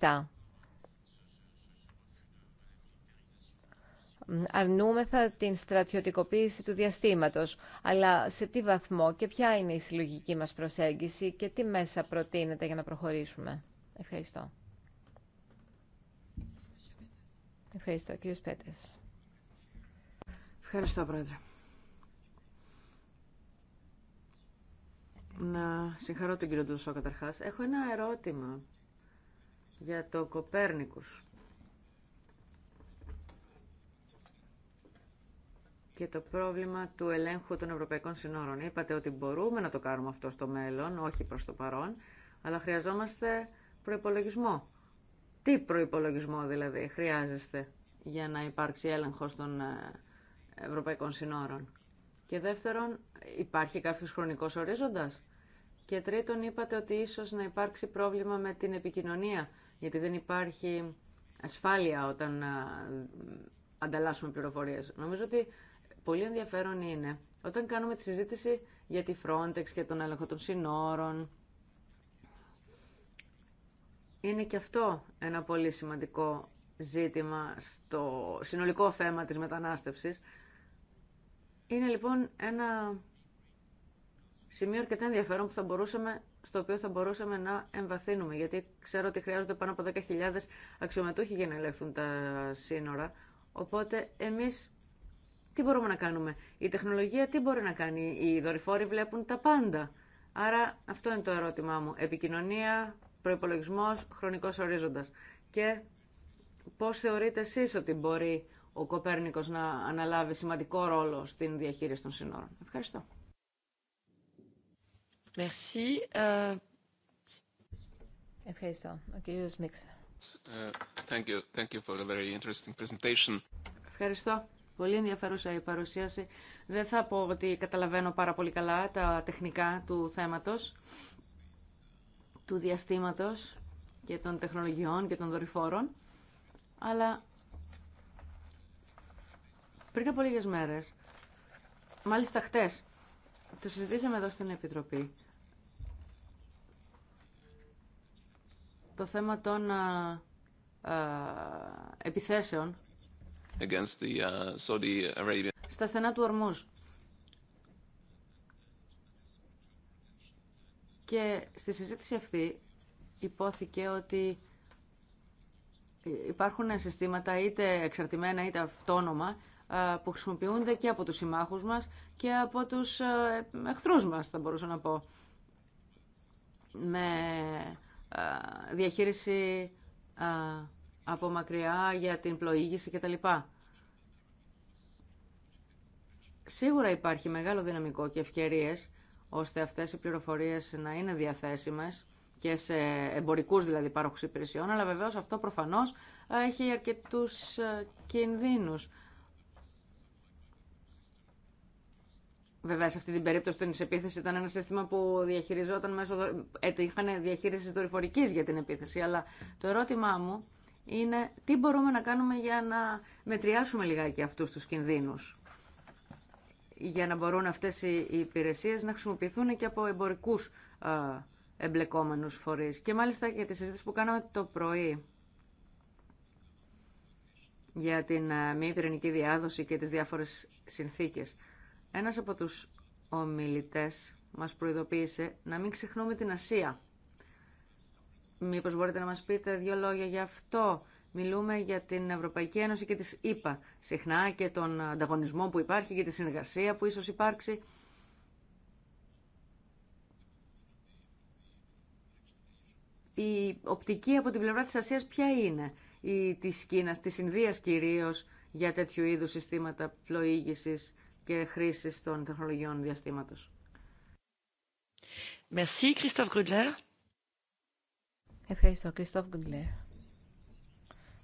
1967. Αρνούμεθα την στρατιωτικοποίηση του διαστήματος, αλλά σε τι βαθμό και ποια είναι η συλλογική μας προσέγγιση και τι μέσα προτείνεται για να προχωρήσουμε. Ευχαριστώ. Ευχαριστώ, κύριος Πέτρες. Ευχαριστώ, Πρόεδρε. Να συγχαρώ τον κύριο Ντουσό καταρχάς. Έχω ένα ερώτημα για το Κοπέρνικους. και το πρόβλημα του ελέγχου των ευρωπαϊκών συνόρων. Είπατε ότι μπορούμε να το κάνουμε αυτό στο μέλλον, όχι προς το παρόν, αλλά χρειαζόμαστε προπολογισμό. Τι προϋπολογισμό δηλαδή χρειάζεστε για να υπάρξει έλεγχος των ε, ευρωπαϊκών συνόρων. Και δεύτερον, υπάρχει κάποιος χρονικός ορίζοντας. Και τρίτον, είπατε ότι ίσως να υπάρξει πρόβλημα με την επικοινωνία, γιατί δεν υπάρχει ασφάλεια όταν ε, ανταλλάσσουμε πληροφορίες. Νομίζω ότι πολύ ενδιαφέρον είναι όταν κάνουμε τη συζήτηση για τη Frontex και τον έλεγχο των συνόρων, είναι και αυτό ένα πολύ σημαντικό ζήτημα στο συνολικό θέμα της μετανάστευσης. Είναι λοιπόν ένα σημείο αρκετά ενδιαφέρον που θα μπορούσαμε, στο οποίο θα μπορούσαμε να εμβαθύνουμε, γιατί ξέρω ότι χρειάζονται πάνω από 10.000 αξιωματούχοι για να ελέγχουν τα σύνορα, οπότε εμείς τι μπορούμε να κάνουμε. Η τεχνολογία τι μπορεί να κάνει. Οι δορυφόροι βλέπουν τα πάντα. Άρα αυτό είναι το ερώτημά μου. Επικοινωνία, Προπολογισμό χρονικός ορίζοντας. Και πώς θεωρείτε εσείς ότι μπορεί ο Κοπέρνικος να αναλάβει σημαντικό ρόλο στην διαχείριση των συνόρων. Ευχαριστώ. Merci. Ε, Ευχαριστώ. Ο κύριο Μίξα. Ε, Ευχαριστώ. Πολύ ενδιαφέρουσα η παρουσίαση. Δεν θα πω ότι καταλαβαίνω πάρα πολύ καλά τα τεχνικά του θέματος του διαστήματος και των τεχνολογιών και των δορυφόρων, αλλά πριν από λίγες μέρες, μάλιστα χτες, το συζητήσαμε εδώ στην Επιτροπή, το θέμα των α, επιθέσεων the, στα στενά του Ορμούς. Και στη συζήτηση αυτή υπόθηκε ότι υπάρχουν συστήματα είτε εξαρτημένα είτε αυτόνομα που χρησιμοποιούνται και από τους συμμάχους μας και από τους εχθρούς μας, θα μπορούσα να πω. Με διαχείριση από μακριά για την πλοήγηση κτλ. Σίγουρα υπάρχει μεγάλο δυναμικό και ευκαιρίες ώστε αυτές οι πληροφορίες να είναι διαθέσιμες και σε εμπορικούς δηλαδή πάροχους υπηρεσιών, αλλά βεβαίως αυτό προφανώς έχει αρκετούς ε, κινδύνους. Βέβαια, σε αυτή την περίπτωση την επίθεση ήταν ένα σύστημα που διαχειριζόταν μέσω. Ε, είχαν διαχείριση δορυφορική για την επίθεση. Αλλά το ερώτημά μου είναι τι μπορούμε να κάνουμε για να μετριάσουμε λιγάκι αυτού του κινδύνου για να μπορούν αυτές οι υπηρεσίες να χρησιμοποιηθούν και από εμπορικούς ε, εμπλεκόμενους φορείς. Και μάλιστα για τη συζήτηση που κάναμε το πρωί για την ε, μη πυρηνική διάδοση και τις διάφορες συνθήκες. Ένας από τους ομιλητές μας προειδοποίησε να μην ξεχνούμε την Ασία. Μήπως μπορείτε να μας πείτε δύο λόγια για αυτό. Μιλούμε για την Ευρωπαϊκή Ένωση και τις ΗΠΑ συχνά και τον ανταγωνισμό που υπάρχει και τη συνεργασία που ίσως υπάρξει. Η οπτική από την πλευρά της Ασίας ποια είναι, η της Κίνας, της Ινδίας κυρίως, για τέτοιου είδους συστήματα πλοήγησης και χρήσης των τεχνολογιών διαστήματος. Merci, Christophe Ευχαριστώ, Christophe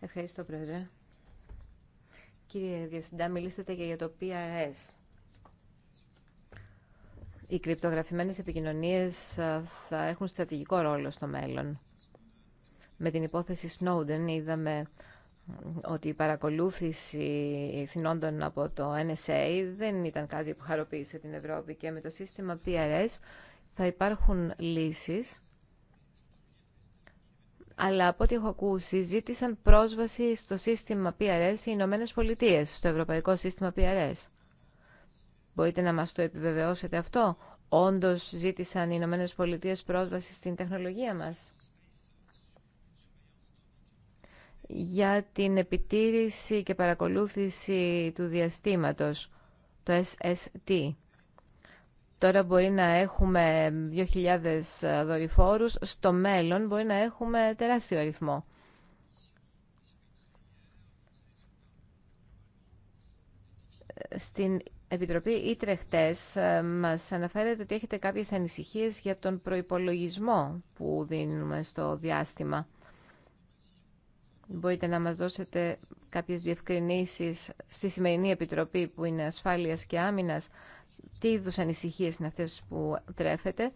Ευχαριστώ, Πρόεδρε. Κύριε Διευθυντά, μιλήσατε και για το PRS. Οι κρυπτογραφημένες επικοινωνίες θα έχουν στρατηγικό ρόλο στο μέλλον. Με την υπόθεση Snowden είδαμε ότι η παρακολούθηση θυνόντων από το NSA δεν ήταν κάτι που χαροποίησε την Ευρώπη και με το σύστημα PRS θα υπάρχουν λύσεις αλλά από ό,τι έχω ακούσει ζήτησαν πρόσβαση στο σύστημα PRS οι Ηνωμένε Πολιτείε, στο ευρωπαϊκό σύστημα PRS. Μπορείτε να μας το επιβεβαιώσετε αυτό. Όντως ζήτησαν οι Ηνωμένε Πολιτείε πρόσβαση στην τεχνολογία μας. Για την επιτήρηση και παρακολούθηση του διαστήματος, το SST. Τώρα μπορεί να έχουμε 2.000 ε, δορυφόρους, στο μέλλον μπορεί να έχουμε τεράστιο αριθμό. Στην Επιτροπή Ήτρεχτες ε, μας αναφέρεται ότι έχετε κάποιες ανησυχίες για τον προϋπολογισμό που δίνουμε στο διάστημα. Μπορείτε να μας δώσετε κάποιες διευκρινήσεις στη σημερινή Επιτροπή που είναι ασφάλειας και άμυνας τι είδους ανησυχίες είναι αυτές που τρέφεται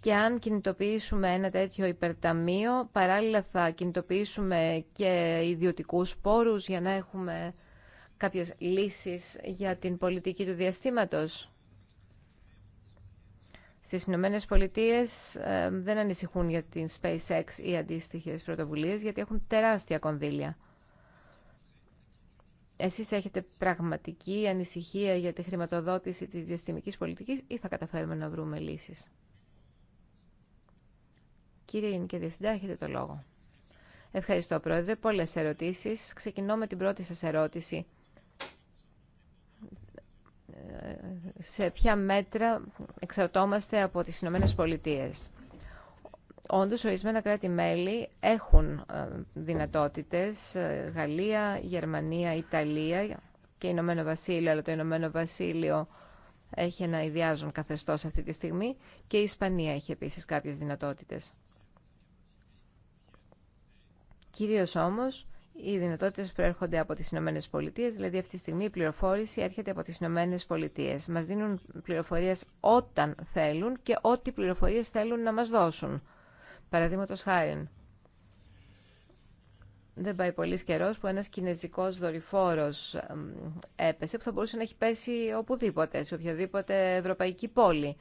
και αν κινητοποιήσουμε ένα τέτοιο υπερταμείο, παράλληλα θα κινητοποιήσουμε και ιδιωτικούς πόρους για να έχουμε κάποιες λύσεις για την πολιτική του διαστήματος. Στις Ηνωμένε Πολιτείε ε, δεν ανησυχούν για την SpaceX ή αντίστοιχες πρωτοβουλίες, γιατί έχουν τεράστια κονδύλια. Εσείς έχετε πραγματική ανησυχία για τη χρηματοδότηση της διαστημικής πολιτικής ή θα καταφέρουμε να βρούμε λύσεις. Κύριε Γενική Διευθυντά, έχετε το λόγο. Ευχαριστώ, Πρόεδρε. Πολλές ερωτήσεις. Ξεκινώ με την πρώτη σας ερώτηση. Ε, σε ποια μέτρα εξαρτώμαστε από τις Ηνωμένε Πολιτείες. Όντω ορισμενα ορισμένα κράτη-μέλη έχουν ε, δυνατότητες, ε, Γαλλία, Γερμανία, Ιταλία και Ηνωμένο Βασίλειο, αλλά το Ηνωμένο Βασίλειο έχει ένα ιδιάζον καθεστώ αυτή τη στιγμή και η Ισπανία έχει επίση κάποιε δυνατότητε. Κυρίω όμω οι δυνατότητες προέρχονται από τι Ηνωμένε Πολιτείε, δηλαδή αυτή τη στιγμή η πληροφόρηση έρχεται από τι Ηνωμένε Πολιτείε. Μα δίνουν πληροφορίε όταν θέλουν και ό,τι πληροφορίε θέλουν να μα δώσουν. Παραδείγματο χάρη, δεν πάει πολύ καιρό που ένα κινέζικο δορυφόρο έπεσε που θα μπορούσε να έχει πέσει οπουδήποτε, σε οποιαδήποτε ευρωπαϊκή πόλη.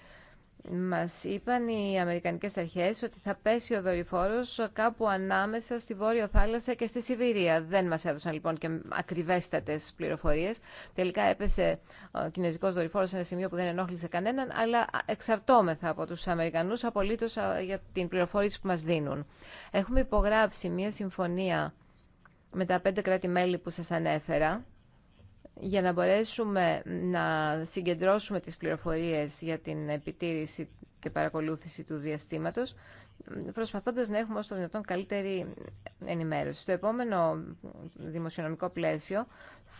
Μας είπαν οι Αμερικανικές αρχές ότι θα πέσει ο δορυφόρος κάπου ανάμεσα στη Βόρειο Θάλασσα και στη Σιβηρία. Δεν μας έδωσαν λοιπόν και ακριβέστατες πληροφορίες. Τελικά έπεσε ο κινέζικος δορυφόρος σε ένα σημείο που δεν ενόχλησε κανέναν, αλλά εξαρτώμεθα από τους Αμερικανούς απολύτως για την πληροφόρηση που μας δίνουν. Έχουμε υπογράψει μια συμφωνία με τα πέντε κράτη-μέλη που σας ανέφερα για να μπορέσουμε να συγκεντρώσουμε τις πληροφορίες για την επιτήρηση και παρακολούθηση του διαστήματος, προσπαθώντας να έχουμε όσο δυνατόν καλύτερη ενημέρωση. Στο επόμενο δημοσιονομικό πλαίσιο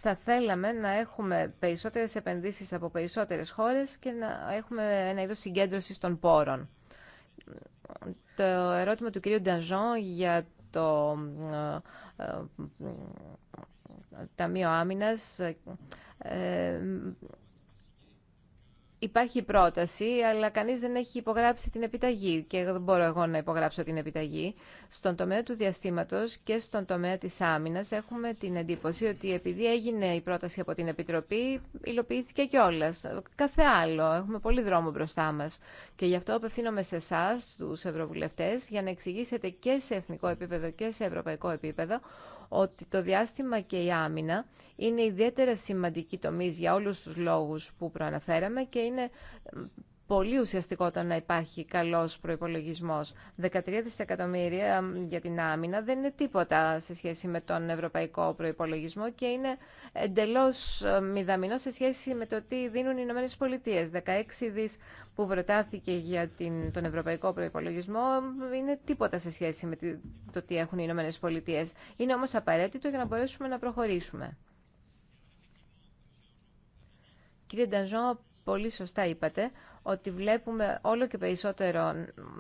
θα θέλαμε να έχουμε περισσότερες επενδύσεις από περισσότερες χώρες και να έχουμε ένα είδος συγκέντρωσης των πόρων. Το ερώτημα του κ. Ντανζόν για το ε, ε, Ταμείο Άμυνας ε, ε, υπάρχει πρόταση, αλλά κανείς δεν έχει υπογράψει την επιταγή και δεν μπορώ εγώ να υπογράψω την επιταγή. Στον τομέα του διαστήματος και στον τομέα της άμυνας έχουμε την εντύπωση ότι επειδή έγινε η πρόταση από την Επιτροπή, υλοποιήθηκε κιόλα. Κάθε άλλο, έχουμε πολύ δρόμο μπροστά μας. Και γι' αυτό απευθύνομαι σε εσά, τους Ευρωβουλευτές, για να εξηγήσετε και σε εθνικό επίπεδο και σε ευρωπαϊκό επίπεδο ότι το διάστημα και η άμυνα είναι ιδιαίτερα σημαντικοί τομείς για όλους τους λόγους που προαναφέραμε και είναι πολύ ουσιαστικό το να υπάρχει καλός προϋπολογισμός. 13 δισεκατομμύρια για την άμυνα δεν είναι τίποτα σε σχέση με τον ευρωπαϊκό προϋπολογισμό και είναι εντελώς ε, μηδαμινό σε σχέση με το τι δίνουν οι Ηνωμένες Πολιτείες. 16 δις που προτάθηκε για την, τον ευρωπαϊκό προϋπολογισμό είναι τίποτα σε σχέση με το τι έχουν οι Ηνωμένες Πολιτείες. Είναι όμως απαραίτητο για να μπορέσουμε να προχωρήσουμε. Κύριε Ντανζό, πολύ σωστά είπατε ότι βλέπουμε όλο και περισσότερο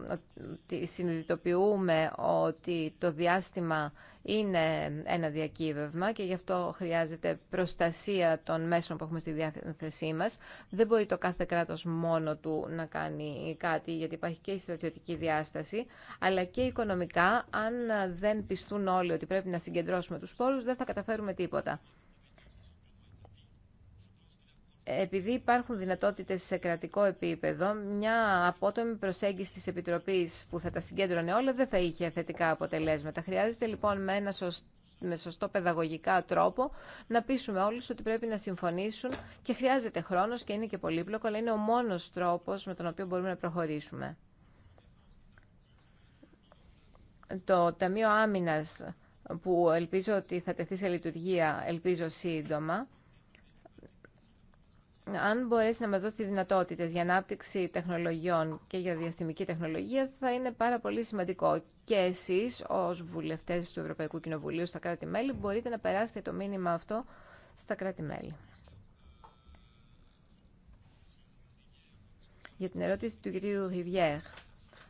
ότι συνειδητοποιούμε ότι το διάστημα είναι ένα διακύβευμα και γι' αυτό χρειάζεται προστασία των μέσων που έχουμε στη διάθεσή μας. Δεν μπορεί το κάθε κράτος μόνο του να κάνει κάτι, γιατί υπάρχει και η στρατιωτική διάσταση, αλλά και οικονομικά, αν δεν πιστούν όλοι ότι πρέπει να συγκεντρώσουμε τους πόρους, δεν θα καταφέρουμε τίποτα επειδή υπάρχουν δυνατότητες σε κρατικό επίπεδο, μια απότομη προσέγγιση της Επιτροπής που θα τα συγκέντρωνε όλα δεν θα είχε θετικά αποτελέσματα. Χρειάζεται λοιπόν με ένα σωστό με σωστό παιδαγωγικά τρόπο να πείσουμε όλους ότι πρέπει να συμφωνήσουν και χρειάζεται χρόνος και είναι και πολύπλοκο, αλλά είναι ο μόνος τρόπος με τον οποίο μπορούμε να προχωρήσουμε. Το Ταμείο Άμυνας που ελπίζω ότι θα τεθεί σε λειτουργία, ελπίζω σύντομα, αν μπορέσει να μας δώσει δυνατότητες για ανάπτυξη τεχνολογιών και για διαστημική τεχνολογία θα είναι πάρα πολύ σημαντικό. Και εσείς ως βουλευτές του Ευρωπαϊκού Κοινοβουλίου στα κράτη-μέλη μπορείτε να περάσετε το μήνυμα αυτό στα κράτη-μέλη. Για την ερώτηση του κυρίου Ριβιέρ,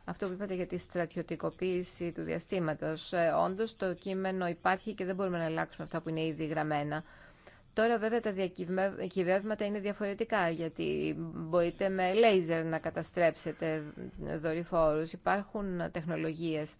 αυτό που είπατε για τη στρατιωτικοποίηση του διαστήματος, ε, όντως το κείμενο υπάρχει και δεν μπορούμε να αλλάξουμε αυτά που είναι ήδη γραμμένα. Τώρα βέβαια τα διακυβεύματα είναι διαφορετικά γιατί μπορείτε με λέιζερ να καταστρέψετε δορυφόρους. Υπάρχουν τεχνολογίες.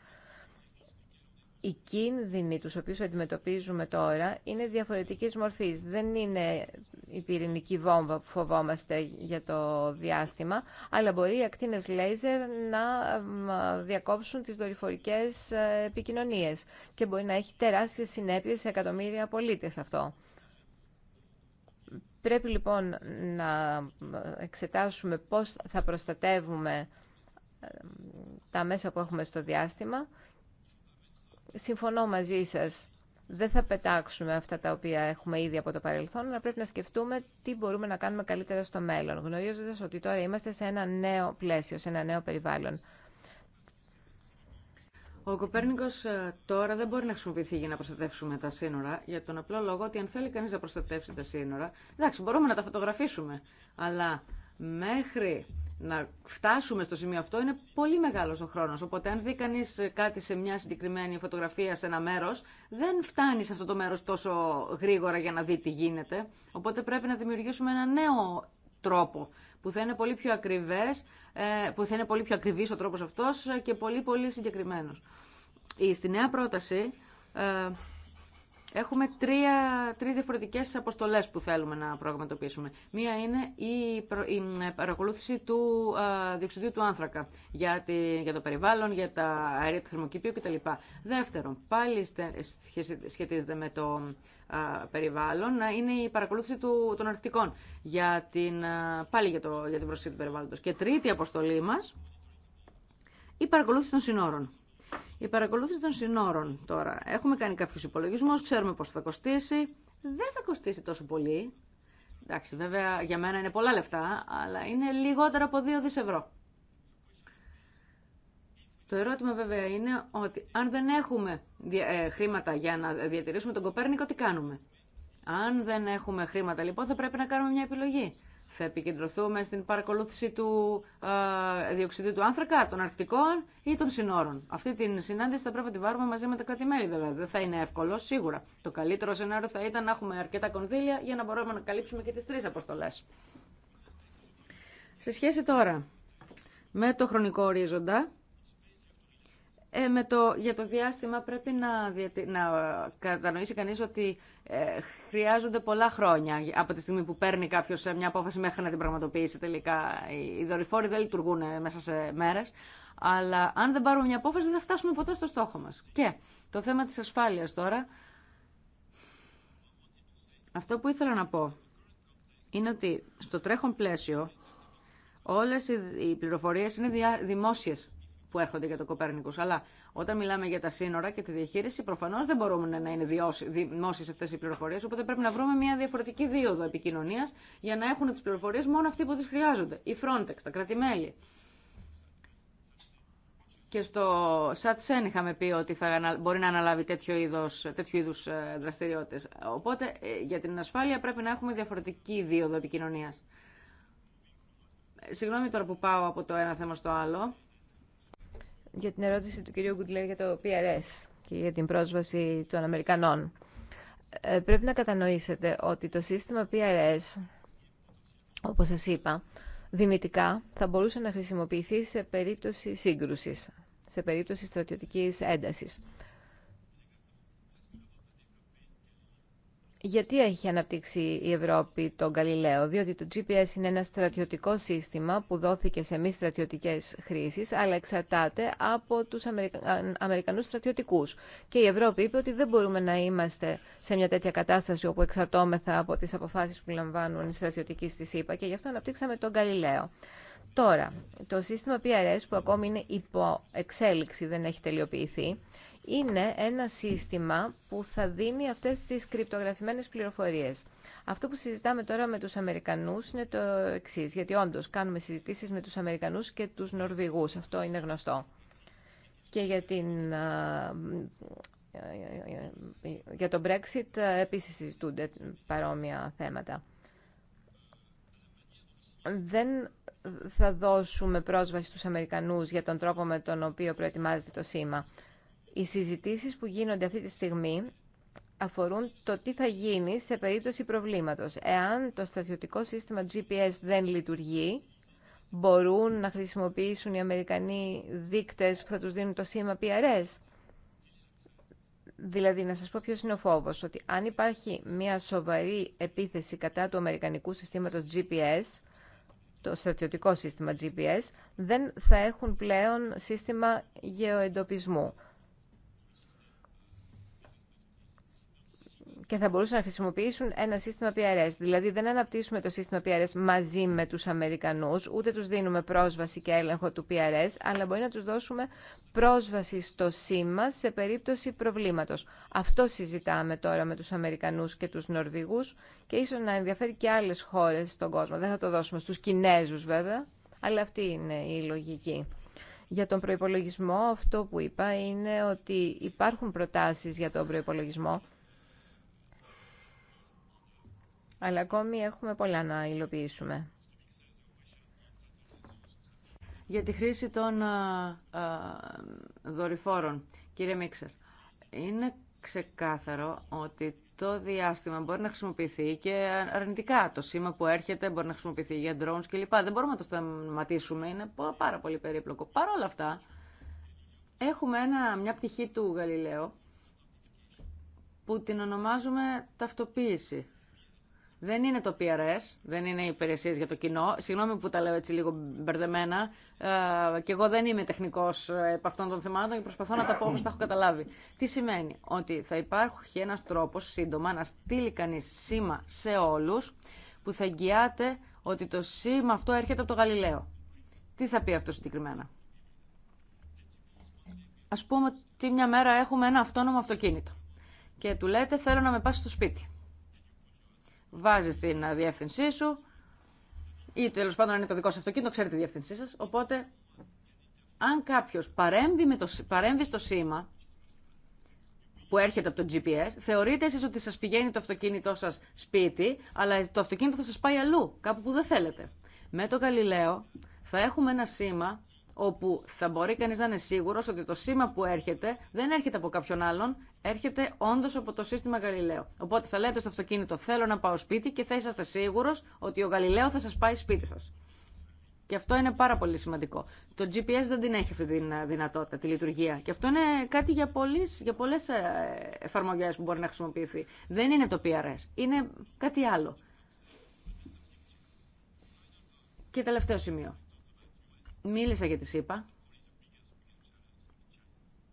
Οι κίνδυνοι τους οποίους αντιμετωπίζουμε τώρα είναι διαφορετικής μορφής. Δεν είναι η πυρηνική βόμβα που φοβόμαστε για το διάστημα, αλλά μπορεί οι ακτίνες λέιζερ να διακόψουν τις δορυφορικές ε, επικοινωνίες και μπορεί να έχει τεράστιες συνέπειες σε εκατομμύρια πολίτες αυτό. Πρέπει λοιπόν να εξετάσουμε πώς θα προστατεύουμε ε, τα μέσα που έχουμε στο διάστημα. Συμφωνώ μαζί σας. Δεν θα πετάξουμε αυτά τα οποία έχουμε ήδη από το παρελθόν, αλλά πρέπει να σκεφτούμε τι μπορούμε να κάνουμε καλύτερα στο μέλλον, γνωρίζοντας ότι τώρα είμαστε σε ένα νέο πλαίσιο, σε ένα νέο περιβάλλον. Ο Κοπέρνικο ε, τώρα δεν μπορεί να χρησιμοποιηθεί για να προστατεύσουμε τα σύνορα, για τον απλό λόγο ότι αν θέλει κανεί να προστατεύσει τα σύνορα, εντάξει, μπορούμε να τα φωτογραφίσουμε. Αλλά μέχρι να φτάσουμε στο σημείο αυτό είναι πολύ μεγάλο ο χρόνο. Οπότε, αν δει κανεί ε, κάτι σε μια συγκεκριμένη φωτογραφία σε ένα μέρο, δεν φτάνει σε αυτό το μέρο τόσο γρήγορα για να δει τι γίνεται. Οπότε, πρέπει να δημιουργήσουμε ένα νέο τρόπο που θα είναι πολύ πιο ακριβές, ε, που θα είναι πολύ πιο ακριβής ο τρόπος αυτός και πολύ πολύ συγκεκριμένος. Στη νέα πρόταση ε, Έχουμε τρία, τρεις διαφορετικές αποστολές που θέλουμε να πραγματοποιήσουμε. Μία είναι η, ε, παρακολούθηση του α, ε, του άνθρακα για, για το περιβάλλον, για τα αέρια του θερμοκηπίου κτλ. Δεύτερον, πάλι σχετίζεται με το α, ε, περιβάλλον, είναι η παρακολούθηση του, των αρκτικών, για την, πάλι για, το, για την προσοχή του περιβάλλοντος. Και τρίτη αποστολή μας, η παρακολούθηση των συνόρων. Η παρακολούθηση των συνόρων τώρα. Έχουμε κάνει κάποιου υπολογισμού, ξέρουμε πώ θα κοστίσει. Δεν θα κοστίσει τόσο πολύ. Εντάξει, βέβαια για μένα είναι πολλά λεφτά, αλλά είναι λιγότερο από 2 δισευρώ. ευρώ. Το ερώτημα βέβαια είναι ότι αν δεν έχουμε ε, χρήματα για να διατηρήσουμε τον Κοπέρνικο, τι κάνουμε. Αν δεν έχουμε χρήματα λοιπόν θα πρέπει να κάνουμε μια επιλογή. Θα επικεντρωθούμε στην παρακολούθηση του ε, του άνθρακα, των αρκτικών ή των συνόρων. Αυτή την συνάντηση θα πρέπει να την πάρουμε μαζί με τα κρατημέλη, βέβαια. Δεν θα είναι εύκολο, σίγουρα. Το καλύτερο σενάριο θα ήταν να έχουμε αρκετά κονδύλια για να μπορούμε να καλύψουμε και τι τρει αποστολέ. Σε σχέση τώρα με το χρονικό ορίζοντα, ε, με το, για το διάστημα πρέπει να, να κατανοήσει κανείς ότι ε, χρειάζονται πολλά χρόνια από τη στιγμή που παίρνει κάποιο μια απόφαση μέχρι να την πραγματοποιήσει τελικά. Οι, οι δορυφόροι δεν λειτουργούν ε, μέσα σε μέρες, αλλά αν δεν πάρουμε μια απόφαση δεν θα φτάσουμε ποτέ στο στόχο μας. Και το θέμα της ασφάλειας τώρα, αυτό που ήθελα να πω είναι ότι στο τρέχον πλαίσιο όλες οι πληροφορίες είναι δημόσιες που έρχονται για το Κοπέρνικο. Αλλά όταν μιλάμε για τα σύνορα και τη διαχείριση, προφανώ δεν μπορούμε να είναι δημόσιε αυτέ οι πληροφορίε. Οπότε πρέπει να βρούμε μια διαφορετική δίωδο επικοινωνία για να έχουν τι πληροφορίε μόνο αυτοί που τι χρειάζονται. Η Frontex, τα κρατημέλη. Και στο ΣΑΤΣΕΝ είχαμε πει ότι θα μπορεί να αναλάβει τέτοιου είδου ε, δραστηριότητε. Οπότε ε, για την ασφάλεια πρέπει να έχουμε διαφορετική δίωδο επικοινωνία. Ε, συγγνώμη τώρα που πάω από το ένα θέμα στο άλλο για την ερώτηση του κυρίου Γκουτλέ για το PRS και για την πρόσβαση των Αμερικανών. Ε, πρέπει να κατανοήσετε ότι το σύστημα PRS, όπως σας είπα, δυνητικά θα μπορούσε να χρησιμοποιηθεί σε περίπτωση σύγκρουσης, σε περίπτωση στρατιωτικής έντασης. Γιατί έχει αναπτύξει η Ευρώπη τον Γαλιλαίο, διότι το GPS είναι ένα στρατιωτικό σύστημα που δόθηκε σε μη στρατιωτικές χρήσεις, αλλά εξαρτάται από τους Αμερικανού Αμερικανούς στρατιωτικούς. Και η Ευρώπη είπε ότι δεν μπορούμε να είμαστε σε μια τέτοια κατάσταση όπου εξαρτώμεθα από τις αποφάσεις που λαμβάνουν οι στρατιωτικοί στη ΣΥΠΑ και γι' αυτό αναπτύξαμε τον Γαλιλαίο. Τώρα, το σύστημα PRS που ακόμη είναι υπό εξέλιξη, δεν έχει τελειοποιηθεί, είναι ένα σύστημα που θα δίνει αυτές τις κρυπτογραφημένες πληροφορίες. Αυτό που συζητάμε τώρα με τους Αμερικανούς είναι το εξή, γιατί όντως κάνουμε συζητήσεις με τους Αμερικανούς και τους Νορβηγούς, αυτό είναι γνωστό. Και για, την, ε, ε, ε, για το Brexit επίσης συζητούνται παρόμοια θέματα. Δεν θα δώσουμε πρόσβαση στους Αμερικανούς για τον τρόπο με τον οποίο προετοιμάζεται το σήμα. Οι συζητήσεις που γίνονται αυτή τη στιγμή αφορούν το τι θα γίνει σε περίπτωση προβλήματος. Εάν το στρατιωτικό σύστημα GPS δεν λειτουργεί, μπορούν να χρησιμοποιήσουν οι Αμερικανοί δείκτες που θα τους δίνουν το σήμα PRS. Δηλαδή, να σας πω ποιος είναι ο φόβος, ότι αν υπάρχει μια σοβαρή επίθεση κατά του Αμερικανικού συστήματος GPS, το στρατιωτικό σύστημα GPS, δεν θα έχουν πλέον σύστημα γεωεντοπισμού. και θα μπορούσαν να χρησιμοποιήσουν ένα σύστημα PRS. Δηλαδή δεν αναπτύσσουμε το σύστημα PRS μαζί με τους Αμερικανούς, ούτε τους δίνουμε πρόσβαση και έλεγχο του PRS, αλλά μπορεί να τους δώσουμε πρόσβαση στο σήμα σε περίπτωση προβλήματος. Αυτό συζητάμε τώρα με τους Αμερικανούς και τους Νορβηγούς και ίσως να ενδιαφέρει και άλλες χώρες στον κόσμο. Δεν θα το δώσουμε στους Κινέζους βέβαια, αλλά αυτή είναι η λογική. Για τον προϋπολογισμό αυτό που είπα είναι ότι υπάρχουν προτάσεις για τον προϋπολογισμό αλλά ακόμη έχουμε πολλά να υλοποιήσουμε. Για τη χρήση των δορυφόρων, κύριε Μίξερ, είναι ξεκάθαρο ότι το διάστημα μπορεί να χρησιμοποιηθεί και αρνητικά. Το σήμα που έρχεται μπορεί να χρησιμοποιηθεί για drones κλπ. Δεν μπορούμε να το σταματήσουμε, είναι πάρα πολύ περίπλοκο. Παρ' όλα αυτά, έχουμε ένα, μια πτυχή του Γαλιλαίου που την ονομάζουμε ταυτοποίηση δεν είναι το PRS, δεν είναι οι υπηρεσίε για το κοινό. Συγγνώμη που τα λέω έτσι λίγο μπερδεμένα. Ε, και εγώ δεν είμαι τεχνικό από ε, αυτών των θεμάτων και προσπαθώ να τα πω όπω τα έχω καταλάβει. Τι σημαίνει, ότι θα υπάρχει ένα τρόπο σύντομα να στείλει κανεί σήμα σε όλου που θα εγγυάται ότι το σήμα αυτό έρχεται από το Γαλιλαίο. Τι θα πει αυτό συγκεκριμένα. Α πούμε ότι μια μέρα έχουμε ένα αυτόνομο αυτοκίνητο και του λέτε θέλω να με πας στο σπίτι. Βάζει την ε, διεύθυνσή σου ή τέλο πάντων είναι το δικό σου αυτοκίνητο, ξέρετε τη διεύθυνσή σα. Οπότε, αν κάποιος παρέμβει, με το, παρέμβει στο σήμα που έρχεται από το GPS, θεωρείτε εσεί ότι σας πηγαίνει το αυτοκίνητό σας σπίτι, αλλά το αυτοκίνητο θα σας πάει αλλού, κάπου που δεν θέλετε. Με το Γαλιλαίο θα έχουμε ένα σήμα όπου θα μπορεί κανείς να είναι σίγουρος ότι το σήμα που έρχεται δεν έρχεται από κάποιον άλλον, έρχεται όντως από το σύστημα Γαλιλαίο. Οπότε θα λέτε στο αυτοκίνητο θέλω να πάω σπίτι και θα είσαστε σίγουρος ότι ο Γαλιλαίο θα σας πάει σπίτι σας. Και αυτό είναι πάρα πολύ σημαντικό. Το GPS δεν την έχει αυτή τη ε, δυνατότητα, τη λειτουργία. Και αυτό είναι κάτι για, πολλές, για πολλές ε, εφαρμογές που μπορεί να χρησιμοποιηθεί. Δεν είναι το PRS, είναι κάτι άλλο. Και τελευταίο σημείο. Μίλησα για τη ΣΥΠΑ.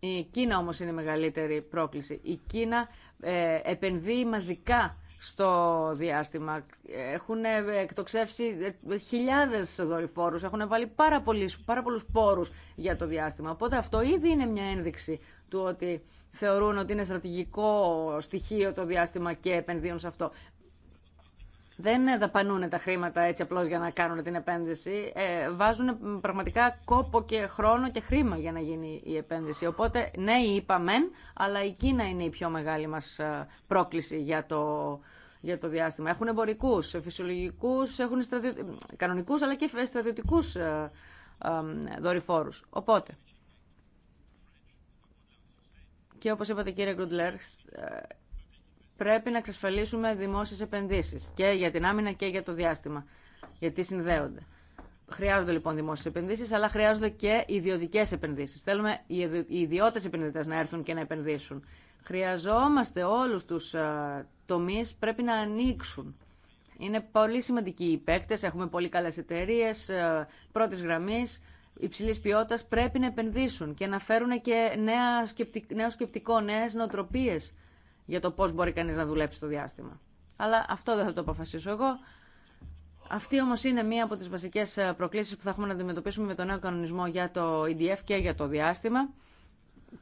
Η Κίνα όμως είναι η μεγαλύτερη πρόκληση. Η Κίνα ε, επενδύει μαζικά στο διάστημα. Έχουν ε, εκτοξεύσει ε, χιλιάδες δορυφόρους, έχουν βάλει πάρα, πολλούς, πάρα πολλούς πόρους για το διάστημα. Οπότε αυτό ήδη είναι μια ένδειξη του ότι θεωρούν ότι είναι στρατηγικό στοιχείο το διάστημα και επενδύουν σε αυτό δεν δαπανούν τα χρήματα έτσι απλώς για να κάνουν την επένδυση. Ε, βάζουν πραγματικά κόπο και χρόνο και χρήμα για να γίνει η επένδυση. Οπότε ναι, είπαμε, αλλά η Κίνα είναι η πιο μεγάλη μας ε, πρόκληση για το, για το διάστημα. Έχουν εμπορικού, φυσιολογικού, έχουν ε, κανονικού αλλά και στρατιωτικού δορυφόρου. Οπότε. Και όπως είπατε κύριε Γκρουντλέρ, πρέπει να εξασφαλίσουμε δημόσιε επενδύσει. και για την άμυνα και για το διάστημα, γιατί συνδέονται. Χρειάζονται λοιπόν δημόσιε επενδύσει, αλλά χρειάζονται και ιδιωτικέ επενδύσει. Θέλουμε οι ιδιώτε επενδυτέ να έρθουν και να επενδύσουν. Χρειαζόμαστε όλου του ε, τομεί πρέπει να ανοίξουν. Είναι πολύ σημαντικοί οι παίκτε, έχουμε πολύ καλέ εταιρείε ε, πρώτη γραμμή, υψηλή ποιότητα. Πρέπει να επενδύσουν και να φέρουν και νέα σκεπτικό, νέε νοοτροπίε για το πώς μπορεί κανείς να δουλέψει στο διάστημα. Αλλά αυτό δεν θα το αποφασίσω εγώ. Αυτή όμω είναι μία από τι βασικέ ε, προκλήσει που θα έχουμε να αντιμετωπίσουμε με τον νέο κανονισμό για το EDF και για το διάστημα.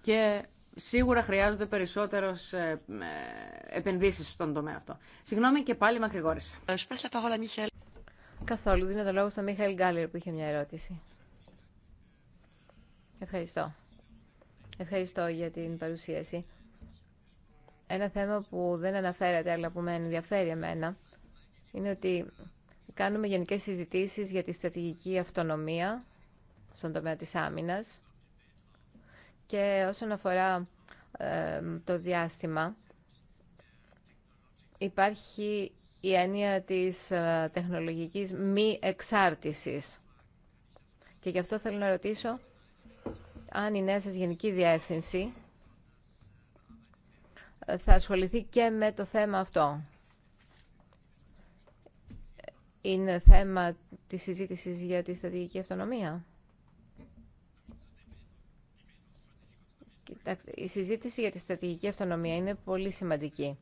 Και σίγουρα χρειάζονται περισσότερε ε, ε, επενδύσει στον τομέα αυτό. Συγγνώμη και πάλι μακρηγόρησα. Καθόλου. Δίνω το λόγο στον Μίχαλ Γκάλερ που είχε μια ερώτηση. Ευχαριστώ. Ευχαριστώ για την παρουσίαση. Ένα θέμα που δεν αναφέρεται αλλά που με ενδιαφέρει εμένα είναι ότι κάνουμε γενικές συζητήσεις για τη στρατηγική αυτονομία στον τομέα της άμυνας και όσον αφορά το διάστημα υπάρχει η έννοια της ε, τεχνολογικής μη εξάρτησης. Και γι' αυτό θέλω να ρωτήσω αν η νέα σας γενική διεύθυνση θα ασχοληθεί και με το θέμα αυτό. Είναι θέμα της συζήτησης για τη στρατηγική αυτονομία. η συζήτηση για τη στρατηγική αυτονομία είναι πολύ σημαντική.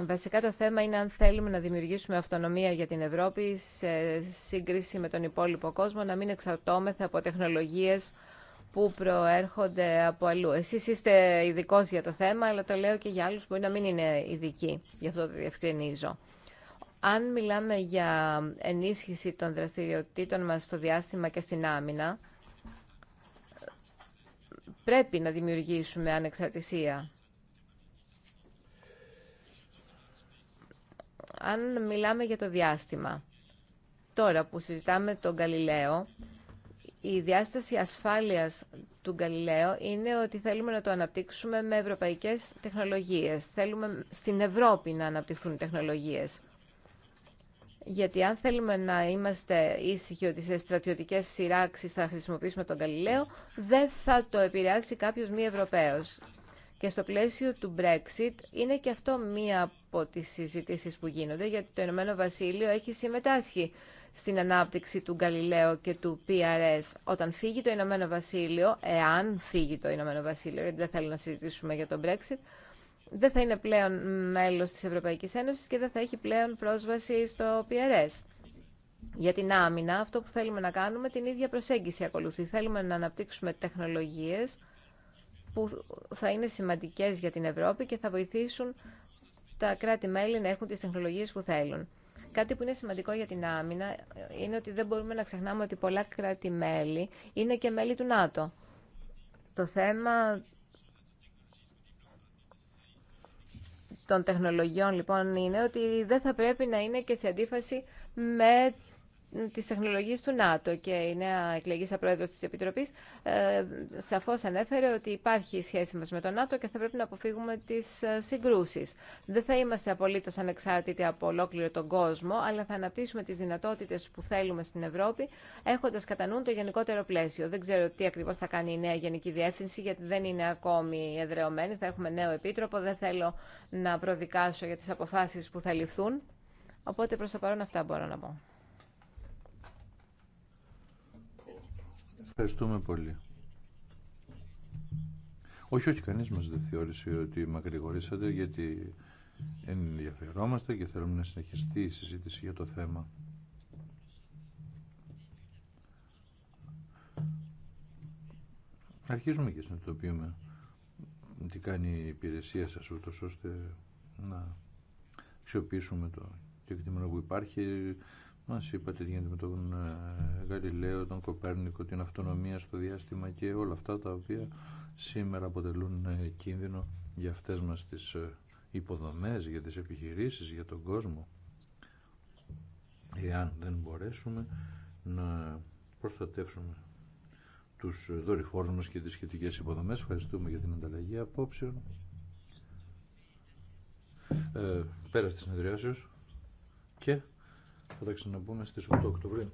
Βασικά το θέμα είναι αν θέλουμε να δημιουργήσουμε αυτονομία για την Ευρώπη σε σύγκριση με τον υπόλοιπο κόσμο, να μην εξαρτώμεθα από τεχνολογίες που προέρχονται από αλλού. Εσείς είστε ειδικό για το θέμα, αλλά το λέω και για άλλους που μπορεί να μην είναι ειδικοί. Γι' αυτό το διευκρινίζω. Αν μιλάμε για ενίσχυση των δραστηριοτήτων μας στο διάστημα και στην άμυνα, πρέπει να δημιουργήσουμε ανεξαρτησία. Αν μιλάμε για το διάστημα, τώρα που συζητάμε τον Γαλιλαίο, η διάσταση ασφάλειας του Γκαλιλαίου είναι ότι θέλουμε να το αναπτύξουμε με ευρωπαϊκές τεχνολογίες. Θέλουμε στην Ευρώπη να αναπτυχθούν τεχνολογίες. Γιατί αν θέλουμε να είμαστε ήσυχοι ότι σε στρατιωτικές σειράξεις θα χρησιμοποιήσουμε τον Γκαλιλαίο, δεν θα το επηρεάσει κάποιος μη Ευρωπαίος. Και στο πλαίσιο του Brexit είναι και αυτό μία από τις συζητήσεις που γίνονται, γιατί το Ηνωμένο Βασίλειο έχει συμμετάσχει στην ανάπτυξη του Γκαλιλαίου και του PRS όταν φύγει το Ηνωμένο Βασίλειο, εάν φύγει το Ηνωμένο Βασίλειο, γιατί δεν θέλω να συζητήσουμε για τον Brexit, δεν θα είναι πλέον μέλος της Ευρωπαϊκής Ένωσης και δεν θα έχει πλέον πρόσβαση στο PRS. Για την άμυνα, αυτό που θέλουμε να κάνουμε, την ίδια προσέγγιση ακολουθεί. Θέλουμε να αναπτύξουμε τεχνολογίες που θα είναι σημαντικές για την Ευρώπη και θα βοηθήσουν τα κράτη-μέλη να έχουν τις τεχνολογίες που θέλουν. Κάτι που είναι σημαντικό για την άμυνα ε, είναι ότι δεν μπορούμε να ξεχνάμε ότι πολλά κράτη-μέλη είναι και μέλη του ΝΑΤΟ. Το θέμα των τεχνολογιών λοιπόν είναι ότι δεν θα πρέπει να είναι και σε αντίφαση με Τη τεχνολογία του ΝΑΤΟ και η νέα εκλεγήσα πρόεδρος της Επιτροπής ε, σαφώς ανέφερε ότι υπάρχει η σχέση μας με το ΝΑΤΟ και θα πρέπει να αποφύγουμε τις ε, συγκρούσεις. Δεν θα είμαστε απολύτως ανεξάρτητοι από ολόκληρο τον κόσμο, αλλά θα αναπτύσσουμε τις δυνατότητες που θέλουμε στην Ευρώπη, έχοντας κατά νου το γενικότερο πλαίσιο. Δεν ξέρω τι ακριβώς θα κάνει η νέα Γενική Διεύθυνση, γιατί δεν είναι ακόμη εδρεωμένη. Θα έχουμε νέο επίτροπο, δεν θέλω να προδικάσω για τις αποφάσεις που θα ληφθούν. Οπότε προς το παρόν αυτά μπορώ να πω. Ευχαριστούμε πολύ. Όχι, όχι, κανείς μας δεν θεώρησε ότι μακρηγορήσατε γιατί ενδιαφερόμαστε και θέλουμε να συνεχιστεί η συζήτηση για το θέμα. Αρχίζουμε και συνειδητοποιούμε τι κάνει η υπηρεσία σας ούτως ώστε να αξιοποιήσουμε το κεκτημένο που υπάρχει, Μα είπατε τι γίνεται με τον ε, Γαλιλαίο, τον Κοπέρνικο, την αυτονομία στο διάστημα και όλα αυτά τα οποία σήμερα αποτελούν ε, κίνδυνο για αυτές μας τις ε, υποδομές, για τις επιχειρήσεις, για τον κόσμο. Εάν δεν μπορέσουμε να προστατεύσουμε τους δορυφόρους μας και τις σχετικές υποδομές. Ευχαριστούμε για την ανταλλαγή απόψεων. Ε, πέρα στις συνεδριάσεως και θα τα ξαναπούμε στις 8 Οκτωβρίου.